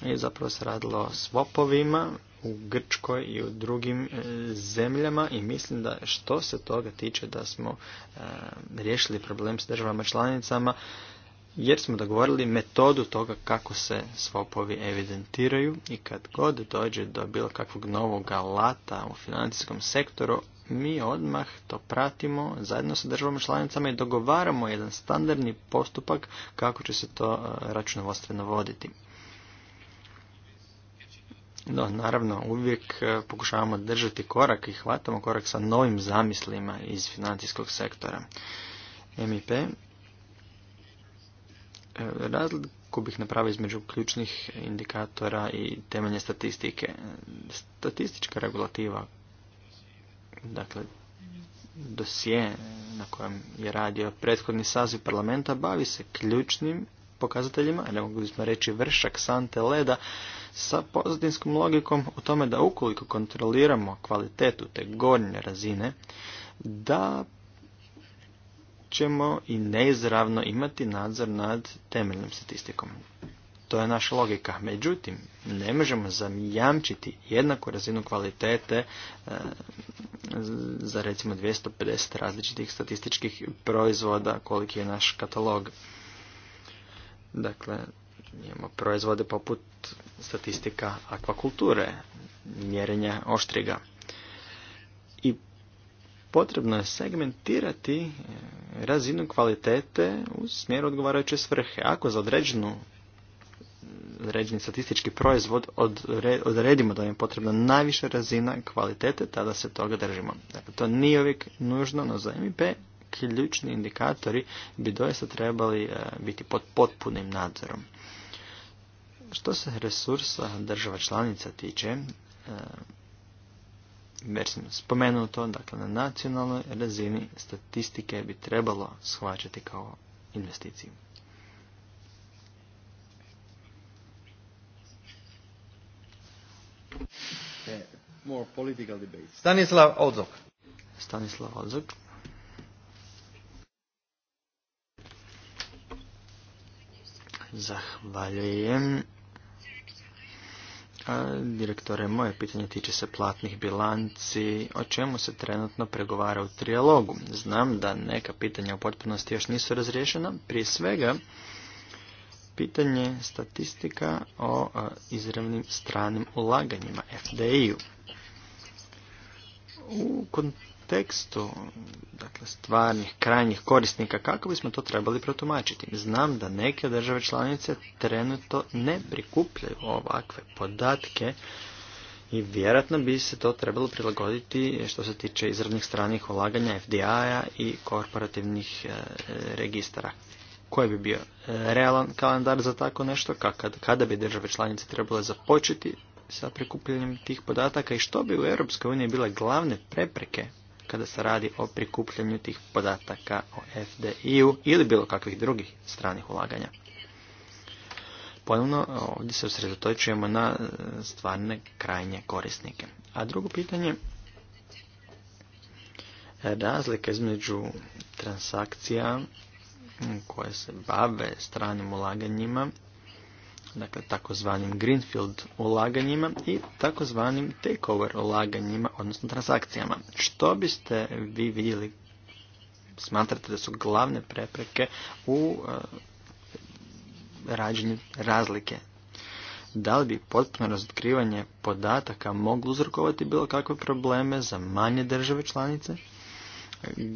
je zapravo se radilo o swapovima u Grčkoj i u drugim e, zemljama i mislim da što se toga tiče da smo e, riješili problem s državama članicama, jer smo dogovorili metodu toga kako se svopovi evidentiraju i kad god dođe do bilo kakvog novog alata u financijskom sektoru, mi odmah to pratimo zajedno sa državama članicama i dogovaramo jedan standardni postupak kako će se to e, računovodstveno voditi. No, naravno, uvijek e, pokušavamo držati korak i hvatamo korak sa novim zamislima iz financijskog sektora. MIP Razliku bih napravio između ključnih indikatora i temeljne statistike. Statistička regulativa, dakle, dosije na kojem je radio prethodni saziv parlamenta, bavi se ključnim pokazateljima, ne mogu bismo reći vršak sante leda, sa pozitivskom logikom o tome da ukoliko kontroliramo kvalitetu te gornje razine, da ćemo i neizravno imati nadzor nad temeljnim statistikom. To je naša logika. Međutim, ne možemo zamijamčiti jednaku razinu kvalitete e, za recimo 250 različitih statističkih proizvoda koliki je naš katalog. Dakle, imamo proizvode poput statistika akvakulture, mjerenja oštriga. I potrebno je segmentirati e, razinu kvalitete u smjeru odgovarajuće svrhe. Ako za određenu određeni statistički proizvod odredimo da im je potrebna najviša razina kvalitete, tada se toga držimo. Dakle, to nije uvijek nužno, no za MIP ključni indikatori bi doista trebali e, biti pod potpunim nadzorom. Što se resursa država članica tiče, e, već sam spomenuo to, dakle na nacionalnoj razini statistike bi trebalo shvaćati kao investiciju. E, more political debate. Stanislav Odzok. Stanislav Odzok. Zahvaljujem. Direktore, moje pitanje tiče se platnih bilanci. O čemu se trenutno pregovara u trijalogu? Znam da neka pitanja u potpunosti još nisu razriješena. Prije svega, pitanje statistika o izravnim stranim ulaganjima, FDI-u. U tekstu, dakle, stvarnih, krajnjih korisnika, kako bismo to trebali protumačiti? Znam da neke države članice trenutno ne prikupljaju ovakve podatke i vjerojatno bi se to trebalo prilagoditi što se tiče izradnih stranih ulaganja FDI-a i korporativnih e, registara. Koji bi bio e, realan kalendar za tako nešto? Kada, kada bi države članice trebale započeti sa prikupljanjem tih podataka i što bi u EU bile glavne prepreke kada se radi o prikupljanju tih podataka o FDI-u ili bilo kakvih drugih stranih ulaganja. Ponovno, ovdje se usredotočujemo na e, stvarne krajnje korisnike. A drugo pitanje, razlika između transakcija koje se bave stranim ulaganjima dakle takozvanim greenfield ulaganjima i takozvanim takeover ulaganjima, odnosno transakcijama. Što biste vi vidjeli, smatrate da su glavne prepreke u uh, rađenju razlike? Da li bi potpuno razotkrivanje podataka moglo uzrokovati bilo kakve probleme za manje države članice?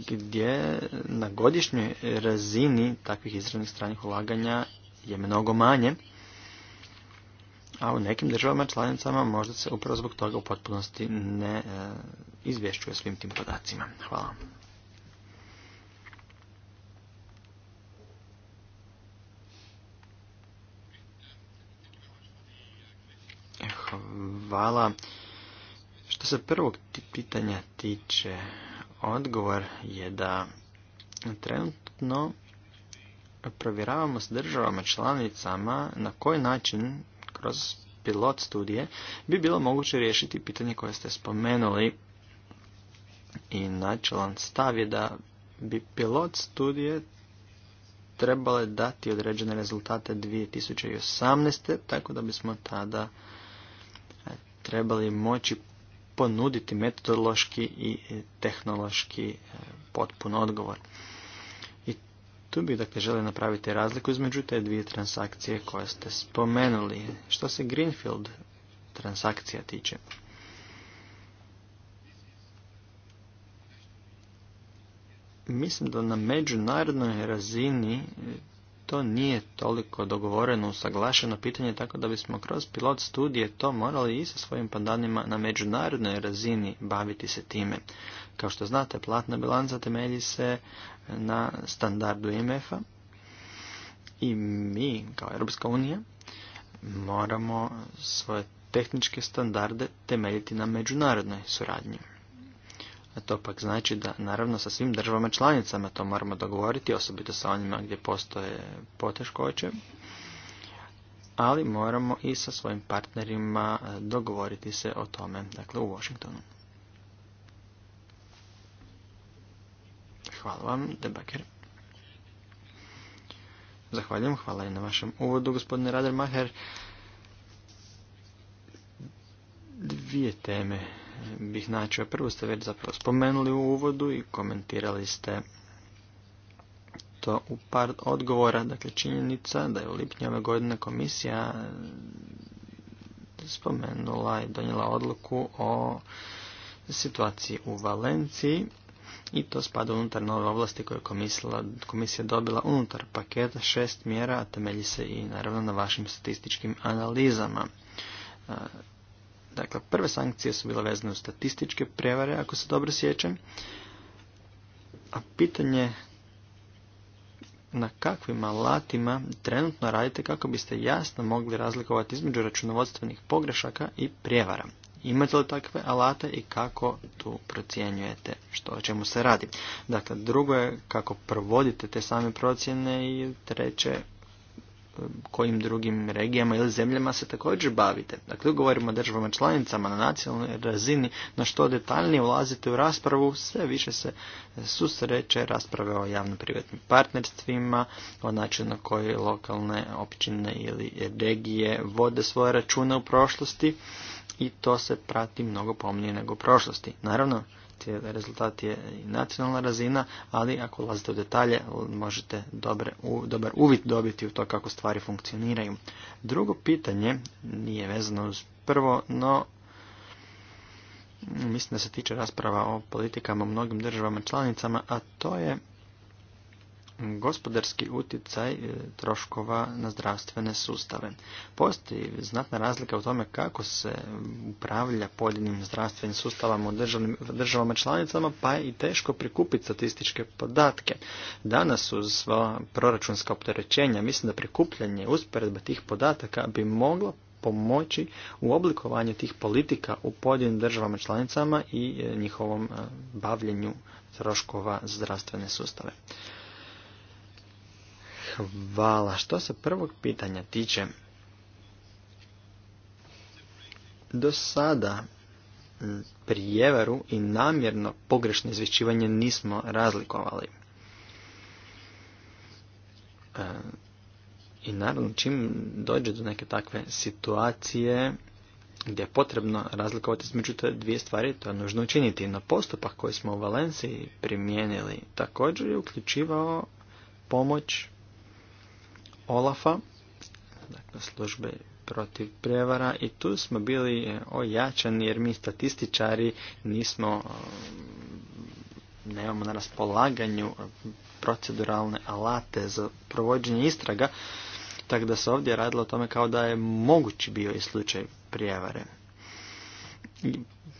gdje na godišnjoj razini takvih izravnih stranih ulaganja je mnogo manje a u nekim državama članicama možda se upravo zbog toga u potpunosti ne e, izvješćuje svim tim podacima. Hvala. E, hvala. Što se prvog pitanja tiče, odgovor je da trenutno provjeravamo s državama članicama na koji način kroz pilot studije bi bilo moguće riješiti pitanje koje ste spomenuli i načelan stav je da bi pilot studije trebale dati određene rezultate 2018. tako da bismo tada e, trebali moći ponuditi metodološki i tehnološki e, potpun odgovor. Tu bih dakle želio napraviti razliku između te dvije transakcije koje ste spomenuli. Što se Greenfield transakcija tiče? Mislim da na međunarodnoj razini to nije toliko dogovoreno, usaglašeno pitanje, tako da bismo kroz pilot studije to morali i sa svojim pandanima na međunarodnoj razini baviti se time. Kao što znate, platna bilanca temelji se na standardu IMF-a i mi, kao Europska unija, moramo svoje tehničke standarde temeljiti na međunarodnoj suradnji. A to pak znači da naravno sa svim državama članicama to moramo dogovoriti, osobito sa onima gdje postoje poteškoće, ali moramo i sa svojim partnerima e, dogovoriti se o tome, dakle u Washingtonu. Hvala vam, Debaker. Zahvaljujem, hvala i na vašem uvodu, gospodine Radermacher. Dvije teme bih načio. Prvo ste već zapravo spomenuli u uvodu i komentirali ste to u par odgovora. Dakle, činjenica da je u lipnju ove godine komisija spomenula i donijela odluku o situaciji u Valenciji i to spada unutar nove oblasti koje je komisija dobila unutar paketa šest mjera, a temelji se i naravno na vašim statističkim analizama. Dakle, prve sankcije su bile vezane u statističke prevare, ako se dobro sjećam. A pitanje na kakvim alatima trenutno radite kako biste jasno mogli razlikovati između računovodstvenih pogrešaka i prijevara. Imate li takve alate i kako tu procjenjujete što o čemu se radi? Dakle, drugo je kako provodite te same procjene i treće kojim drugim regijama ili zemljama se također bavite. Dakle, govorimo o državama članicama na nacionalnoj razini, na što detaljnije ulazite u raspravu, sve više se susreće rasprave o javno-privatnim partnerstvima, o načinu na koji lokalne općine ili regije vode svoje račune u prošlosti i to se prati mnogo pomnije nego u prošlosti. Naravno, cijeli rezultat je i nacionalna razina, ali ako ulazite u detalje možete dobre, dobar uvid dobiti u to kako stvari funkcioniraju. Drugo pitanje nije vezano uz prvo, no mislim da se tiče rasprava o politikama u mnogim državama članicama, a to je gospodarski utjecaj e, troškova na zdravstvene sustave. Postoji znatna razlika u tome kako se upravlja pojedinim zdravstvenim sustavama u državama članicama, pa je i teško prikupiti statističke podatke. Danas uz sva proračunska opterećenja mislim da prikupljanje usporedba tih podataka bi moglo pomoći u oblikovanju tih politika u pojedinim državama članicama i e, njihovom e, bavljenju troškova zdravstvene sustave. Hvala. Što se prvog pitanja tiče, do sada prijevaru i namjerno pogrešno izvješćivanje nismo razlikovali. E, I naravno čim dođe do neke takve situacije gdje je potrebno razlikovati između te dvije stvari, to je nužno učiniti. Na postupak koji smo u Valenciji primijenili također je uključivao pomoć Olafa, dakle službe protiv prijevara i tu smo bili e, ojačani jer mi statističari nismo, e, nemamo na raspolaganju proceduralne alate za provođenje istraga, tako da se ovdje radilo o tome kao da je mogući bio i slučaj prijevare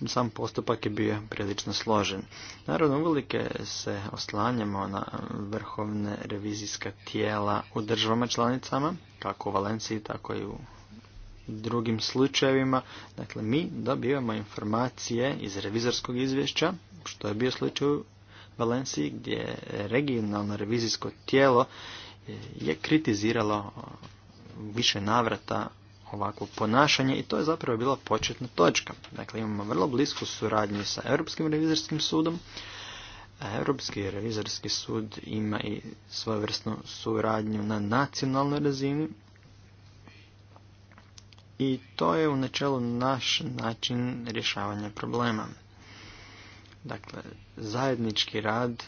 sam postupak je bio prilično složen. Naravno, uvelike se oslanjamo na vrhovne revizijska tijela u državama članicama, kako u Valenciji, tako i u drugim slučajevima. Dakle, mi dobivamo informacije iz revizorskog izvješća, što je bio slučaj u Valenciji, gdje regionalno revizijsko tijelo je kritiziralo više navrata ovakvo ponašanje i to je zapravo bila početna točka. Dakle, imamo vrlo blisku suradnju sa Europskim revizorskim sudom. A Europski revizorski sud ima i svojevrsnu suradnju na nacionalnoj razini. I to je u načelu naš način rješavanja problema. Dakle, zajednički rad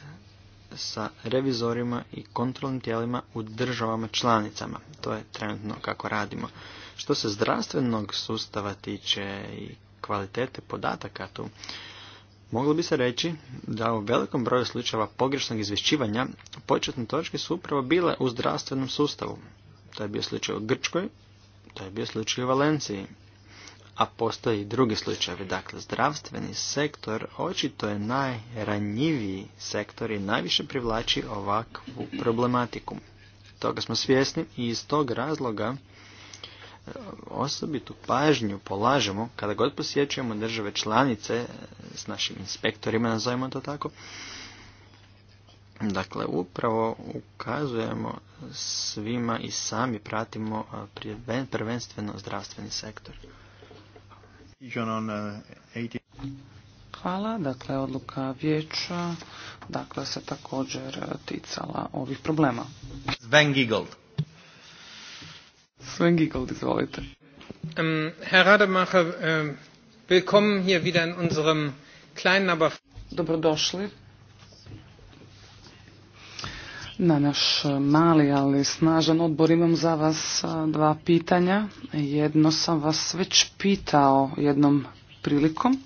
sa revizorima i kontrolnim tijelima u državama članicama. To je trenutno kako radimo. Što se zdravstvenog sustava tiče i kvalitete podataka tu, Moglo bi se reći da u velikom broju slučajeva pogrešnog izvješćivanja početne točke su upravo bile u zdravstvenom sustavu. To je bio slučaj u Grčkoj, to je bio slučaj u Valenciji. A postoje i drugi slučajevi. Dakle, zdravstveni sektor očito je najranjiviji sektor i najviše privlači ovakvu problematiku. Toga smo svjesni i iz tog razloga osobitu pažnju polažemo kada god posjećujemo države članice s našim inspektorima, nazovimo to tako. Dakle, upravo ukazujemo svima i sami pratimo prvenstveno zdravstveni sektor. E, Hvala. Dakle, odluka vijeća dakle, se također e, ticala ovih problema. Sven Sven Giegold, izvolite. Um, Herr Rademacher, um, willkommen hier wieder in unserem kleinen, aber... Dobrodošli na naš e, mali, ali snažan odbor imam za vas e, dva pitanja. Jedno sam vas već pitao jednom prilikom.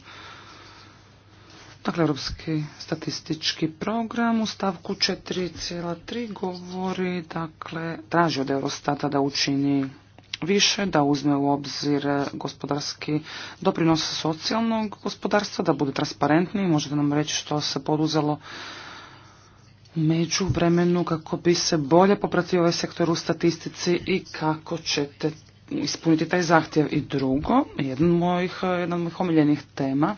Dakle, Europski statistički program u stavku 4.3 govori, dakle, traži od Eurostata da učini više, da uzme u obzir gospodarski doprinos socijalnog gospodarstva, da bude transparentniji. Možete nam reći što se poduzelo među vremenu kako bi se bolje popratio ovaj sektor u statistici i kako ćete ispuniti taj zahtjev. I drugo, jedan mojih, jedna od mojih omiljenih tema,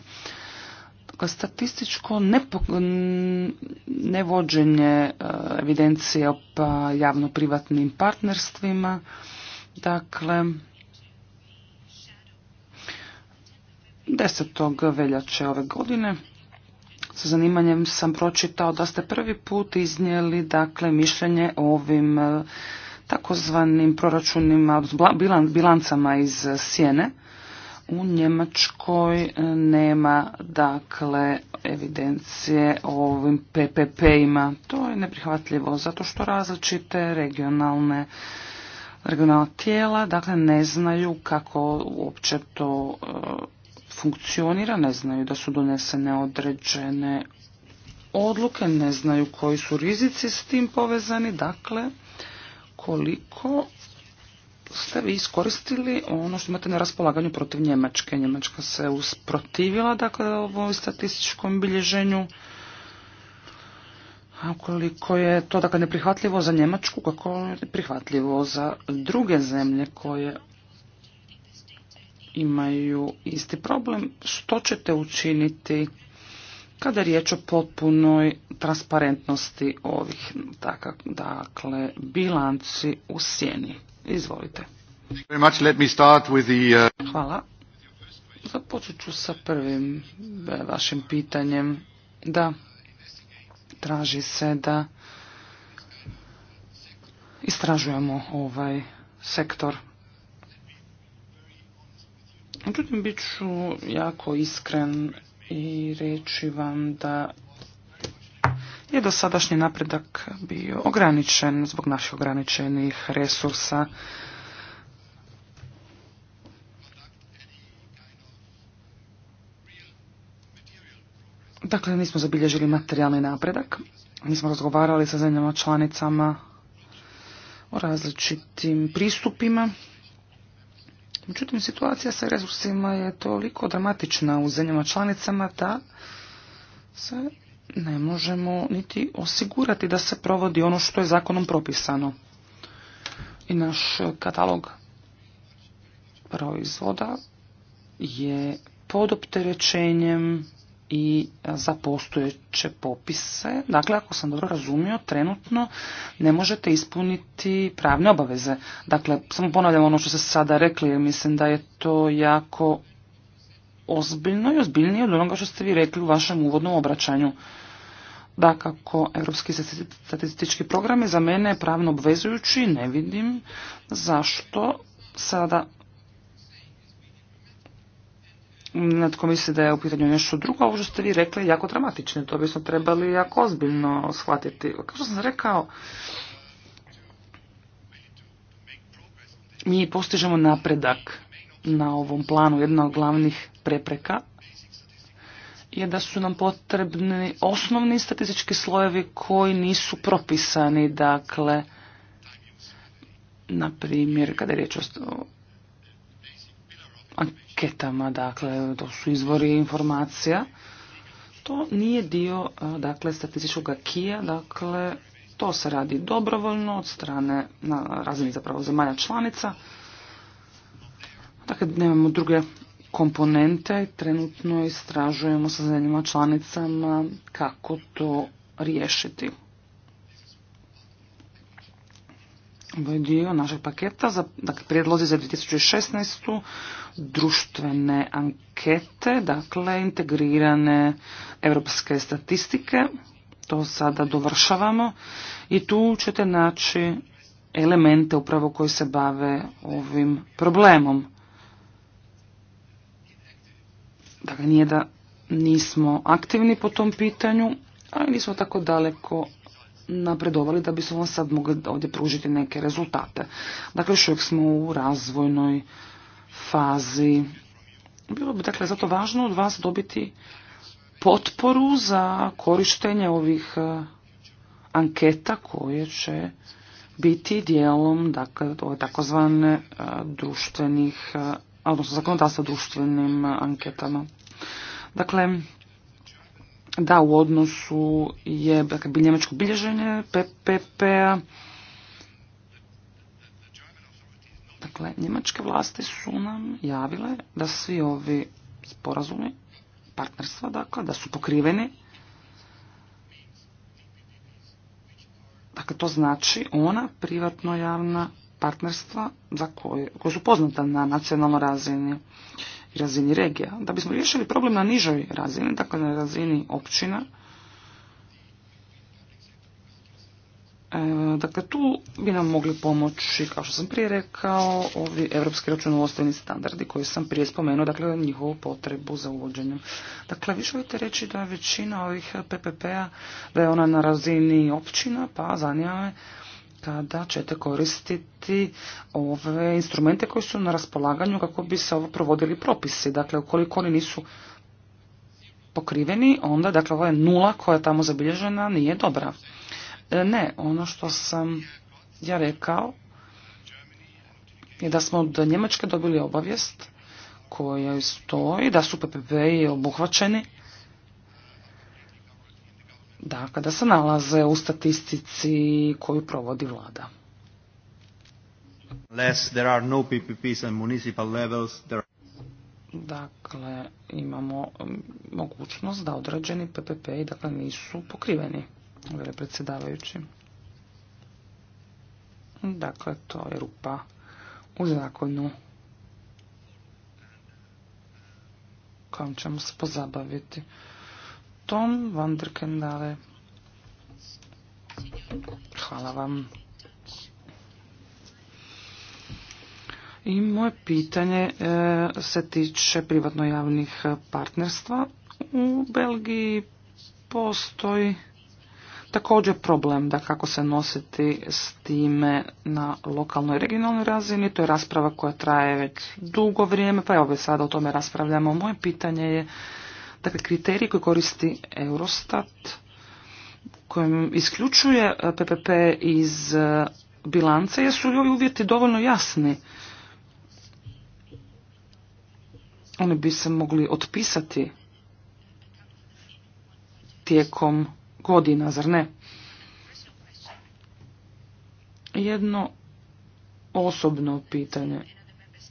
Dakle, statističko nevođenje e, evidencije o pa, javno-privatnim partnerstvima. Dakle, 10. veljače ove godine sa zanimanjem sam pročitao da ste prvi put iznijeli dakle mišljenje o ovim e, takozvanim proračunima, bilancama iz sjene u Njemačkoj e, nema dakle evidencije o ovim PPP-ima. To je neprihvatljivo zato što različite regionalne regionalna tijela dakle ne znaju kako uopće to e, funkcionira, ne znaju da su donesene određene odluke, ne znaju koji su rizici s tim povezani, dakle koliko ste vi iskoristili ono što imate na raspolaganju protiv Njemačke. Njemačka se usprotivila dakle ovom statističkom bilježenju. A je to dakle neprihvatljivo za Njemačku, kako je prihvatljivo za druge zemlje koje imaju isti problem, što ćete učiniti kada je riječ o potpunoj transparentnosti ovih dakle, dakle bilanci u sjeni? Izvolite. Uh, Hvala. Započet ću sa prvim e, vašim pitanjem. Da, traži se da istražujemo ovaj sektor. Međutim, bit ću jako iskren i reći vam da je dosadašnji napredak bio ograničen zbog naših ograničenih resursa. Dakle, nismo zabilježili materijalni napredak, nismo razgovarali sa zemljama članicama o različitim pristupima. Međutim, situacija sa resursima je toliko dramatična u zemljama članicama da se ne možemo niti osigurati da se provodi ono što je zakonom propisano. I naš katalog proizvoda je pod opterećenjem i za postojeće popise. Dakle, ako sam dobro razumio, trenutno ne možete ispuniti pravne obaveze. Dakle, samo ponavljam ono što ste sada rekli, jer mislim da je to jako ozbiljno i ozbiljnije od onoga što ste vi rekli u vašem uvodnom obraćanju. kako Europski statistički program je za mene pravno obvezujući ne vidim zašto sada netko misli da je u pitanju nešto drugo, a ovo što ste vi rekli je jako dramatično, to bismo trebali jako ozbiljno shvatiti. Kao što sam rekao, mi postižemo napredak na ovom planu jedna od glavnih prepreka je da su nam potrebni osnovni statistički slojevi koji nisu propisani, dakle, na primjer, kada je riječ o anketama, dakle, to su izvori informacija, to nije dio, e, dakle, statističkog akija, dakle, to se radi dobrovoljno od strane, na razini zapravo zemalja članica, Dakle, nemamo druge komponente, trenutno istražujemo sa zemljama članicama kako to riješiti. Ovo je dio našeg paketa, za, dakle, prijedlozi za 2016. društvene ankete, dakle, integrirane europske statistike. To sada dovršavamo i tu ćete naći elemente upravo koji se bave ovim problemom. Dakle, nije da nismo aktivni po tom pitanju, ali nismo tako daleko napredovali da bismo vam sad mogli ovdje pružiti neke rezultate. Dakle, još smo u razvojnoj fazi. Bilo bi dakle zato važno od vas dobiti potporu za korištenje ovih e, anketa koje će biti dijelom dakle, takozvane e, društvenih e, odnosno zakonodavstva sa društvenim anketama. Dakle, da, u odnosu je dakle, njemačko bilježenje PPP-a. Dakle, njemačke vlasti su nam javile da svi ovi sporazumi, partnerstva, dakle, da su pokriveni. Dakle, to znači ona privatno javna partnerstva za koje, koje su poznata na nacionalnoj razini i razini regija. Da bismo riješili problem na nižoj razini, dakle na razini općina, e, Dakle, tu bi nam mogli pomoći, kao što sam prije rekao, ovi evropski računovodstveni standardi koje sam prije spomenuo, dakle, njihovu potrebu za uvođenjem. Dakle, vi želite reći da je većina ovih PPP-a, da je ona na razini općina, pa zanima me kada ćete koristiti ove instrumente koji su na raspolaganju kako bi se ovo provodili propisi. Dakle, ukoliko oni nisu pokriveni, onda dakle ova je nula koja je tamo zabilježena nije dobra. E, ne, ono što sam ja rekao je da smo od Njemačke dobili obavijest koja stoji da su PPP-i obuhvaćeni dakle da se nalaze u statistici koju provodi vlada. Less there are no PPPs municipal levels Dakle, imamo um, mogućnost da određeni PPP i dakle nisu pokriveni, vele predsjedavajući. Dakle, to je rupa u zakonu kojom ćemo se pozabaviti. Tom van Hvala vam. I moje pitanje e, se tiče privatno-javnih partnerstva. U Belgiji postoji također problem da kako se nositi s time na lokalnoj i regionalnoj razini. To je rasprava koja traje već dugo vrijeme, pa evo sada o tome raspravljamo. Moje pitanje je Dakle, kriterij koji koristi Eurostat, kojim isključuje PPP e, iz e, bilance, jesu li ovi uvjeti dovoljno jasni? Oni bi se mogli otpisati tijekom godina, zar ne? Jedno osobno pitanje.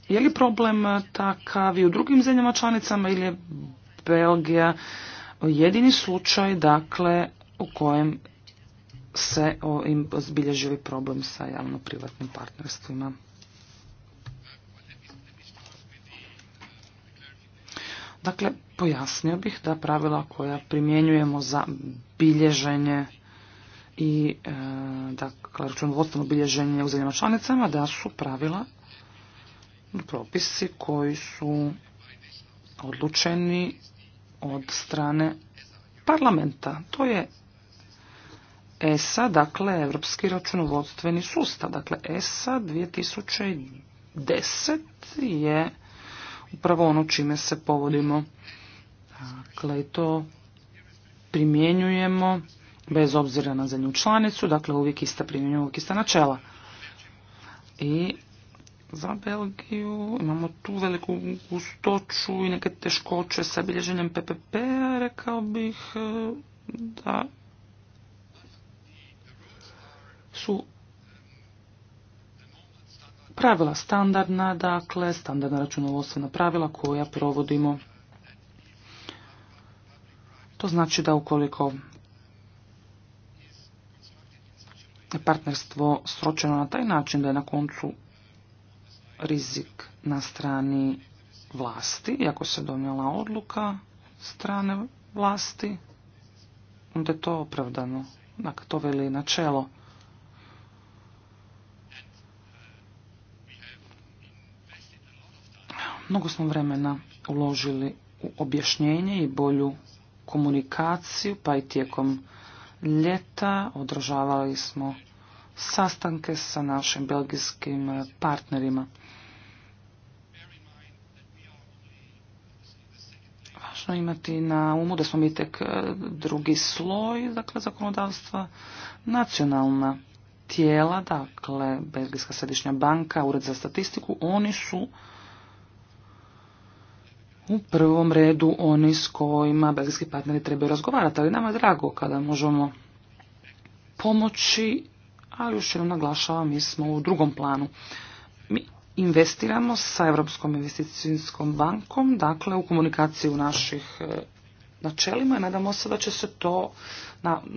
Je li problem e, takav i u drugim zemljama članicama ili je Belgija jedini slučaj dakle u kojem se im zbilježili problem sa javno-privatnim partnerstvima. Dakle, pojasnio bih da pravila koja primjenjujemo za bilježenje i e, dakle, računovodstveno bilježenje u zemljama članicama, da su pravila propisi koji su odlučeni od strane parlamenta. To je ESA, dakle, Evropski računovodstveni sustav. Dakle, ESA 2010 je upravo ono čime se povodimo. Dakle, i to primjenjujemo bez obzira na zadnju članicu, dakle, uvijek ista primjenjujemo, uvijek ista načela. I za Belgiju, imamo tu veliku gustoću i neke teškoće sa bilježenjem ppp p-a, rekao bih e, da su pravila standardna, dakle standardna računovodstvena pravila koja provodimo. To znači da ukoliko je partnerstvo sročeno na taj način da je na koncu rizik na strani vlasti, iako se donijela odluka strane vlasti, onda je to opravdano. Dakle, to veli načelo. Mnogo smo vremena uložili u objašnjenje i bolju komunikaciju, pa i tijekom ljeta održavali smo sastanke sa našim belgijskim partnerima. važno imati na umu da smo mi tek e, drugi sloj dakle, zakonodavstva, nacionalna tijela, dakle Belgijska središnja banka, Ured za statistiku, oni su u prvom redu oni s kojima belgijski partneri trebaju razgovarati, ali nama je drago kada možemo pomoći, ali još jednom naglašavam, mi smo u drugom planu investiramo sa Europskom investicijskom bankom, dakle u komunikaciju naših e, načelima i nadamo se da će se to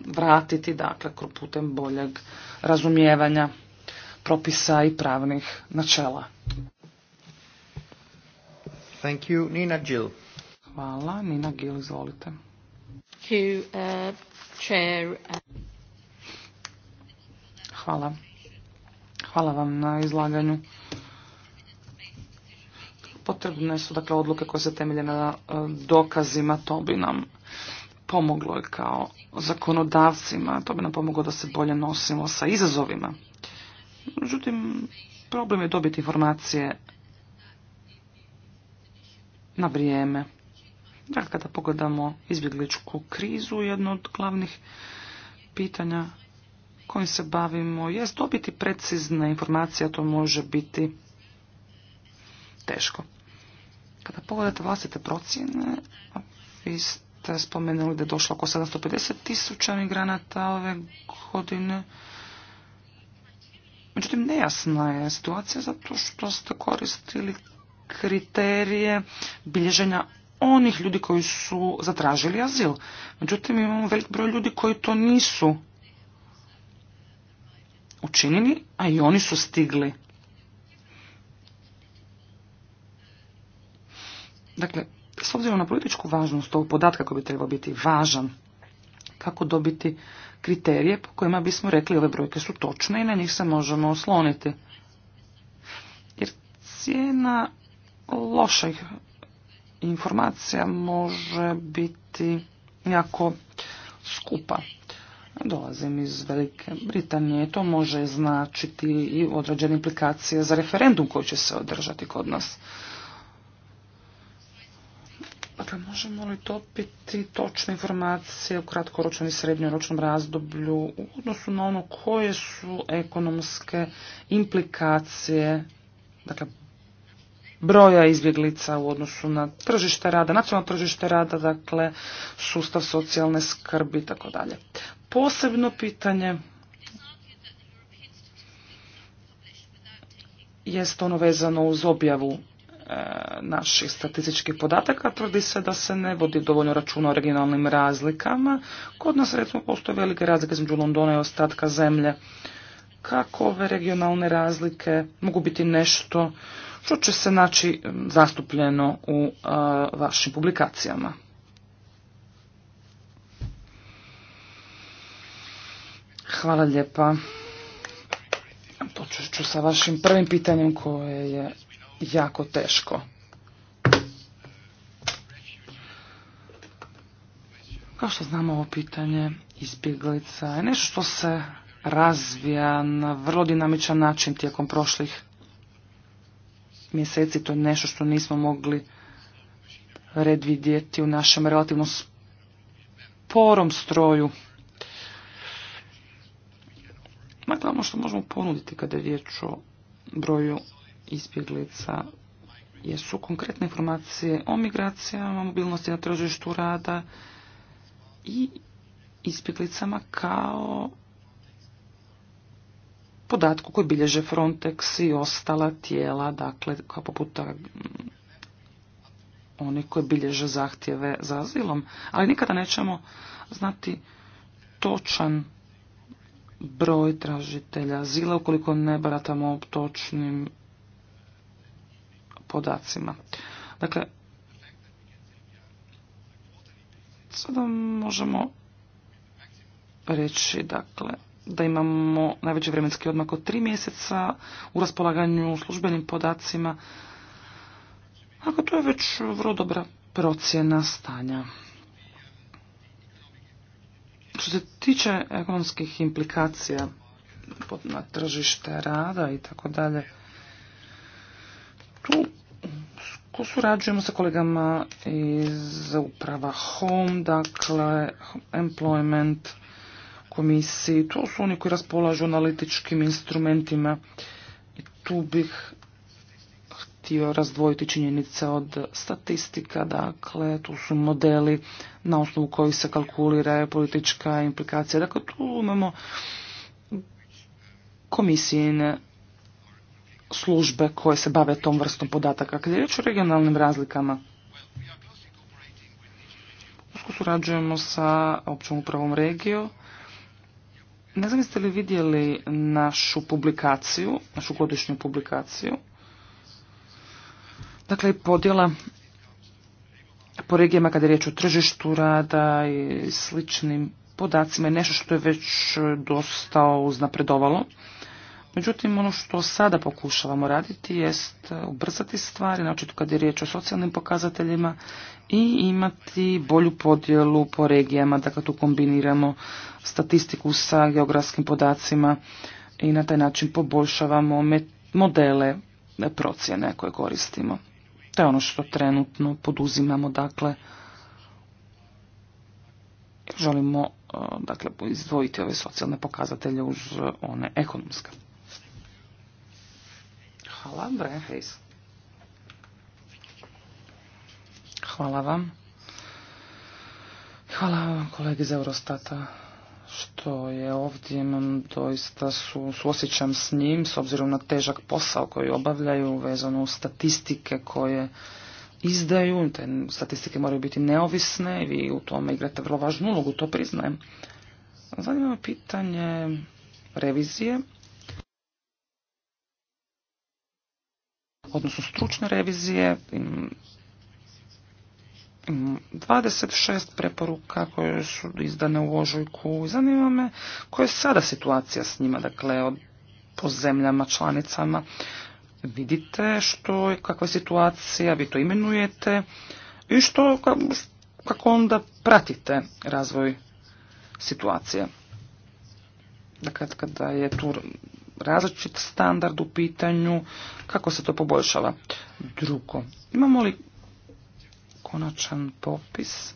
vratiti dakle putem boljeg razumijevanja propisa i pravnih načela. Thank you, Nina Hvala, Nina Gill, izvolite. Uh, Hvala. Hvala vam na izlaganju potrebne su dakle odluke koje se temelje na e, dokazima, to bi nam pomoglo kao zakonodavcima, to bi nam pomoglo da se bolje nosimo sa izazovima. Međutim, problem je dobiti informacije na vrijeme. Dakle, kada pogledamo izbjegličku krizu, jedno od glavnih pitanja kojim se bavimo je dobiti precizne informacije, a to može biti teško. Kada pogledate vlastite procjene, vi ste spomenuli da je došlo oko 750 tisuća migranata ove godine. Međutim, nejasna je situacija zato što ste koristili kriterije bilježenja onih ljudi koji su zatražili azil. Međutim, imamo velik broj ljudi koji to nisu učinili, a i oni su stigli Dakle, s obzirom na političku važnost ovog podatka koji bi trebao biti važan, kako dobiti kriterije po kojima bismo rekli ove brojke su točne i na njih se možemo osloniti. Jer cijena loših informacija može biti jako skupa. Dolazim iz Velike Britanije, to može značiti i određene implikacije za referendum koji će se održati kod nas. Dakle, možemo li dobiti točne informacije u kratkoročnom i srednjoročnom razdoblju u odnosu na ono koje su ekonomske implikacije, dakle, broja izbjeglica u odnosu na tržište rada, nacionalno tržište rada, dakle, sustav socijalne skrbi i tako dalje. Posebno pitanje jest ono vezano uz objavu naših statističkih podataka tvrdi se da se ne vodi dovoljno računa o regionalnim razlikama. Kod nas recimo postoje velike razlike između Londona i ostatka zemlje. Kako ove regionalne razlike mogu biti nešto što će se naći zastupljeno u vašim publikacijama? Hvala lijepa. Počet ću sa vašim prvim pitanjem koje je jako teško. Kao što znamo ovo pitanje izbjeglica je nešto što se razvija na vrlo dinamičan način tijekom prošlih mjeseci. To je nešto što nismo mogli redvidjeti u našem relativno sporom stroju. ma ono što možemo ponuditi kada je riječ o broju izbjeglica jesu konkretne informacije o migracijama, mobilnosti na tržištu rada i izbjeglicama kao podatku koji bilježe Frontex i ostala tijela, dakle, kao poput mm, oni koji bilježe zahtjeve za azilom. Ali nikada nećemo znati točan broj tražitelja azila ukoliko ne baratamo točnim podacima. Dakle, sada možemo reći dakle, da imamo najveći vremenski odmak od tri mjeseca u raspolaganju službenim podacima. Ako to je već vrlo dobra procjena stanja. Što se tiče ekonomskih implikacija na tržište rada i tako dalje, tu Ko surađujemo sa kolegama iz uprava HOME, dakle Employment komisiji, to su oni koji raspolažu analitičkim instrumentima i tu bih htio razdvojiti činjenice od statistika, dakle tu su modeli na osnovu koji se kalkulira politička implikacija, dakle tu imamo komisijine službe koje se bave tom vrstom podataka. Kad je riječ o regionalnim razlikama, usko surađujemo sa općom upravom regiju. Ne znam jeste li vidjeli našu publikaciju, našu godišnju publikaciju. Dakle, podjela po regijama kada je riječ o tržištu rada i sličnim podacima je nešto što je već dosta uznapredovalo. Međutim, ono što sada pokušavamo raditi jest e, ubrzati stvari, naočito kad je riječ o socijalnim pokazateljima i imati bolju podjelu po regijama, dakle tu kombiniramo statistiku sa geografskim podacima i na taj način poboljšavamo modele procjene koje koristimo. To je ono što trenutno poduzimamo, dakle, želimo e, dakle, izdvojiti ove socijalne pokazatelje uz e, one ekonomske. Hvala, Brian Hayes. Hvala vam. Hvala vam kolegi iz Eurostata što je ovdje, imam doista su, suosjećam s njim s obzirom na težak posao koji obavljaju vezano u statistike koje izdaju, te statistike moraju biti neovisne i vi u tome igrate vrlo važnu ulogu, to priznajem. Zanima pitanje revizije odnosno stručne revizije, 26 preporuka koje su izdane u ožujku. Zanima me koja je sada situacija s njima, dakle, po zemljama, članicama. Vidite što je, kakva je situacija, vi to imenujete i što, kako onda pratite razvoj situacije. Dakle, kada je tu različit standard u pitanju, kako se to poboljšava. Drugo, imamo li konačan popis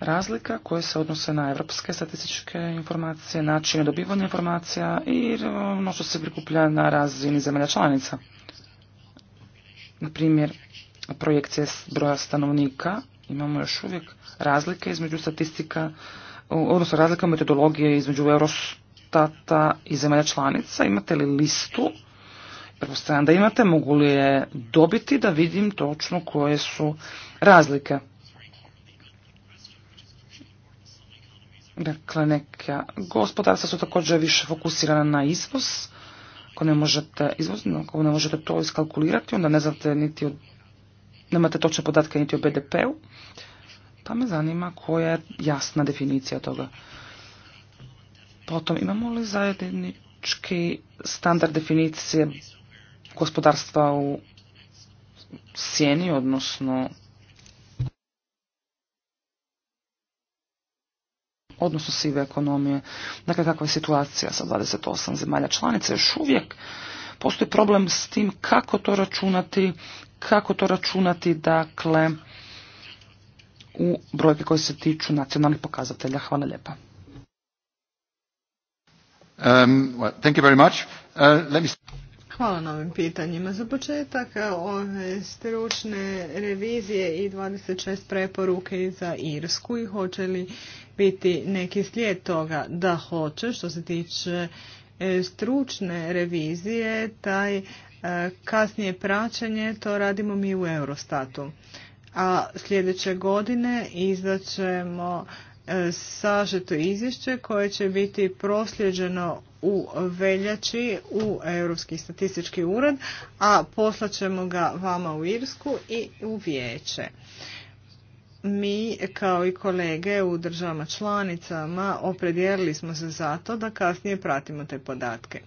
razlika koje se odnose na evropske statističke informacije, načine dobivanja informacija i ono što se prikuplja na razini zemlja članica. Na primjer, projekcije broja stanovnika, imamo još uvijek razlike između statistika, odnosno razlika metodologije između Euros kandidata iz zemalja članica. Imate li listu? Pretpostavljam da imate. Mogu li je dobiti da vidim točno koje su razlike? Dakle, neka gospodarstva su također više fokusirana na izvoz. Ako ne možete, izvoz, ako ne možete to iskalkulirati, onda ne znate niti nemate točne podatke niti o BDP-u. Pa me zanima koja je jasna definicija toga. Potom imamo li zajednički standard definicije gospodarstva u sjeni, odnosno odnosno sive ekonomije. Dakle, kakva je situacija sa 28 zemalja članica? Još uvijek postoji problem s tim kako to računati, kako to računati, dakle, u brojke koje se tiču nacionalnih pokazatelja. Hvala lijepa. Um, uh, Hvala na ovim pitanjima. Za početak e, ove stručne revizije i 26 preporuke za Irsku i hoće li biti neki slijed toga da hoće što se tiče e, stručne revizije, taj e, kasnije praćenje, to radimo mi u Eurostatu. A sljedeće godine ćemo sažeto izvješće koje će biti prosljeđeno u veljači u Europski statistički ured, a poslaćemo ga vama u Irsku i u vijeće. Mi, kao i kolege u državama članicama, opredijelili smo se za to da kasnije pratimo te podatke.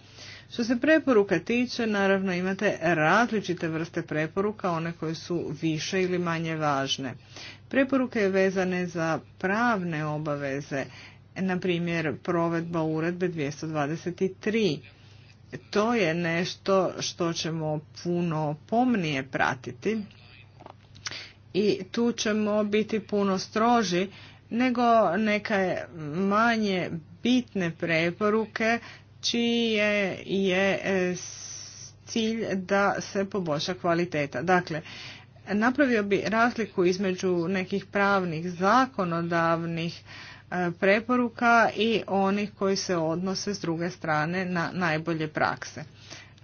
Što se preporuka tiče, naravno imate različite vrste preporuka, one koje su više ili manje važne. Preporuke vezane za pravne obaveze, na primjer provedba uredbe 223. To je nešto što ćemo puno pomnije pratiti i tu ćemo biti puno stroži nego neke manje bitne preporuke čije je cilj da se poboljša kvaliteta. Dakle, napravio bi razliku između nekih pravnih zakonodavnih e, preporuka i onih koji se odnose s druge strane na najbolje prakse.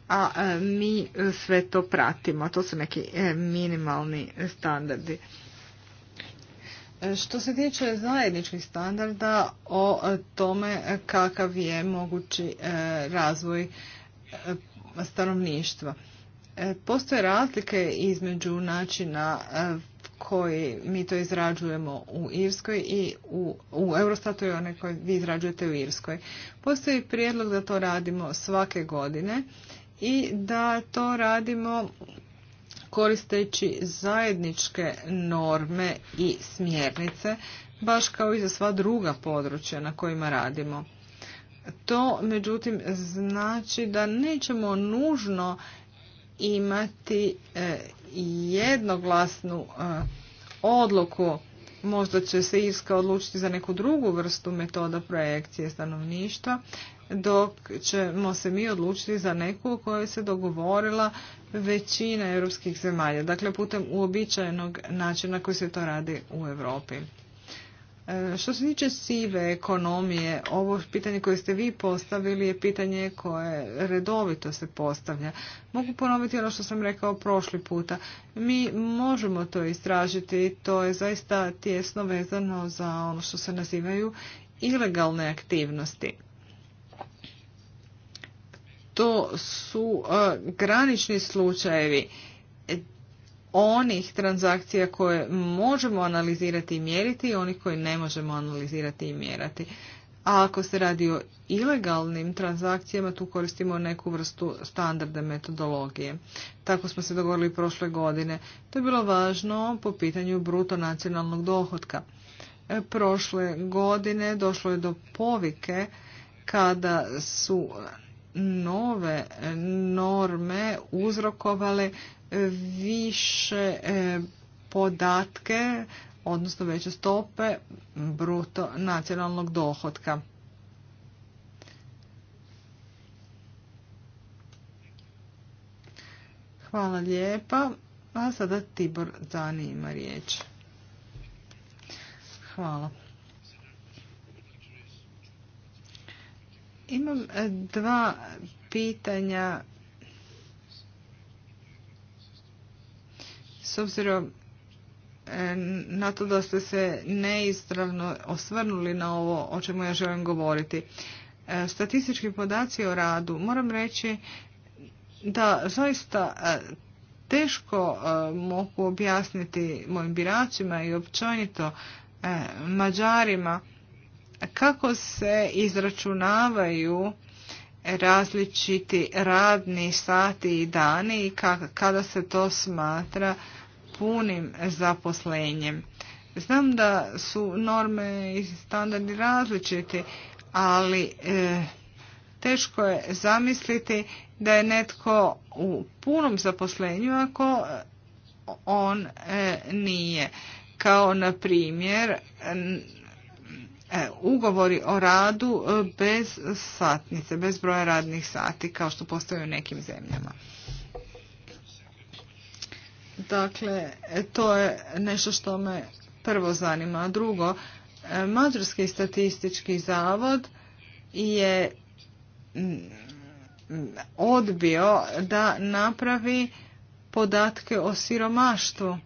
A e, mi sve to pratimo, to su neki e, minimalni standardi. Što se tiče zajedničkih standarda o tome kakav je mogući razvoj stanovništva. E, postoje razlike između načina e, koji mi to izrađujemo u Irskoj i u, Eurostatu i one koje vi izrađujete u Irskoj. Postoji prijedlog da to radimo svake godine i da to radimo koristeći zajedničke norme i smjernice, baš kao i za sva druga područja na kojima radimo. To, međutim, znači da nećemo nužno imati e, jednoglasnu e, odluku. Možda će se Irska odlučiti za neku drugu vrstu metoda projekcije stanovništva, dok ćemo se mi odlučiti za neku o kojoj se dogovorila većina europskih zemalja. Dakle, putem uobičajenog načina koji se to radi u Europi. E, što se tiče sive ekonomije, ovo pitanje koje ste vi postavili je pitanje koje redovito se postavlja. Mogu ponoviti ono što sam rekao prošli puta. Mi možemo to istražiti, to je zaista tjesno vezano za ono što se nazivaju ilegalne aktivnosti. To su e, granični slučajevi onih transakcija koje možemo analizirati i mjeriti i onih koje ne možemo analizirati i mjerati. A ako se radi o ilegalnim transakcijama, tu koristimo neku vrstu standarda metodologije. Tako smo se dogovorili prošle godine. To je bilo važno po pitanju bruto nacionalnog dohotka. E, prošle godine došlo je do povike kada su nove norme uzrokovale više e, podatke, odnosno veće stope bruto nacionalnog dohotka. Hvala lijepa. A sada Tibor Dani ima riječ. Hvala. Imam e, dva pitanja S obzirom e, na to da ste se neistravno osvrnuli na ovo o čemu ja želim govoriti. E, statistički podaci o radu, moram reći da zaista e, teško mogu objasniti mojim biračima i općenito Mađarima kako se izračunavaju različiti radni sati i dani i kada se to smatra punim zaposlenjem. Znam da su norme i standardi različiti, ali e, teško je zamisliti da je netko u punom zaposlenju ako on e, nije. Kao na primjer E, ugovori o radu e, bez satnice, bez broja radnih sati kao što postoje u nekim zemljama. Dakle, e, to je nešto što me prvo zanima. A drugo, Mađarski statistički zavod je odbio da napravi podatke o siromaštvu.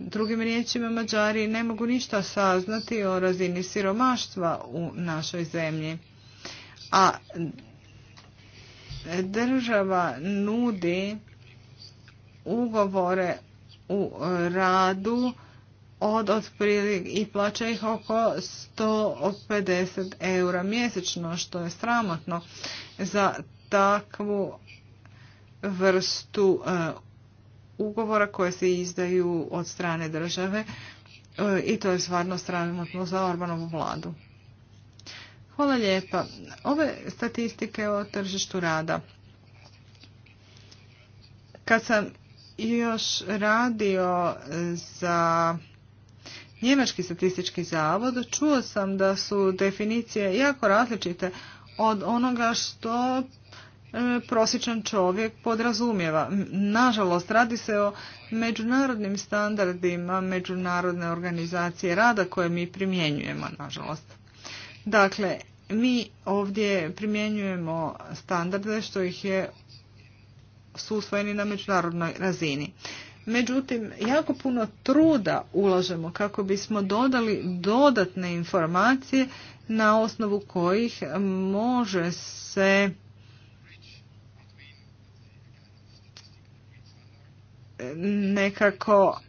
Drugim riječima, Mađari ne mogu ništa saznati o razini siromaštva u našoj zemlji. A država nudi ugovore u radu od otprilike i plaća ih oko 150 eura mjesečno, što je sramotno za takvu vrstu e, ugovora koje se izdaju od strane države e, i to je stvarno sramotno za Orbanovu vladu. Hvala lijepa. Ove statistike o tržištu rada. Kad sam još radio za Njemački statistički zavod, čuo sam da su definicije jako različite od onoga što E, prosječan čovjek podrazumijeva. Nažalost, radi se o međunarodnim standardima međunarodne organizacije rada koje mi primjenjujemo, nažalost. Dakle, mi ovdje primjenjujemo standarde što ih je su na međunarodnoj razini. Međutim, jako puno truda ulažemo kako bismo dodali dodatne informacije na osnovu kojih može se nekako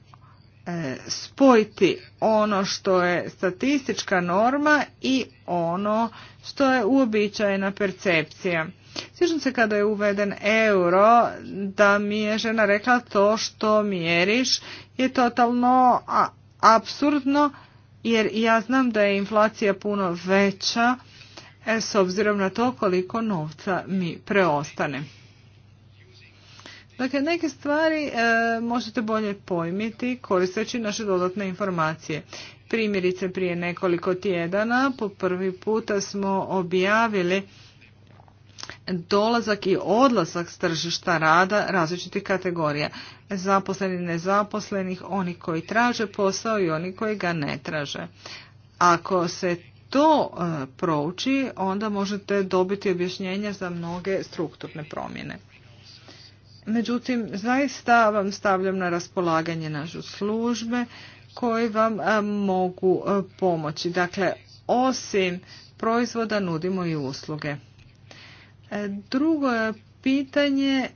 e, spojiti ono što je statistička norma i ono što je uobičajena percepcija. Sjećam se kada je uveden euro da mi je žena rekla to što mjeriš je totalno apsurdno jer ja znam da je inflacija puno veća e, s obzirom na to koliko novca mi preostane. Dakle, neke stvari e, možete bolje pojmiti koristeći naše dodatne informacije. Primjerice, prije nekoliko tjedana po prvi puta smo objavili dolazak i odlazak s tržišta rada različitih kategorija. Zaposleni, nezaposlenih, oni koji traže posao i oni koji ga ne traže. Ako se to e, prouči, onda možete dobiti objašnjenja za mnoge strukturne promjene. Međutim, zaista vam stavljam na raspolaganje našu službe koji vam mogu pomoći. Dakle, osim proizvoda nudimo i usluge. E, drugo je pitanje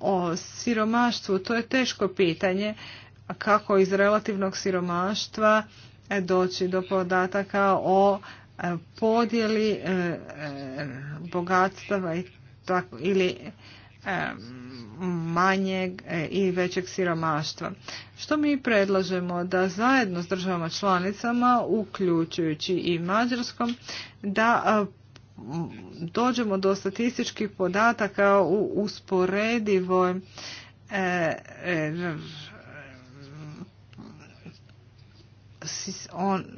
o siromaštvu. To je teško pitanje kako iz relativnog siromaštva e, doći do podataka o e, podjeli bogatstava ili manjeg e, i većeg siromaštva. Što mi predlažemo da zajedno s državama članicama, uključujući i Mađarskom, da dođemo do statističkih podataka u usporedivoj e, e,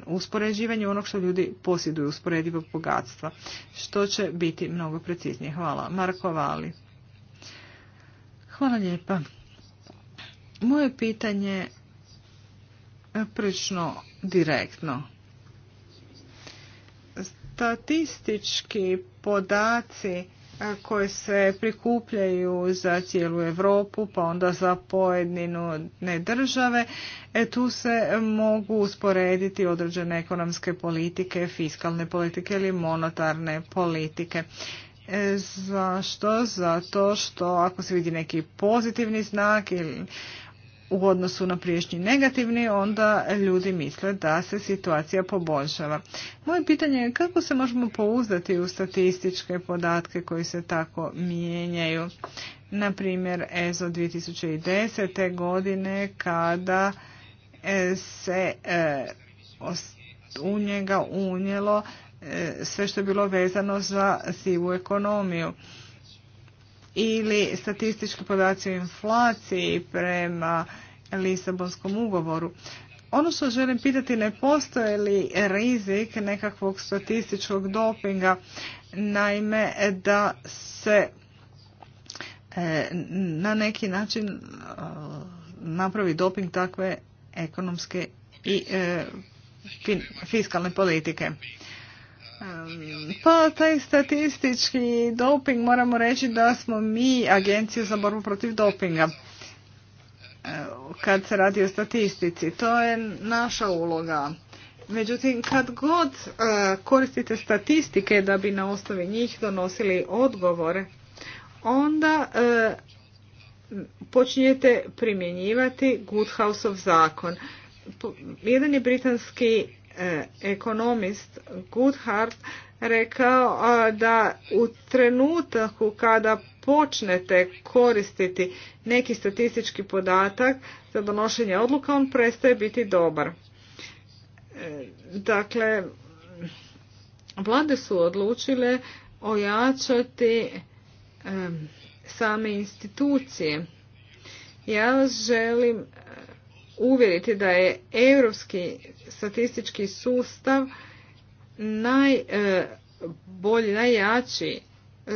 uspoređivanju onog što ljudi posjeduju usporedivog bogatstva, što će biti mnogo preciznije. Hvala. Marko Vali. Hvala lijepa. Moje pitanje je direktno. Statistički podaci koje se prikupljaju za cijelu Europu, pa onda za pojedinu ne države, e, tu se mogu usporediti određene ekonomske politike, fiskalne politike ili monetarne politike. E, Zašto? Zato što ako se vidi neki pozitivni znak ili u odnosu na priješnji negativni, onda ljudi misle da se situacija poboljšava. Moje pitanje je kako se možemo pouzdati u statističke podatke koji se tako mijenjaju. Na primjer, EZO 2010. godine kada e, se e, u njega unijelo E, sve što je bilo vezano za sivu ekonomiju. Ili statistički podaci o inflaciji prema Lisabonskom ugovoru. Ono što želim pitati, ne postoje li rizik nekakvog statističkog dopinga, naime da se e, na neki način e, napravi doping takve ekonomske i fiskalne politike. Pa taj statistički doping moramo reći da smo mi agencija za borbu protiv dopinga e, kad se radi o statistici. To je naša uloga. Međutim, kad god e, koristite statistike da bi na osnovi njih donosili odgovore, onda e, počinjete primjenjivati Goodhouse-ov zakon. Jedan je britanski E, ekonomist Goodhart rekao da u trenutku kada počnete koristiti neki statistički podatak za donošenje odluka, on prestaje biti dobar. E, dakle, vlade su odlučile ojačati e, same institucije. Ja želim uvjeriti da je europski statistički sustav najbolji, e, najjači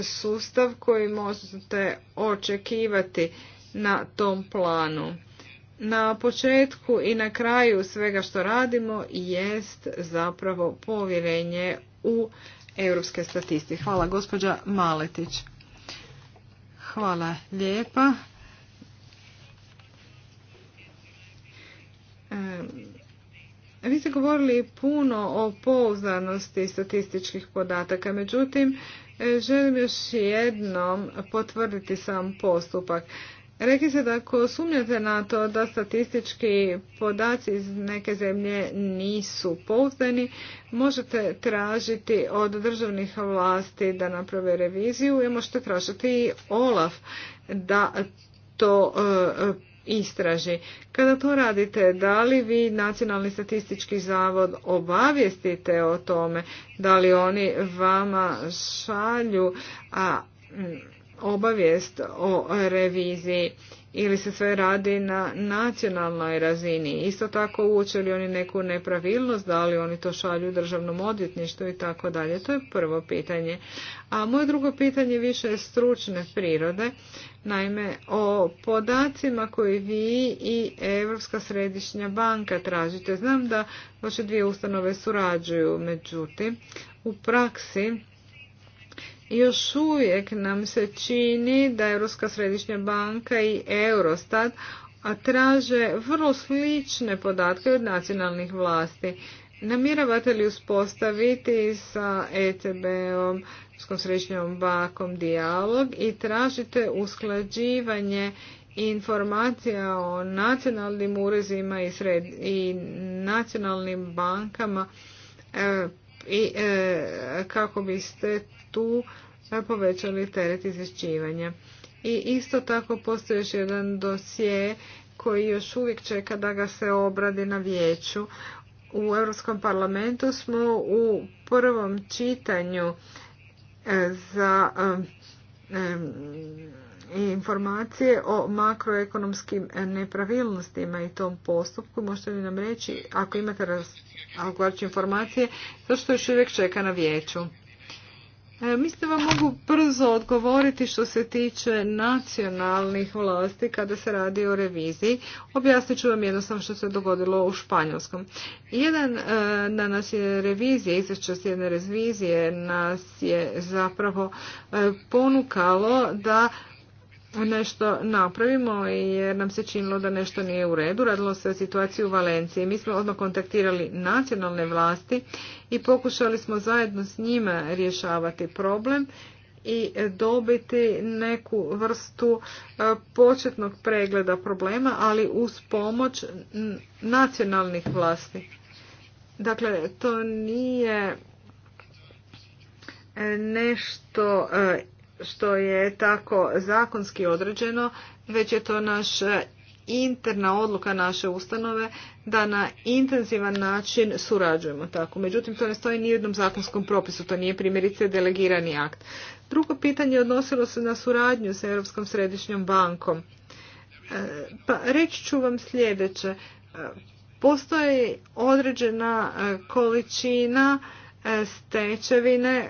sustav koji možete očekivati na tom planu. Na početku i na kraju svega što radimo jest zapravo povjerenje u europske statistike. Hvala gospođa Maletić. Hvala lijepa. Vi ste govorili puno o pouzdanosti statističkih podataka, međutim, e, želim još jednom potvrditi sam postupak. Rekli se da ako sumnjate na to da statistički podaci iz neke zemlje nisu pouzdani, možete tražiti od državnih vlasti da naprave reviziju i možete tražiti i OLAF da to e, istraži. Kada to radite, da li vi Nacionalni statistički zavod obavijestite o tome, da li oni vama šalju obavijest o reviziji ili se sve radi na nacionalnoj razini. Isto tako uoče li oni neku nepravilnost, da li oni to šalju državnom odvjetništvu i tako dalje. To je prvo pitanje. A moje drugo pitanje više je stručne prirode. Naime, o podacima koji vi i Europska središnja banka tražite. Znam da vaše dvije ustanove surađuju, međutim, u praksi još uvijek nam se čini da Europska središnja banka i Eurostat traže vrlo slične podatke od nacionalnih vlasti. Namjeravate li uspostaviti sa ECB-om, središnjom bankom dijalog i tražite usklađivanje informacija o nacionalnim urezima i, nacionalnim bankama e, i e, kako biste tu povećali teret izvješćivanja. I isto tako postoji još jedan dosje koji još uvijek čeka da ga se obradi na vijeću. U Europskom parlamentu smo u prvom čitanju e, za e, e, informacije o makroekonomskim nepravilnostima i tom postupku. Možete li nam reći, ako imate informacije informacije, što još uvijek čeka na vijeću? E, Mislim da vam mogu brzo odgovoriti što se tiče nacionalnih vlasti kada se radi o reviziji. Objasnit ću vam jednostavno što se dogodilo u Španjolskom. Jedan e, na nas je revizija, jedne revizije nas je zapravo e, ponukalo da nešto napravimo jer nam se činilo da nešto nije u redu. Radilo se o situaciji u Valenciji. Mi smo odmah kontaktirali nacionalne vlasti i pokušali smo zajedno s njima rješavati problem i dobiti neku vrstu e, početnog pregleda problema, ali uz pomoć nacionalnih vlasti. Dakle, to nije e, nešto e, što je tako zakonski određeno, već je to naš interna odluka naše ustanove da na intenzivan način surađujemo tako. Međutim, to ne stoji ni u jednom zakonskom propisu, to nije primjerice delegirani akt. Drugo pitanje odnosilo se na suradnju sa Europskom središnjom bankom. E, pa reći ću vam sljedeće. E, postoji određena e, količina stečevine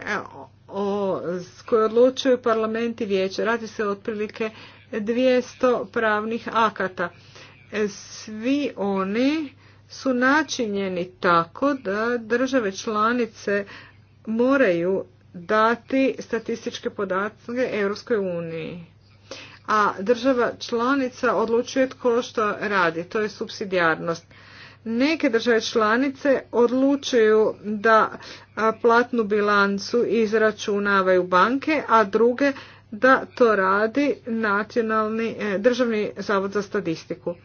o, koje odlučuju parlament i vijeće. Radi se otprilike 200 pravnih akata. E, svi oni su načinjeni tako da države članice moraju dati statističke podatke Europskoj uniji. A država članica odlučuje tko što radi, to je subsidijarnost neke države članice odlučuju da platnu bilancu izračunavaju banke, a druge da to radi nacionalni e, državni zavod za statistiku.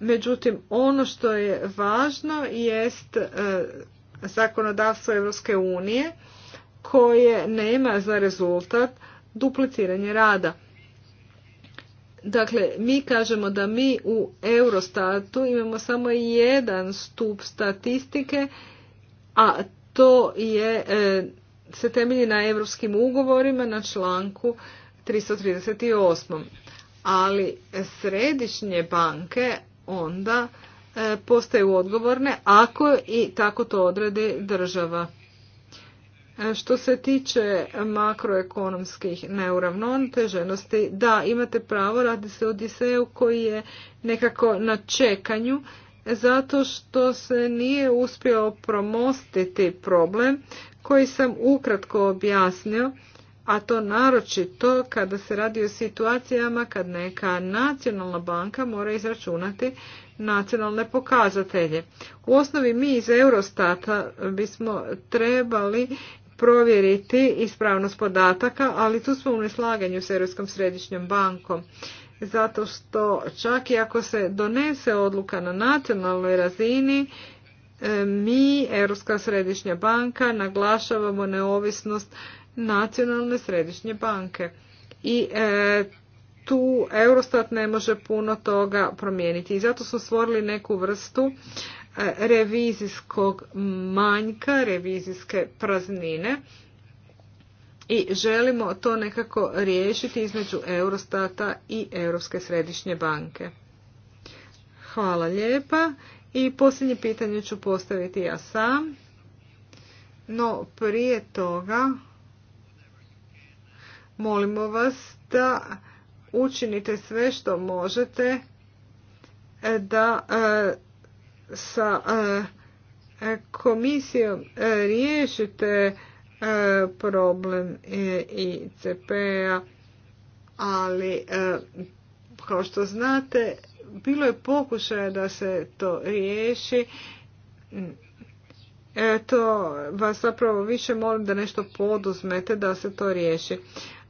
Međutim, ono što je važno jest e, zakonodavstvo Europske unije koje nema za rezultat dupliciranje rada. Dakle, mi kažemo da mi u Eurostatu imamo samo jedan stup statistike, a to je, e, se temelji na europskim ugovorima na članku 338. Ali središnje banke onda e, postaju odgovorne ako i tako to odredi država. Što se tiče makroekonomskih neuravnoteženosti, da, imate pravo, radi se o Odiseju koji je nekako na čekanju, zato što se nije uspio promostiti problem koji sam ukratko objasnio, a to naročito kada se radi o situacijama kad neka nacionalna banka mora izračunati nacionalne pokazatelje. U osnovi mi iz Eurostata bismo trebali provjeriti ispravnost podataka, ali tu smo u neslaganju s Europskom središnjom bankom. Zato što čak i ako se donese odluka na nacionalnoj razini, e, mi, Europska središnja banka, naglašavamo neovisnost nacionalne središnje banke. I e, tu Eurostat ne može puno toga promijeniti. I zato smo stvorili neku vrstu E, revizijskog manjka, revizijske praznine i želimo to nekako riješiti između Eurostata i Europske središnje banke. Hvala lijepa i posljednje pitanje ću postaviti ja sam. No prije toga molimo vas da učinite sve što možete da e, sa komisijom e, riješite e, problem e, ICP-a, ali kao što znate, bilo je pokušaja da se to riješi. Eto, vas zapravo više molim da nešto poduzmete da se to riješi.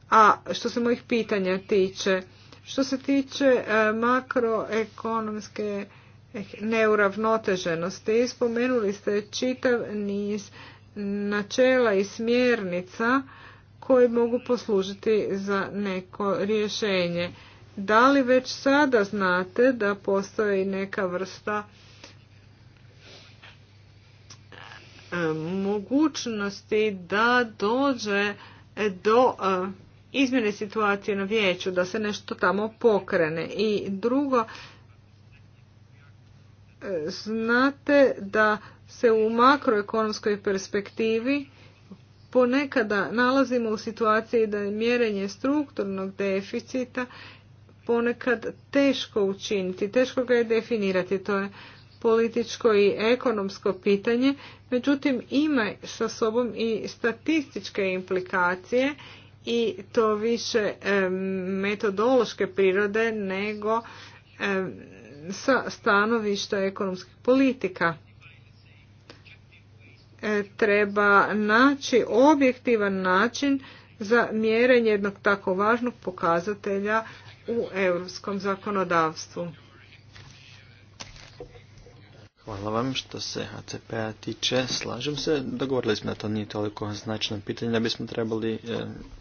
A što se mojih pitanja tiče, što se tiče makroekonomske Eh, neuravnoteženosti. Spomenuli ste čitav niz načela i smjernica koji mogu poslužiti za neko rješenje. Da li već sada znate da postoji neka vrsta eh, mogućnosti da dođe do eh, izmjene situacije na vijeću, da se nešto tamo pokrene. I drugo, znate da se u makroekonomskoj perspektivi ponekada nalazimo u situaciji da je mjerenje strukturnog deficita ponekad teško učiniti, teško ga je definirati, to je političko i ekonomsko pitanje, međutim ima sa sobom i statističke implikacije i to više metodološke prirode nego sa stanovišta ekonomskih politika. E, treba naći objektivan način za mjerenje jednog tako važnog pokazatelja u europskom zakonodavstvu. Hvala vam što se acp p-a tiče. Slažem se, dogovorili smo da to nije toliko značajno pitanje da bismo trebali e,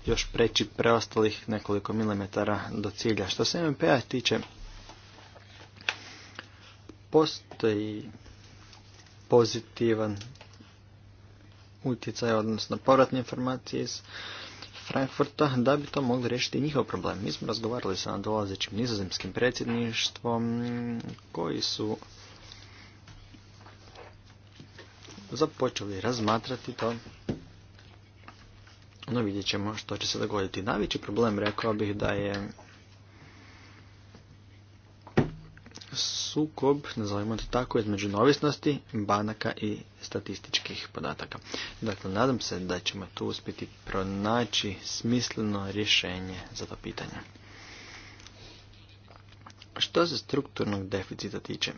još preći preostalih nekoliko milimetara do cilja. Što se mp p-a tiče, postoji pozitivan utjecaj, odnosno povratne informacije iz Frankfurta, da bi to mogli riješiti njihov problem. Mi smo razgovarali sa nadolazećim nizozemskim predsjedništvom koji su započeli razmatrati to. No vidjet ćemo što će se dogoditi. Najveći problem rekao bih da je sukob, nazovimo to tako, između novisnosti, banaka i statističkih podataka. Dakle, nadam se da ćemo tu uspjeti pronaći smisleno rješenje za to pitanje. Što se strukturnog deficita tiče?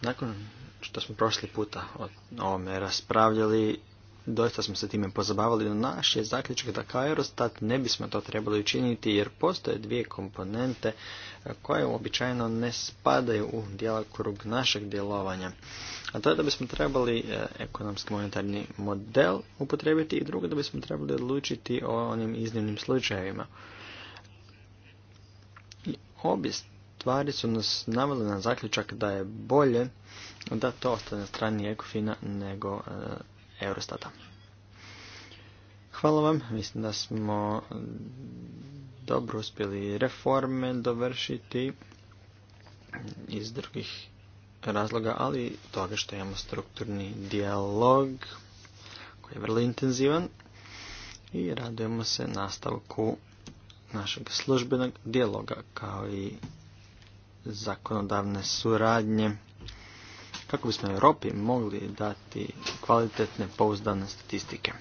Nakon što smo prošli puta o ovome raspravljali, doista smo se time pozabavili, no naš je zaključak da kao Eurostat ne bismo to trebali učiniti jer postoje dvije komponente e, koje uobičajeno ne spadaju u djelokrug našeg djelovanja. A to je da bismo trebali e, ekonomski monetarni model upotrebiti i drugo da bismo trebali odlučiti o onim iznimnim slučajevima. I obje stvari su nas navele na zaključak da je bolje da to ostane strani Ekofina nego e, Eurostata. Hvala vam, mislim da smo dobro uspjeli reforme dovršiti iz drugih razloga, ali toga što imamo strukturni dijalog koji je vrlo intenzivan i radujemo se nastavku našeg službenog dijaloga kao i zakonodavne suradnje kako bismo Europi mogli dati kvalitetne pouzdane statistike.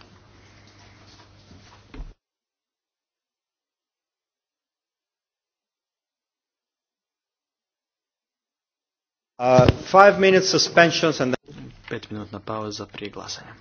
Uh, five minutes suspensions and then... Pet minutna pauza prije glasanja.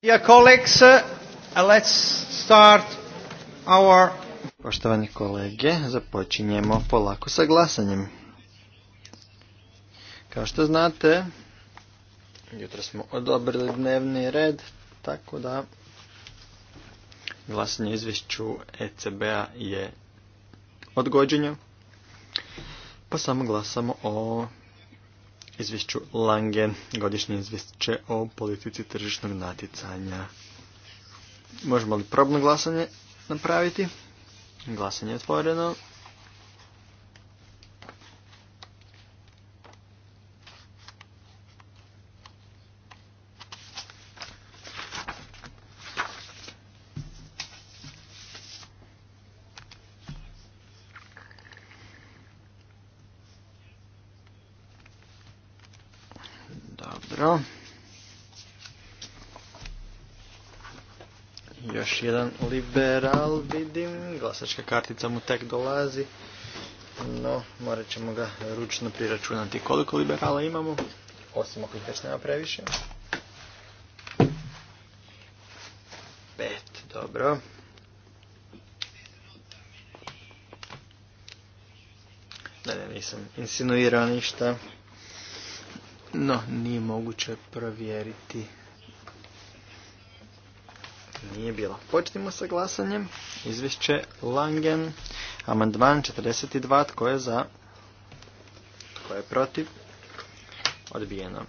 Dear colleagues, uh, let's start our... Poštovani kolege, započinjemo polako sa glasanjem. Kao što znate, jutro smo odobrili dnevni red, tako da glasanje izvješću ECB-a je odgođenje, pa samo glasamo o izvješću Lange, godišnje izvješće o politici tržišnog natjecanja. Možemo li probno glasanje napraviti? Glasanje je otvoreno. liberal vidim, glasačka kartica mu tek dolazi, no morat ćemo ga ručno priračunati koliko liberala imamo, osim ako ih već nema previše. Pet, dobro. Ne, ne, nisam insinuirao ništa. No, nije moguće provjeriti nije bilo. Počnimo sa glasanjem. Izvješće Langen. Amandman 42. Tko je za? Tko je protiv? Odbijeno.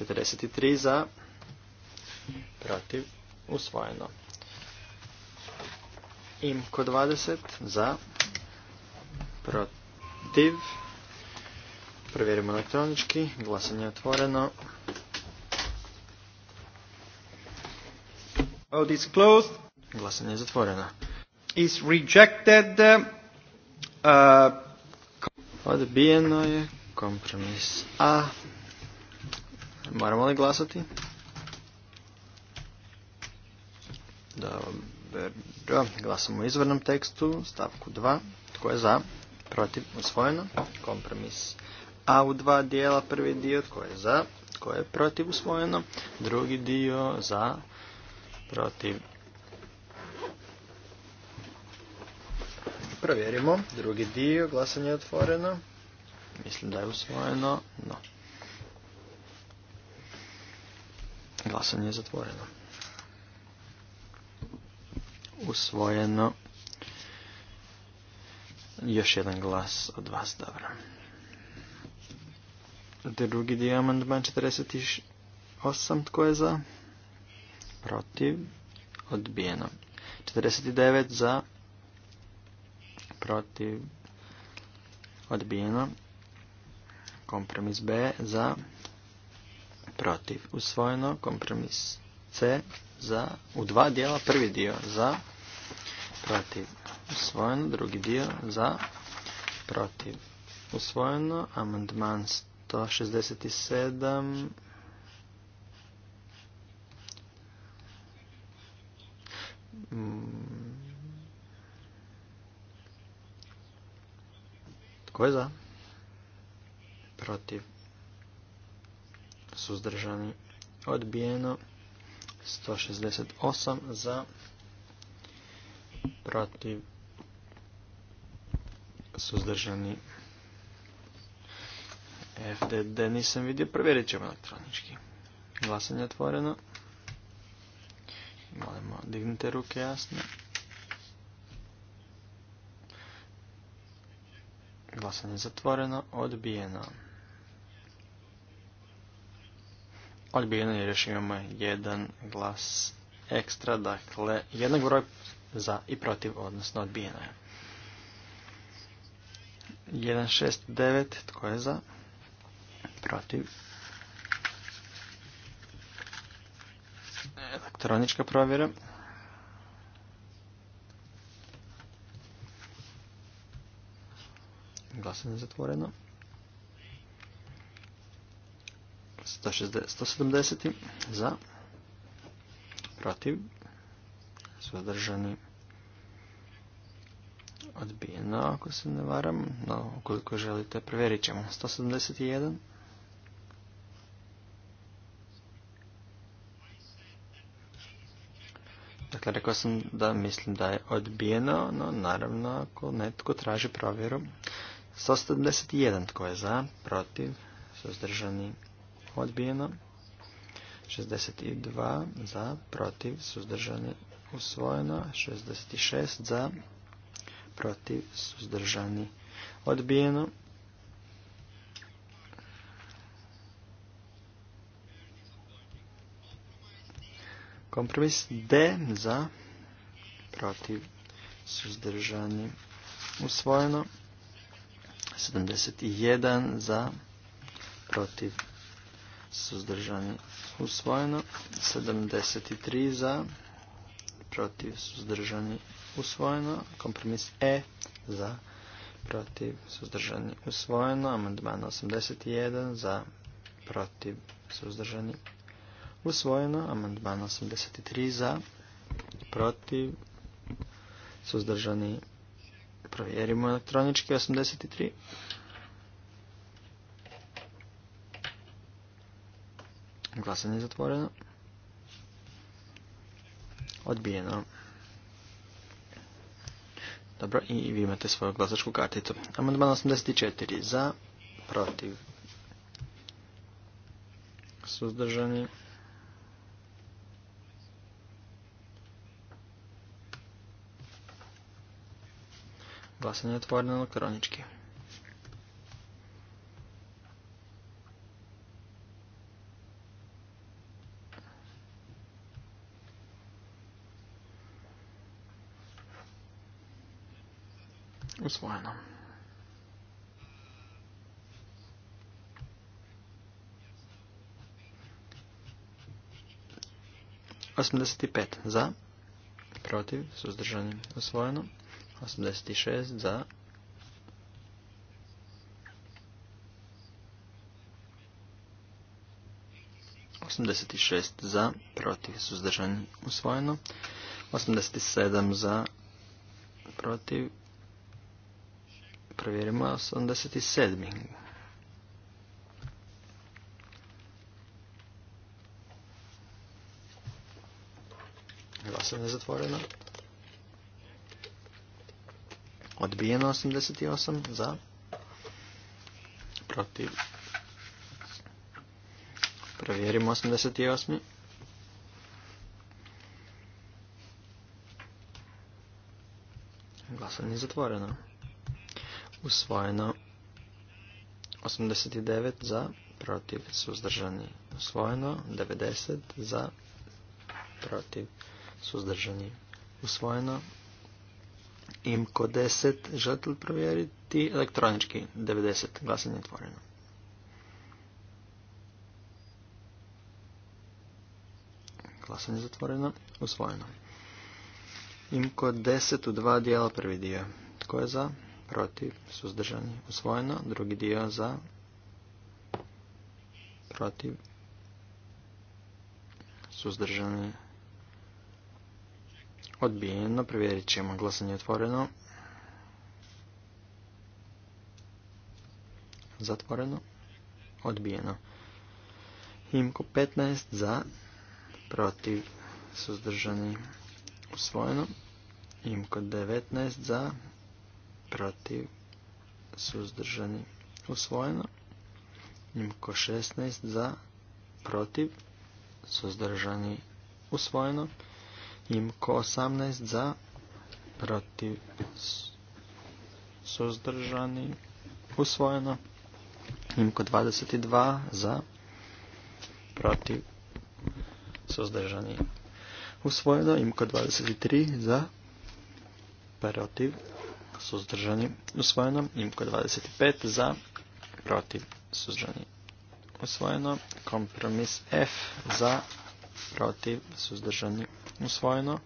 43 za. Protiv. Usvojeno. Imko 20 za. Protiv. Provjerimo elektronički. Glasanje je otvoreno. Vote is closed. Glasanje je zatvoreno. Is rejected. Uh, Odbijeno je kompromis A. Moramo li glasati? Dobro. Glasamo u izvornom tekstu, stavku 2. Tko je za? Protiv? Usvojeno. Kompromis A u dva dijela. Prvi dio tko je za? Tko je protiv? Usvojeno. Drugi dio za? protiv. Provjerimo, drugi dio, glasanje je otvoreno. Mislim da je usvojeno, no. Glasanje je zatvoreno. Usvojeno. Još jedan glas od vas, dobro. Drugi dio amandman 48, tko je za? protiv, odbijeno. 49 za, protiv, odbijeno. Kompromis B za, protiv, usvojeno. Kompromis C za, u dva dijela, prvi dio za, protiv, usvojeno. Drugi dio za, protiv, usvojeno. Amandman 167 Mm. Tko je za? Protiv. Suzdržani. Odbijeno. 168 za. Protiv. Suzdržani. FDD nisam vidio. Provjerit ćemo elektronički. Glasanje otvoreno. Molimo, dignite ruke jasno. Glasanje je zatvoreno, odbijeno. Odbijeno jer još imamo jedan glas ekstra, dakle jedan broj za i protiv, odnosno odbijeno je. 9, tko je za? Protiv. Elektronička provjera. Glasanje zatvoreno. 160, 170 za. Protiv. Suzdržani. Odbijeno, ako se ne varam. No, ukoliko želite, provjerit ćemo. 171. Dakle, rekao sam da mislim da je odbijeno, no naravno ako netko traži provjeru. 171 tko je za, protiv, suzdržani, odbijeno. 62 za, protiv, suzdržani, usvojeno. 66 za, protiv, suzdržani, odbijeno. Kompromis D za protiv suzdržani usvojeno. 71 za protiv suzdržani usvojeno. 73 za protiv suzdržani usvojeno. Kompromis E za protiv suzdržani usvojeno. Amandman 81 za protiv suzdržani Usvojeno, amandman 83 za, protiv, suzdržani, provjerimo elektronički 83. Glasanje je zatvoreno. Odbijeno. Dobro, i vi imate svoju glasačku karticu. Amandman 84 za, protiv, suzdržani, Glasanje je otvoreno elektronički. Usvojeno. Osmdeset pet za, protiv, suzdržani, Osvojeno. 86 za. Osamdeset šest za, protiv, suzdržan usvojeno. Osamdeset sedam za, protiv, provjerimo osamdeset sedam. Glasovanje zatvoreno. Odbijeno 88 za. Protiv. Provjerimo 88. Glasanje je zatvoreno. Usvojeno 89 za, protiv suzdržani usvojeno, 90 za, protiv suzdržani usvojeno, Imko 10, želite li provjeriti elektronički 90, glasanje je otvoreno. Glasanje je zatvoreno, usvojeno. Imko 10 u dva dijela, prvi dio. Tko je za? Protiv, suzdržani, usvojeno. Drugi dio za? Protiv, suzdržani, usvojeno Odbijeno, provjerit ćemo glasanje otvoreno. Zatvoreno. Odbijeno. Imko 15 za, protiv, suzdržani, usvojeno. Imko 19 za, protiv, suzdržani, usvojeno. Imko 16 za, protiv, suzdržani, usvojeno. Imko 18 za, protiv suzdržani, usvojeno. Imko 22 za, protiv suzdržani, usvojeno. Imko 23 za, protiv suzdržani, usvojeno. Imko 25 za, protiv suzdržani, usvojeno. Kompromis F za, protiv, suzdržani, usvojeno.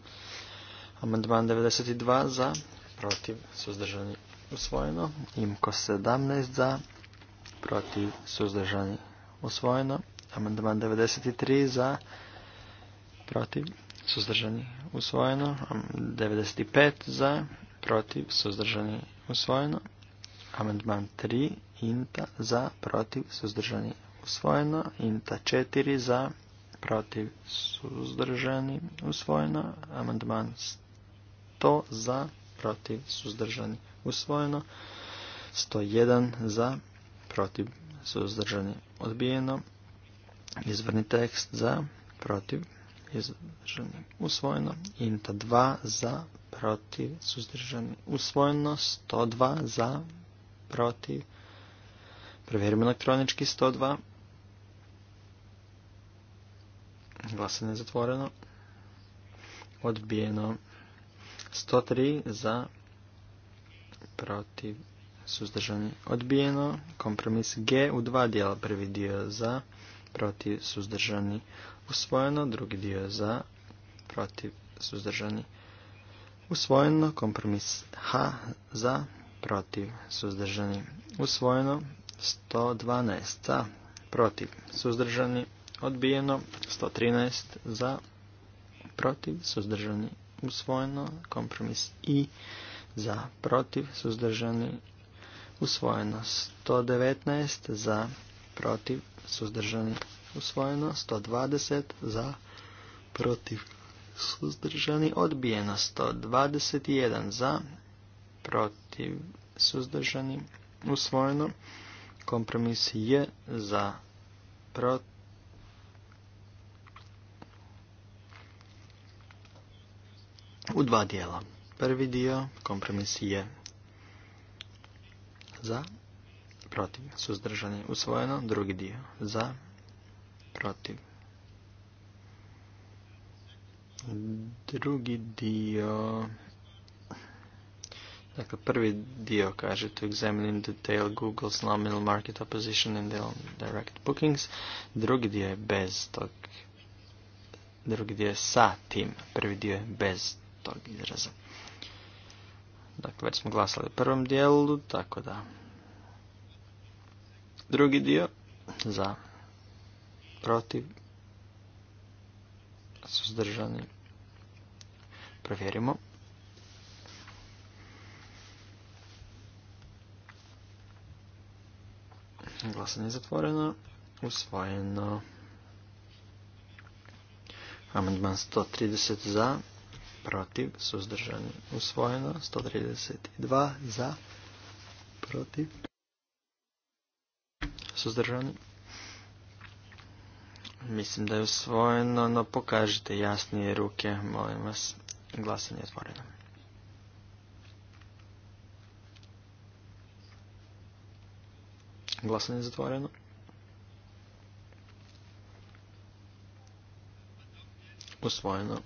Amandman 92 za, protiv, suzdržani, usvojeno. Imko 17 za, protiv, suzdržani, usvojeno. Amandman 93 za, protiv, suzdržani, usvojeno. 95 za, protiv, suzdržani, usvojeno. Amandman 3, INTA za, protiv, suzdržani, usvojeno. INTA 4 za, protiv, suzdržani, usvojeno. Amandman 100 za, protiv, suzdržani, usvojeno. 101 za, protiv, suzdržani, odbijeno. Izvrni tekst za, protiv, suzdržani, usvojeno. Inta 2 za, protiv, suzdržani, usvojeno. 102 za, protiv, provjerimo elektronički 102 Glasanje je zatvoreno. Odbijeno. 103 za protiv suzdržani odbijeno. Kompromis G u dva dijela. Prvi dio za protiv suzdržani usvojeno. Drugi dio za protiv suzdržani usvojeno. Kompromis H za protiv suzdržani usvojeno. 112 za protiv suzdržani odbijeno, 113 za, protiv, suzdržani, usvojeno, kompromis i za, protiv, suzdržani, usvojeno, 119 za, protiv, suzdržani, usvojeno, 120 za, protiv, suzdržani, odbijeno, 121 za, protiv, suzdržani, usvojeno, kompromis je za, protiv, u dva dijela. Prvi dio kompromisije za, protiv, suzdržanje usvojeno. Drugi dio za, protiv. Drugi dio... Dakle, prvi dio kaže to examine in detail Google's nominal market opposition and direct bookings. Drugi dio je bez tog. Drugi dio je sa tim. Prvi dio je bez tog izraza. Dakle, već smo glasali u prvom dijelu, tako da... Drugi dio za protiv suzdržani provjerimo. Glasanje je zatvoreno. Usvojeno. Amandman 130 za protiv, suzdržan. usvojeno, 132 za, protiv, suzdržani. Mislim da je usvojeno, no pokažite jasnije ruke, molim vas, glasanje je otvoreno. Glasanje je zatvoreno. Usvojeno.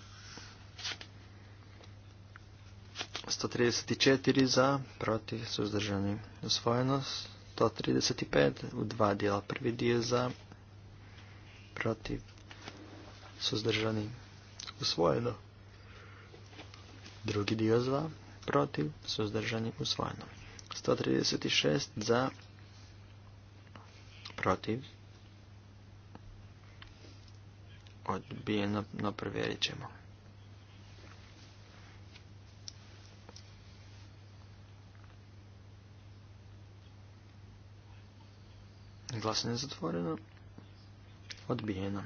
134 za, protiv, suzdržani, usvojeno. 135 u dva dijela. Prvi dio za, protiv, suzdržani, usvojeno. Drugi dio za, protiv, suzdržani, usvojeno. 136 za, protiv, odbijeno, no provjerit ćemo. Glasanje je zatvoreno. Odbijeno.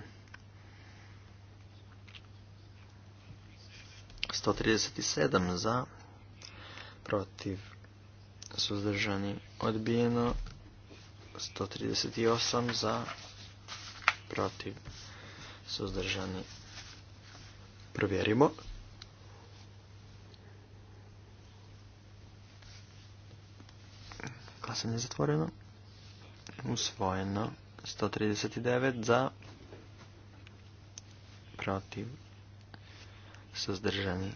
137 za, protiv, suzdržani, odbijeno. 138 za, protiv, suzdržani. Provjerimo. Glasanje je zatvoreno usvojeno 139 za protiv suzdržani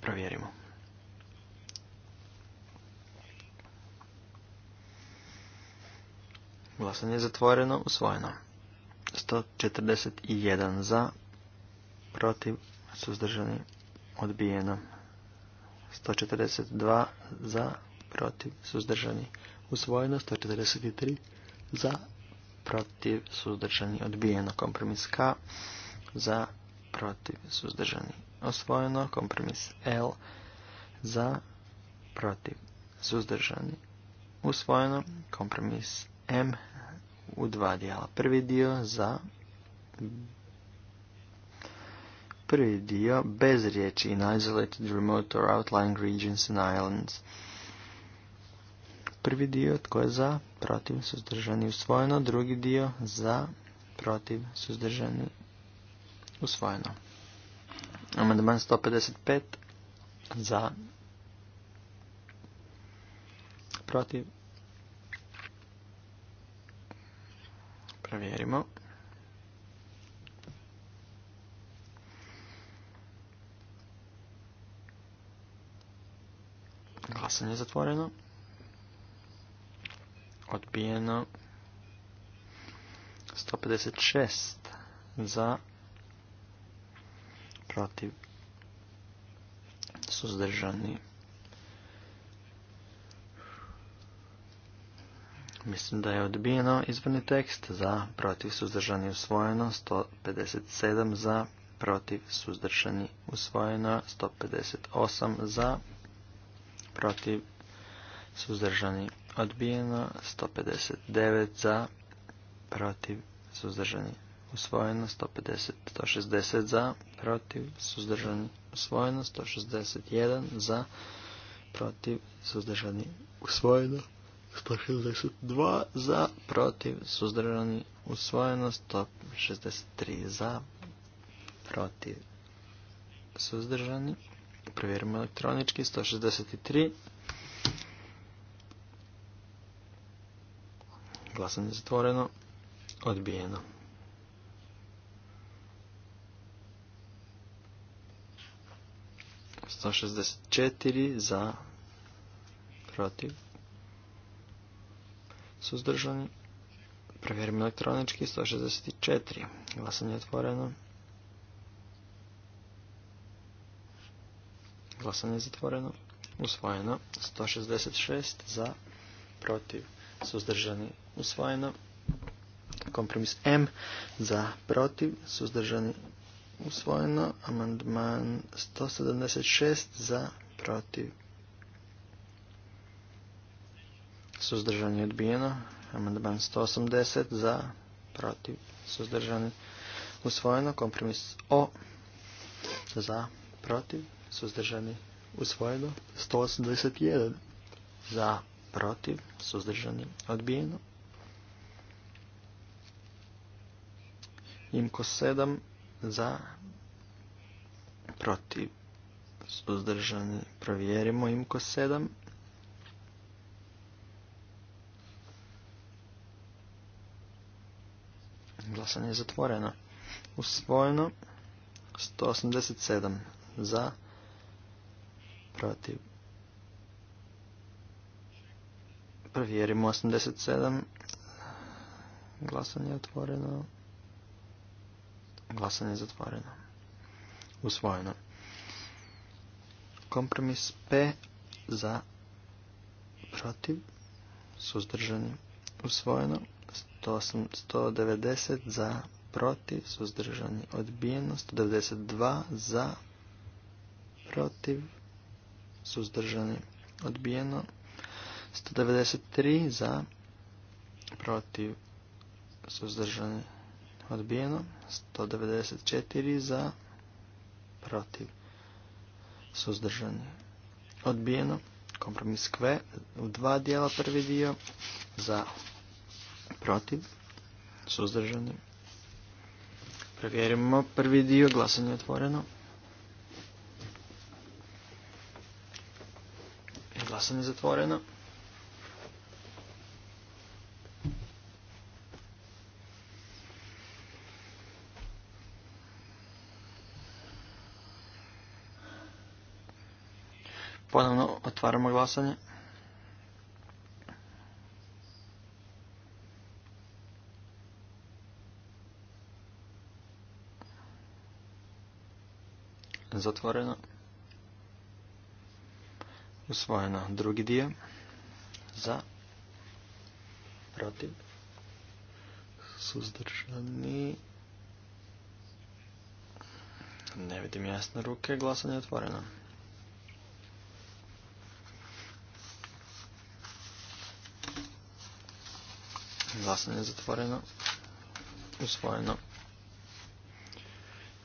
provjerimo glasanje je zatvoreno usvojeno 141 za protiv suzdržani odbijeno 142 za protiv suzdržani usvojeno, 143 za, protiv, suzdržani, odbijeno, kompromis K za, protiv, suzdržani, osvojeno, kompromis L za, protiv, suzdržani, usvojeno, kompromis M u dva dijela. Prvi dio za prvi dio bez riječi in isolated remote or outlying regions and islands Prvi dio tko je za, protiv, suzdržani, usvojeno. Drugi dio za, protiv, suzdržani, usvojeno. Amandman 155 za, protiv, provjerimo. Glasanje je zatvoreno odbijeno 156 za protiv suzdržani Mislim da je odbijeno izborni tekst za protiv suzdržani usvojeno 157 za protiv suzdržani usvojeno 158 za protiv suzdržani usvojeno odbijeno, 159 za, protiv, suzdržani, usvojeno, 150, 160 za, protiv, suzdržani, usvojeno, 161 za, protiv, suzdržani, usvojeno, 162 za, protiv, suzdržani, usvojeno, 163 za, protiv, suzdržani, provjerimo elektronički, 163 Glasanje je zatvoreno. Odbijeno. Sto četiri za protiv suzdržani. Provjerimo elektronički 164. Glasanje je otvoreno. Glasanje je zatvoreno. Usvojeno 166 za protiv suzdržani usvojeno. Kompromis M za protiv, suzdržani usvojeno. Amandman 176 za protiv. Suzdržani odbijeno. Amandman 180 za protiv. Suzdržani usvojeno. Kompromis O za protiv. Suzdržani usvojeno. 181 za protiv. Suzdržani odbijeno. Imko 7 za protiv suzdržani provjerimo Imko 7. Glasanje je zatvoreno. Usvojeno 187 za protiv provjerimo 87 glasanje je otvoreno Glasanje je zatvoreno. Usvojeno. Kompromis P za protiv. Suzdržani. Usvojeno. 190 za protiv. Suzdržani. Odbijeno. 192 za protiv. Suzdržani. Odbijeno. 193 za protiv. Suzdržani odbijeno, 194 za, protiv, suzdržani, odbijeno, kompromis kve u dva dijela prvi dio, za, protiv, suzdržani. Provjerimo prvi dio, glasanje je otvoreno. Glasanje je zatvoreno. Otvaramo glasanje. Zatvoreno. Usvojeno drugi dio. Za. Protiv. Suzdržani. Ne vidim jasne ruke. Glasanje je otvoreno. Glasanje je zatvoreno. Usvojeno.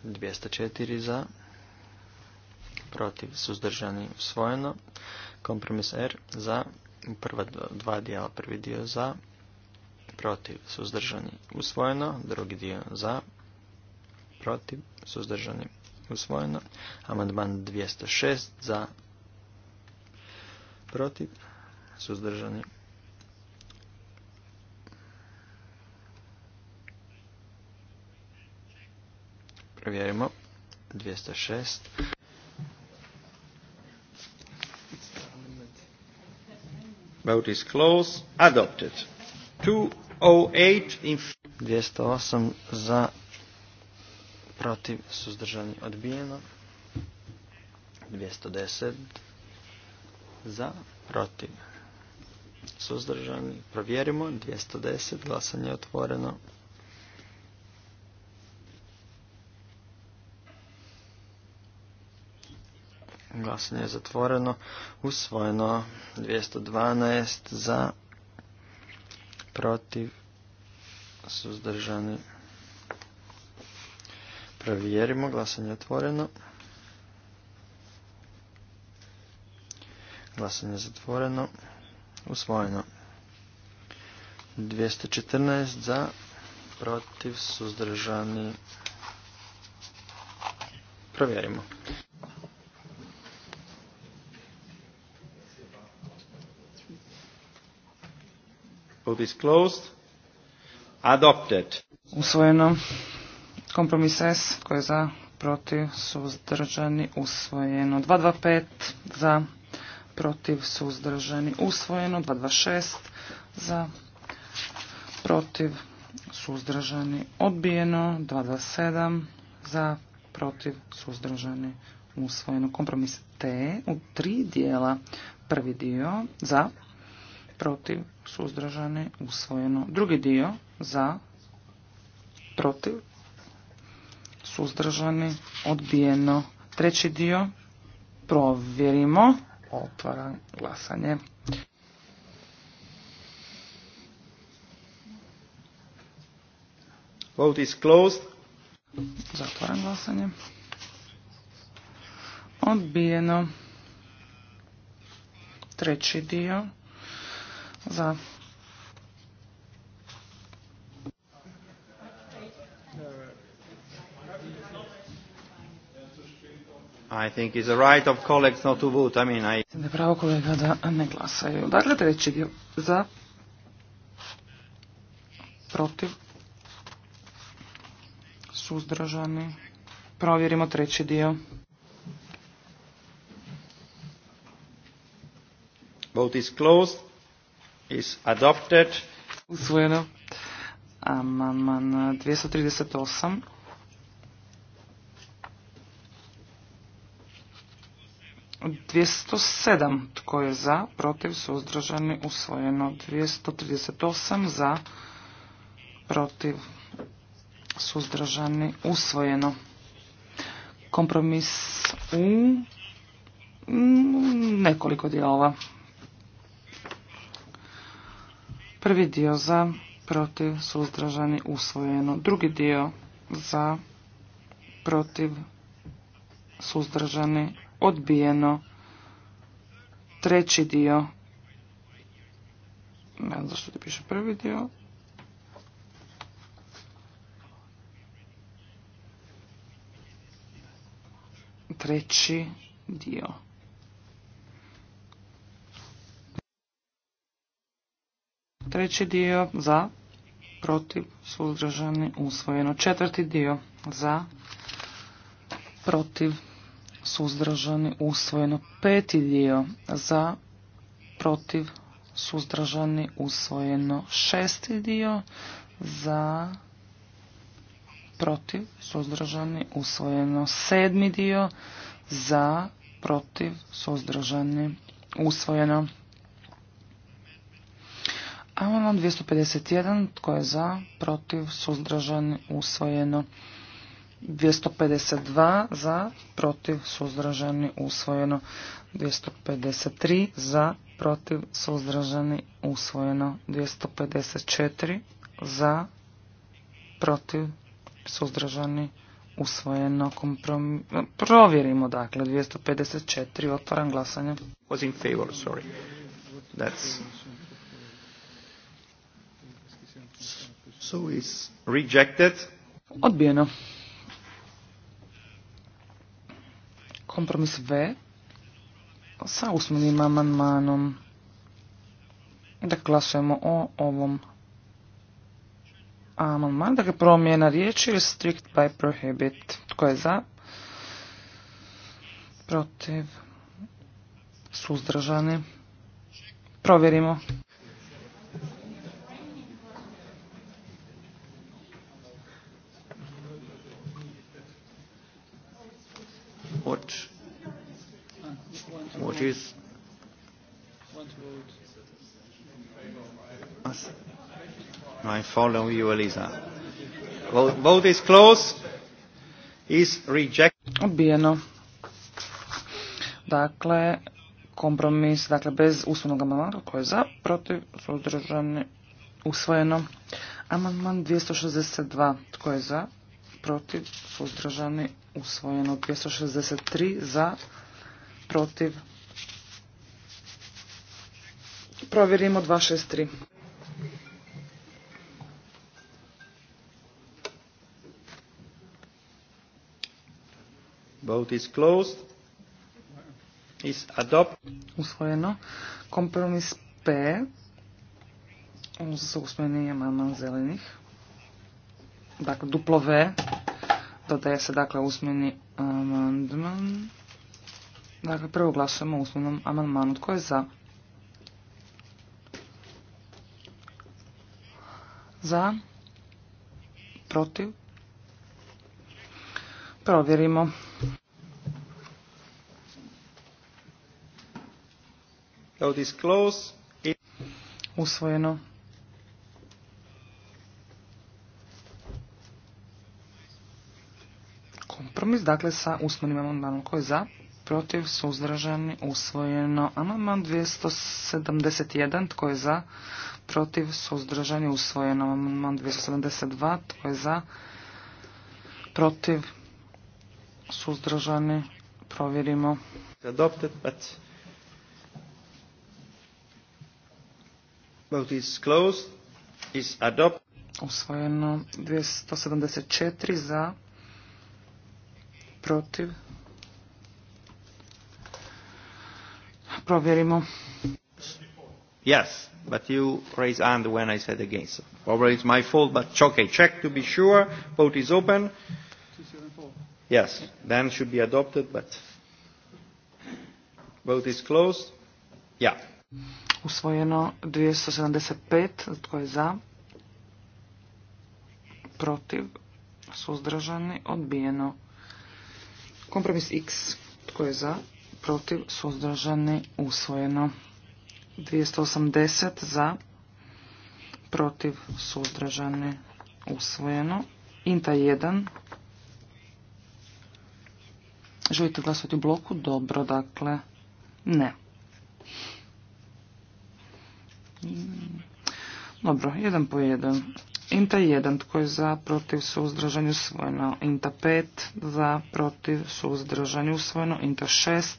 204 za. Protiv suzdržani usvojeno. Kompromis R za. Prva dva dijela. Prvi dio za. Protiv suzdržani usvojeno. Drugi dio za. Protiv suzdržani usvojeno. Amandman 206 za. Protiv suzdržani usvojeno Provjerimo. 206. Vote is closed. Adopted. 208 in... 208 za protiv suzdržani odbijeno. 210 za protiv suzdržani. Provjerimo. 210 glasanje otvoreno. Glasanje je zatvoreno. Usvojeno 212 za protiv suzdržani. Provjerimo. Glasanje je otvoreno. Glasanje je zatvoreno. Usvojeno. 214 za protiv suzdržani. Provjerimo. Vote is closed. Adopted. Usvojeno. Kompromis S koji je za protiv suzdržani usvojeno. 225 za protiv suzdržani usvojeno. 226 za protiv suzdržani odbijeno. 227 za protiv suzdržani usvojeno. Kompromis T u tri dijela. Prvi dio za protiv, suzdržani, usvojeno. Drugi dio za, protiv, suzdržani, odbijeno. Treći dio provjerimo. Otvaram glasanje. Vote is closed. Zatvaram glasanje. Odbijeno. Treći dio za I think it's a right of colleagues not to vote. I mean, I... Ne pravo kolega da ne glasaju. Dakle, treći dio za, protiv, suzdržani. Provjerimo treći dio. Vote is closed is adopted. Usvojeno. Amandman 238. 207. Tko je za? Protiv? su Suzdržani? Usvojeno. 238. Za? Protiv? Suzdržani? Usvojeno. Kompromis u nekoliko dijelova. Prvi dio za, protiv, suzdržani, usvojeno. Drugi dio za, protiv, suzdržani, odbijeno. Treći dio, ne znam zašto ti piše prvi dio, treći dio. Treći dio za, protiv, suzdržani, usvojeno. Četvrti dio za, protiv, suzdržani, usvojeno. Peti dio za, protiv, suzdržani, usvojeno. Šesti dio za, protiv, suzdržani, usvojeno. Sedmi dio za, protiv, suzdržani, usvojeno. Amandman 251, tko je za, protiv, suzdržani, usvojeno. 252 za, protiv, suzdržani, usvojeno. 253 za, protiv, suzdržani, usvojeno. 254 za, protiv, suzdržani, usvojeno. Provjerimo, dakle, 254, otvaram glasanje. Was in favor, sorry. That's So is rejected. Odbijeno. Kompromis V sa usmenim amandmanom. Da dakle, glasujemo o ovom amandman, da dakle, ga promjena riječi strict by prohibit. Tko je za? Protiv? Suzdržani? Provjerimo. Apologies. I follow you, Eliza. Vote is closed. Is rejected. Odbijeno. Dakle, kompromis, dakle, bez usmenog amandmana, koji je za, protiv, suzdržani, usvojeno. Amandman 262, tko je za, protiv, suzdržani, usvojeno. 263, za, protiv, Provjerimo 263. Vote is closed. Is adopted. Usvojeno. Kompromis P. Uz usmeni amandman zelenih. Dakle, duplo V. Dodaje se, dakle, usmeni amandman. Dakle, prvo glasujemo o usmenom amandmanu. Tko je za? Za? Protiv? Provjerimo. Usvojeno. Kompromis, dakle, sa usmenim amandmanom. Ko je za? protiv, suzdržani, usvojeno. Amandman 271, tko je za, protiv, suzdržani, usvojeno. Amandman 272, tko je za, protiv, suzdržani, provjerimo. Adopted, but vote is closed, is adopted. Usvojeno 274 za, protiv, provjerimo. Yes, but you raised hand when I said against. probably it's my fault, but okay, check to be sure. Vote is open. Yes, then should be adopted, but vote is closed. Yeah. Usvojeno 275, tko je za? Protiv, suzdržani, odbijeno. Kompromis X, tko je za? protiv, suzdržani, usvojeno. 280 za, protiv, suzdržani, usvojeno. Inta 1. Želite glasovati u bloku? Dobro, dakle, ne. Dobro, jedan po jedan. Inta 1, tko je za, protiv, suzdržan, usvojeno. Inta 5, za, protiv, suzdržan, usvojeno. Inta 6,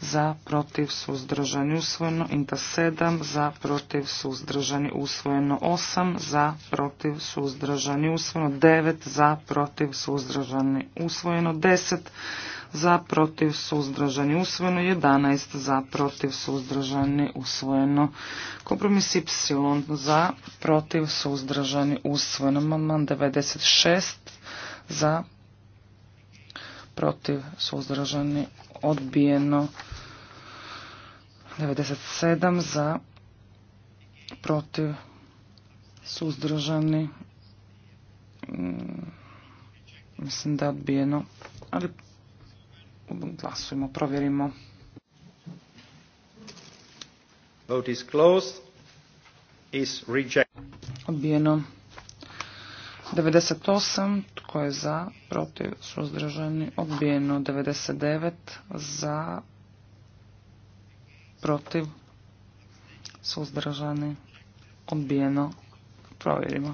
za, protiv, suzdržan, usvojeno. Inta 7, za, protiv, suzdržan, usvojeno. 8, za, protiv, suzdržan, usvojeno. 9, za, protiv, suzdržan, usvojeno. 10, za protiv suzdržani usvojeno, 11 za protiv suzdržani usvojeno. Kompromis Y za protiv suzdržani usvojeno, amandman 96 za protiv suzdržani odbijeno, 97 za protiv suzdržani mm, mislim da odbijeno, ali Dakle, glasujmo, provjerimo. Vote is closed. Is rejected. Odbijeno. 98. Tko je za? Protiv? Suzdržani? Odbijeno. 99. Za? Protiv? Suzdržani? Odbijeno. Provjerimo.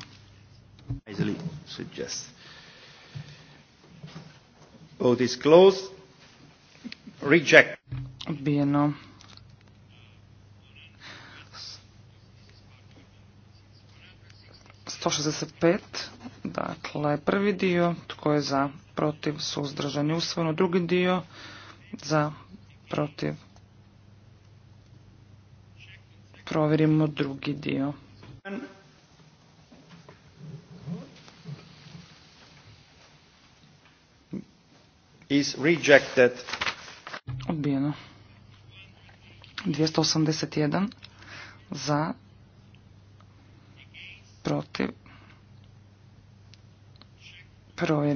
suggest. Vote is closed. Reject. Odbijeno. Sto šezdeset pet. Dakle, prvi dio, tko je za, protiv, suzdržan i usvojeno. Drugi dio, za, protiv. Provjerimo drugi dio. Is rejected. Odbijeno. 281 za protiv.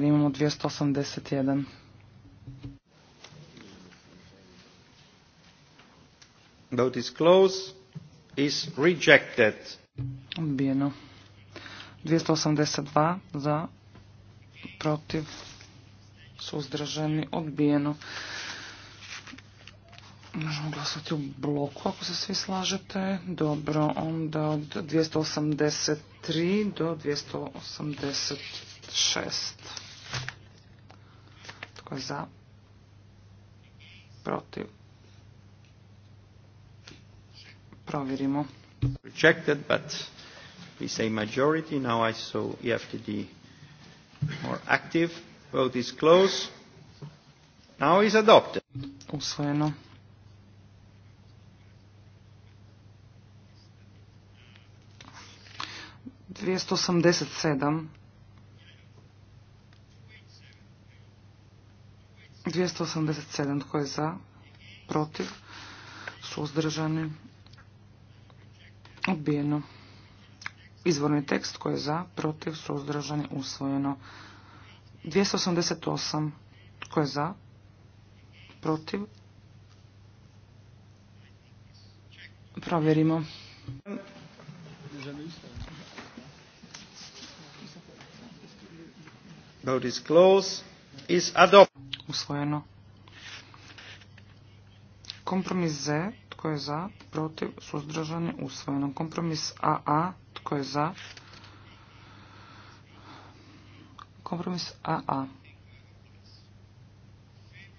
Imamo 281. Vote is closed. Is rejected. Odbijeno. 282 za protiv suzdržani odbijeno. Možemo glasati u bloku ako se svi slažete. Dobro, onda od 283 do 286. Tko je za? Protiv. Provjerimo. Rejected, but we say majority. Now I saw EFTD more active. Vote is closed. Now is adopted. Usvojeno. 287. 287. Tko je za? Protiv? Suzdržani? Odbijeno. Izvorni tekst. Tko je za? Protiv? Suzdržani? Usvojeno. 288. Tko je za? Protiv? Provjerimo. Provjerimo. Vote is closed. Usvojeno. Kompromis Z. Tko je za? Protiv? Suzdržani? Usvojeno. Kompromis AA. Tko je za? Kompromis AA.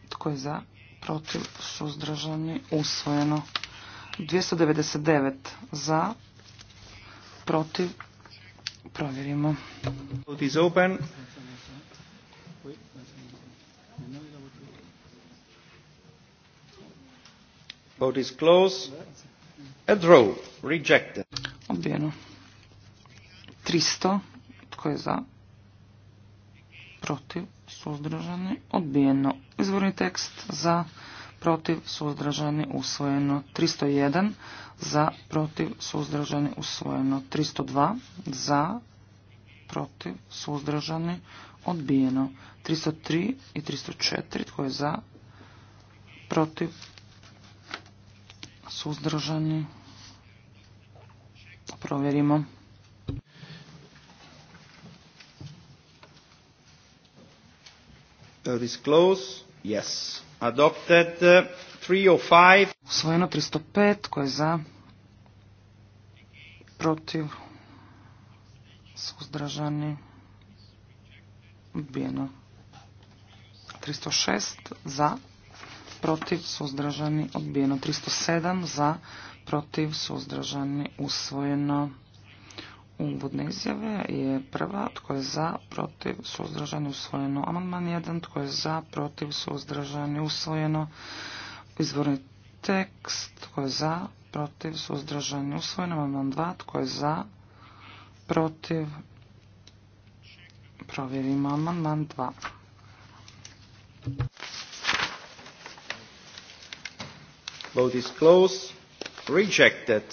Tko je za? Protiv? Suzdržani? Usvojeno. 299 za, protiv, Provjerimo. Vote is open. Vote is closed. A draw. Rejected. Odbijeno. 300. Tko je za? Protiv. Suzdržani. Odbijeno. Izvorni tekst za. Protiv. Suzdržani. Usvojeno. 301 za, protiv, suzdržani, usvojeno. 302 za, protiv, suzdržani, odbijeno. 303 i 304, tko je za, protiv, suzdržani, provjerimo. That is close. Yes. Adopted 305. Uh, Usvojeno 305. ko je za? Protiv? Suzdržani? Odbijeno. 306. Za? Protiv? Suzdržani? Odbijeno. 307. Za? Protiv? Suzdržani? Usvojeno. Uvodne izjave je prva, tko je za, protiv, uzdraženi, usvojeno. Amandman 1, tko je za, protiv, suzdržani, usvojeno. Izvorni tekst, tko je za, protiv, uzdraženi, usvojeno. Amandman 2, tko je za, protiv, provjerimo. Amandman 2. Vote is Rejected.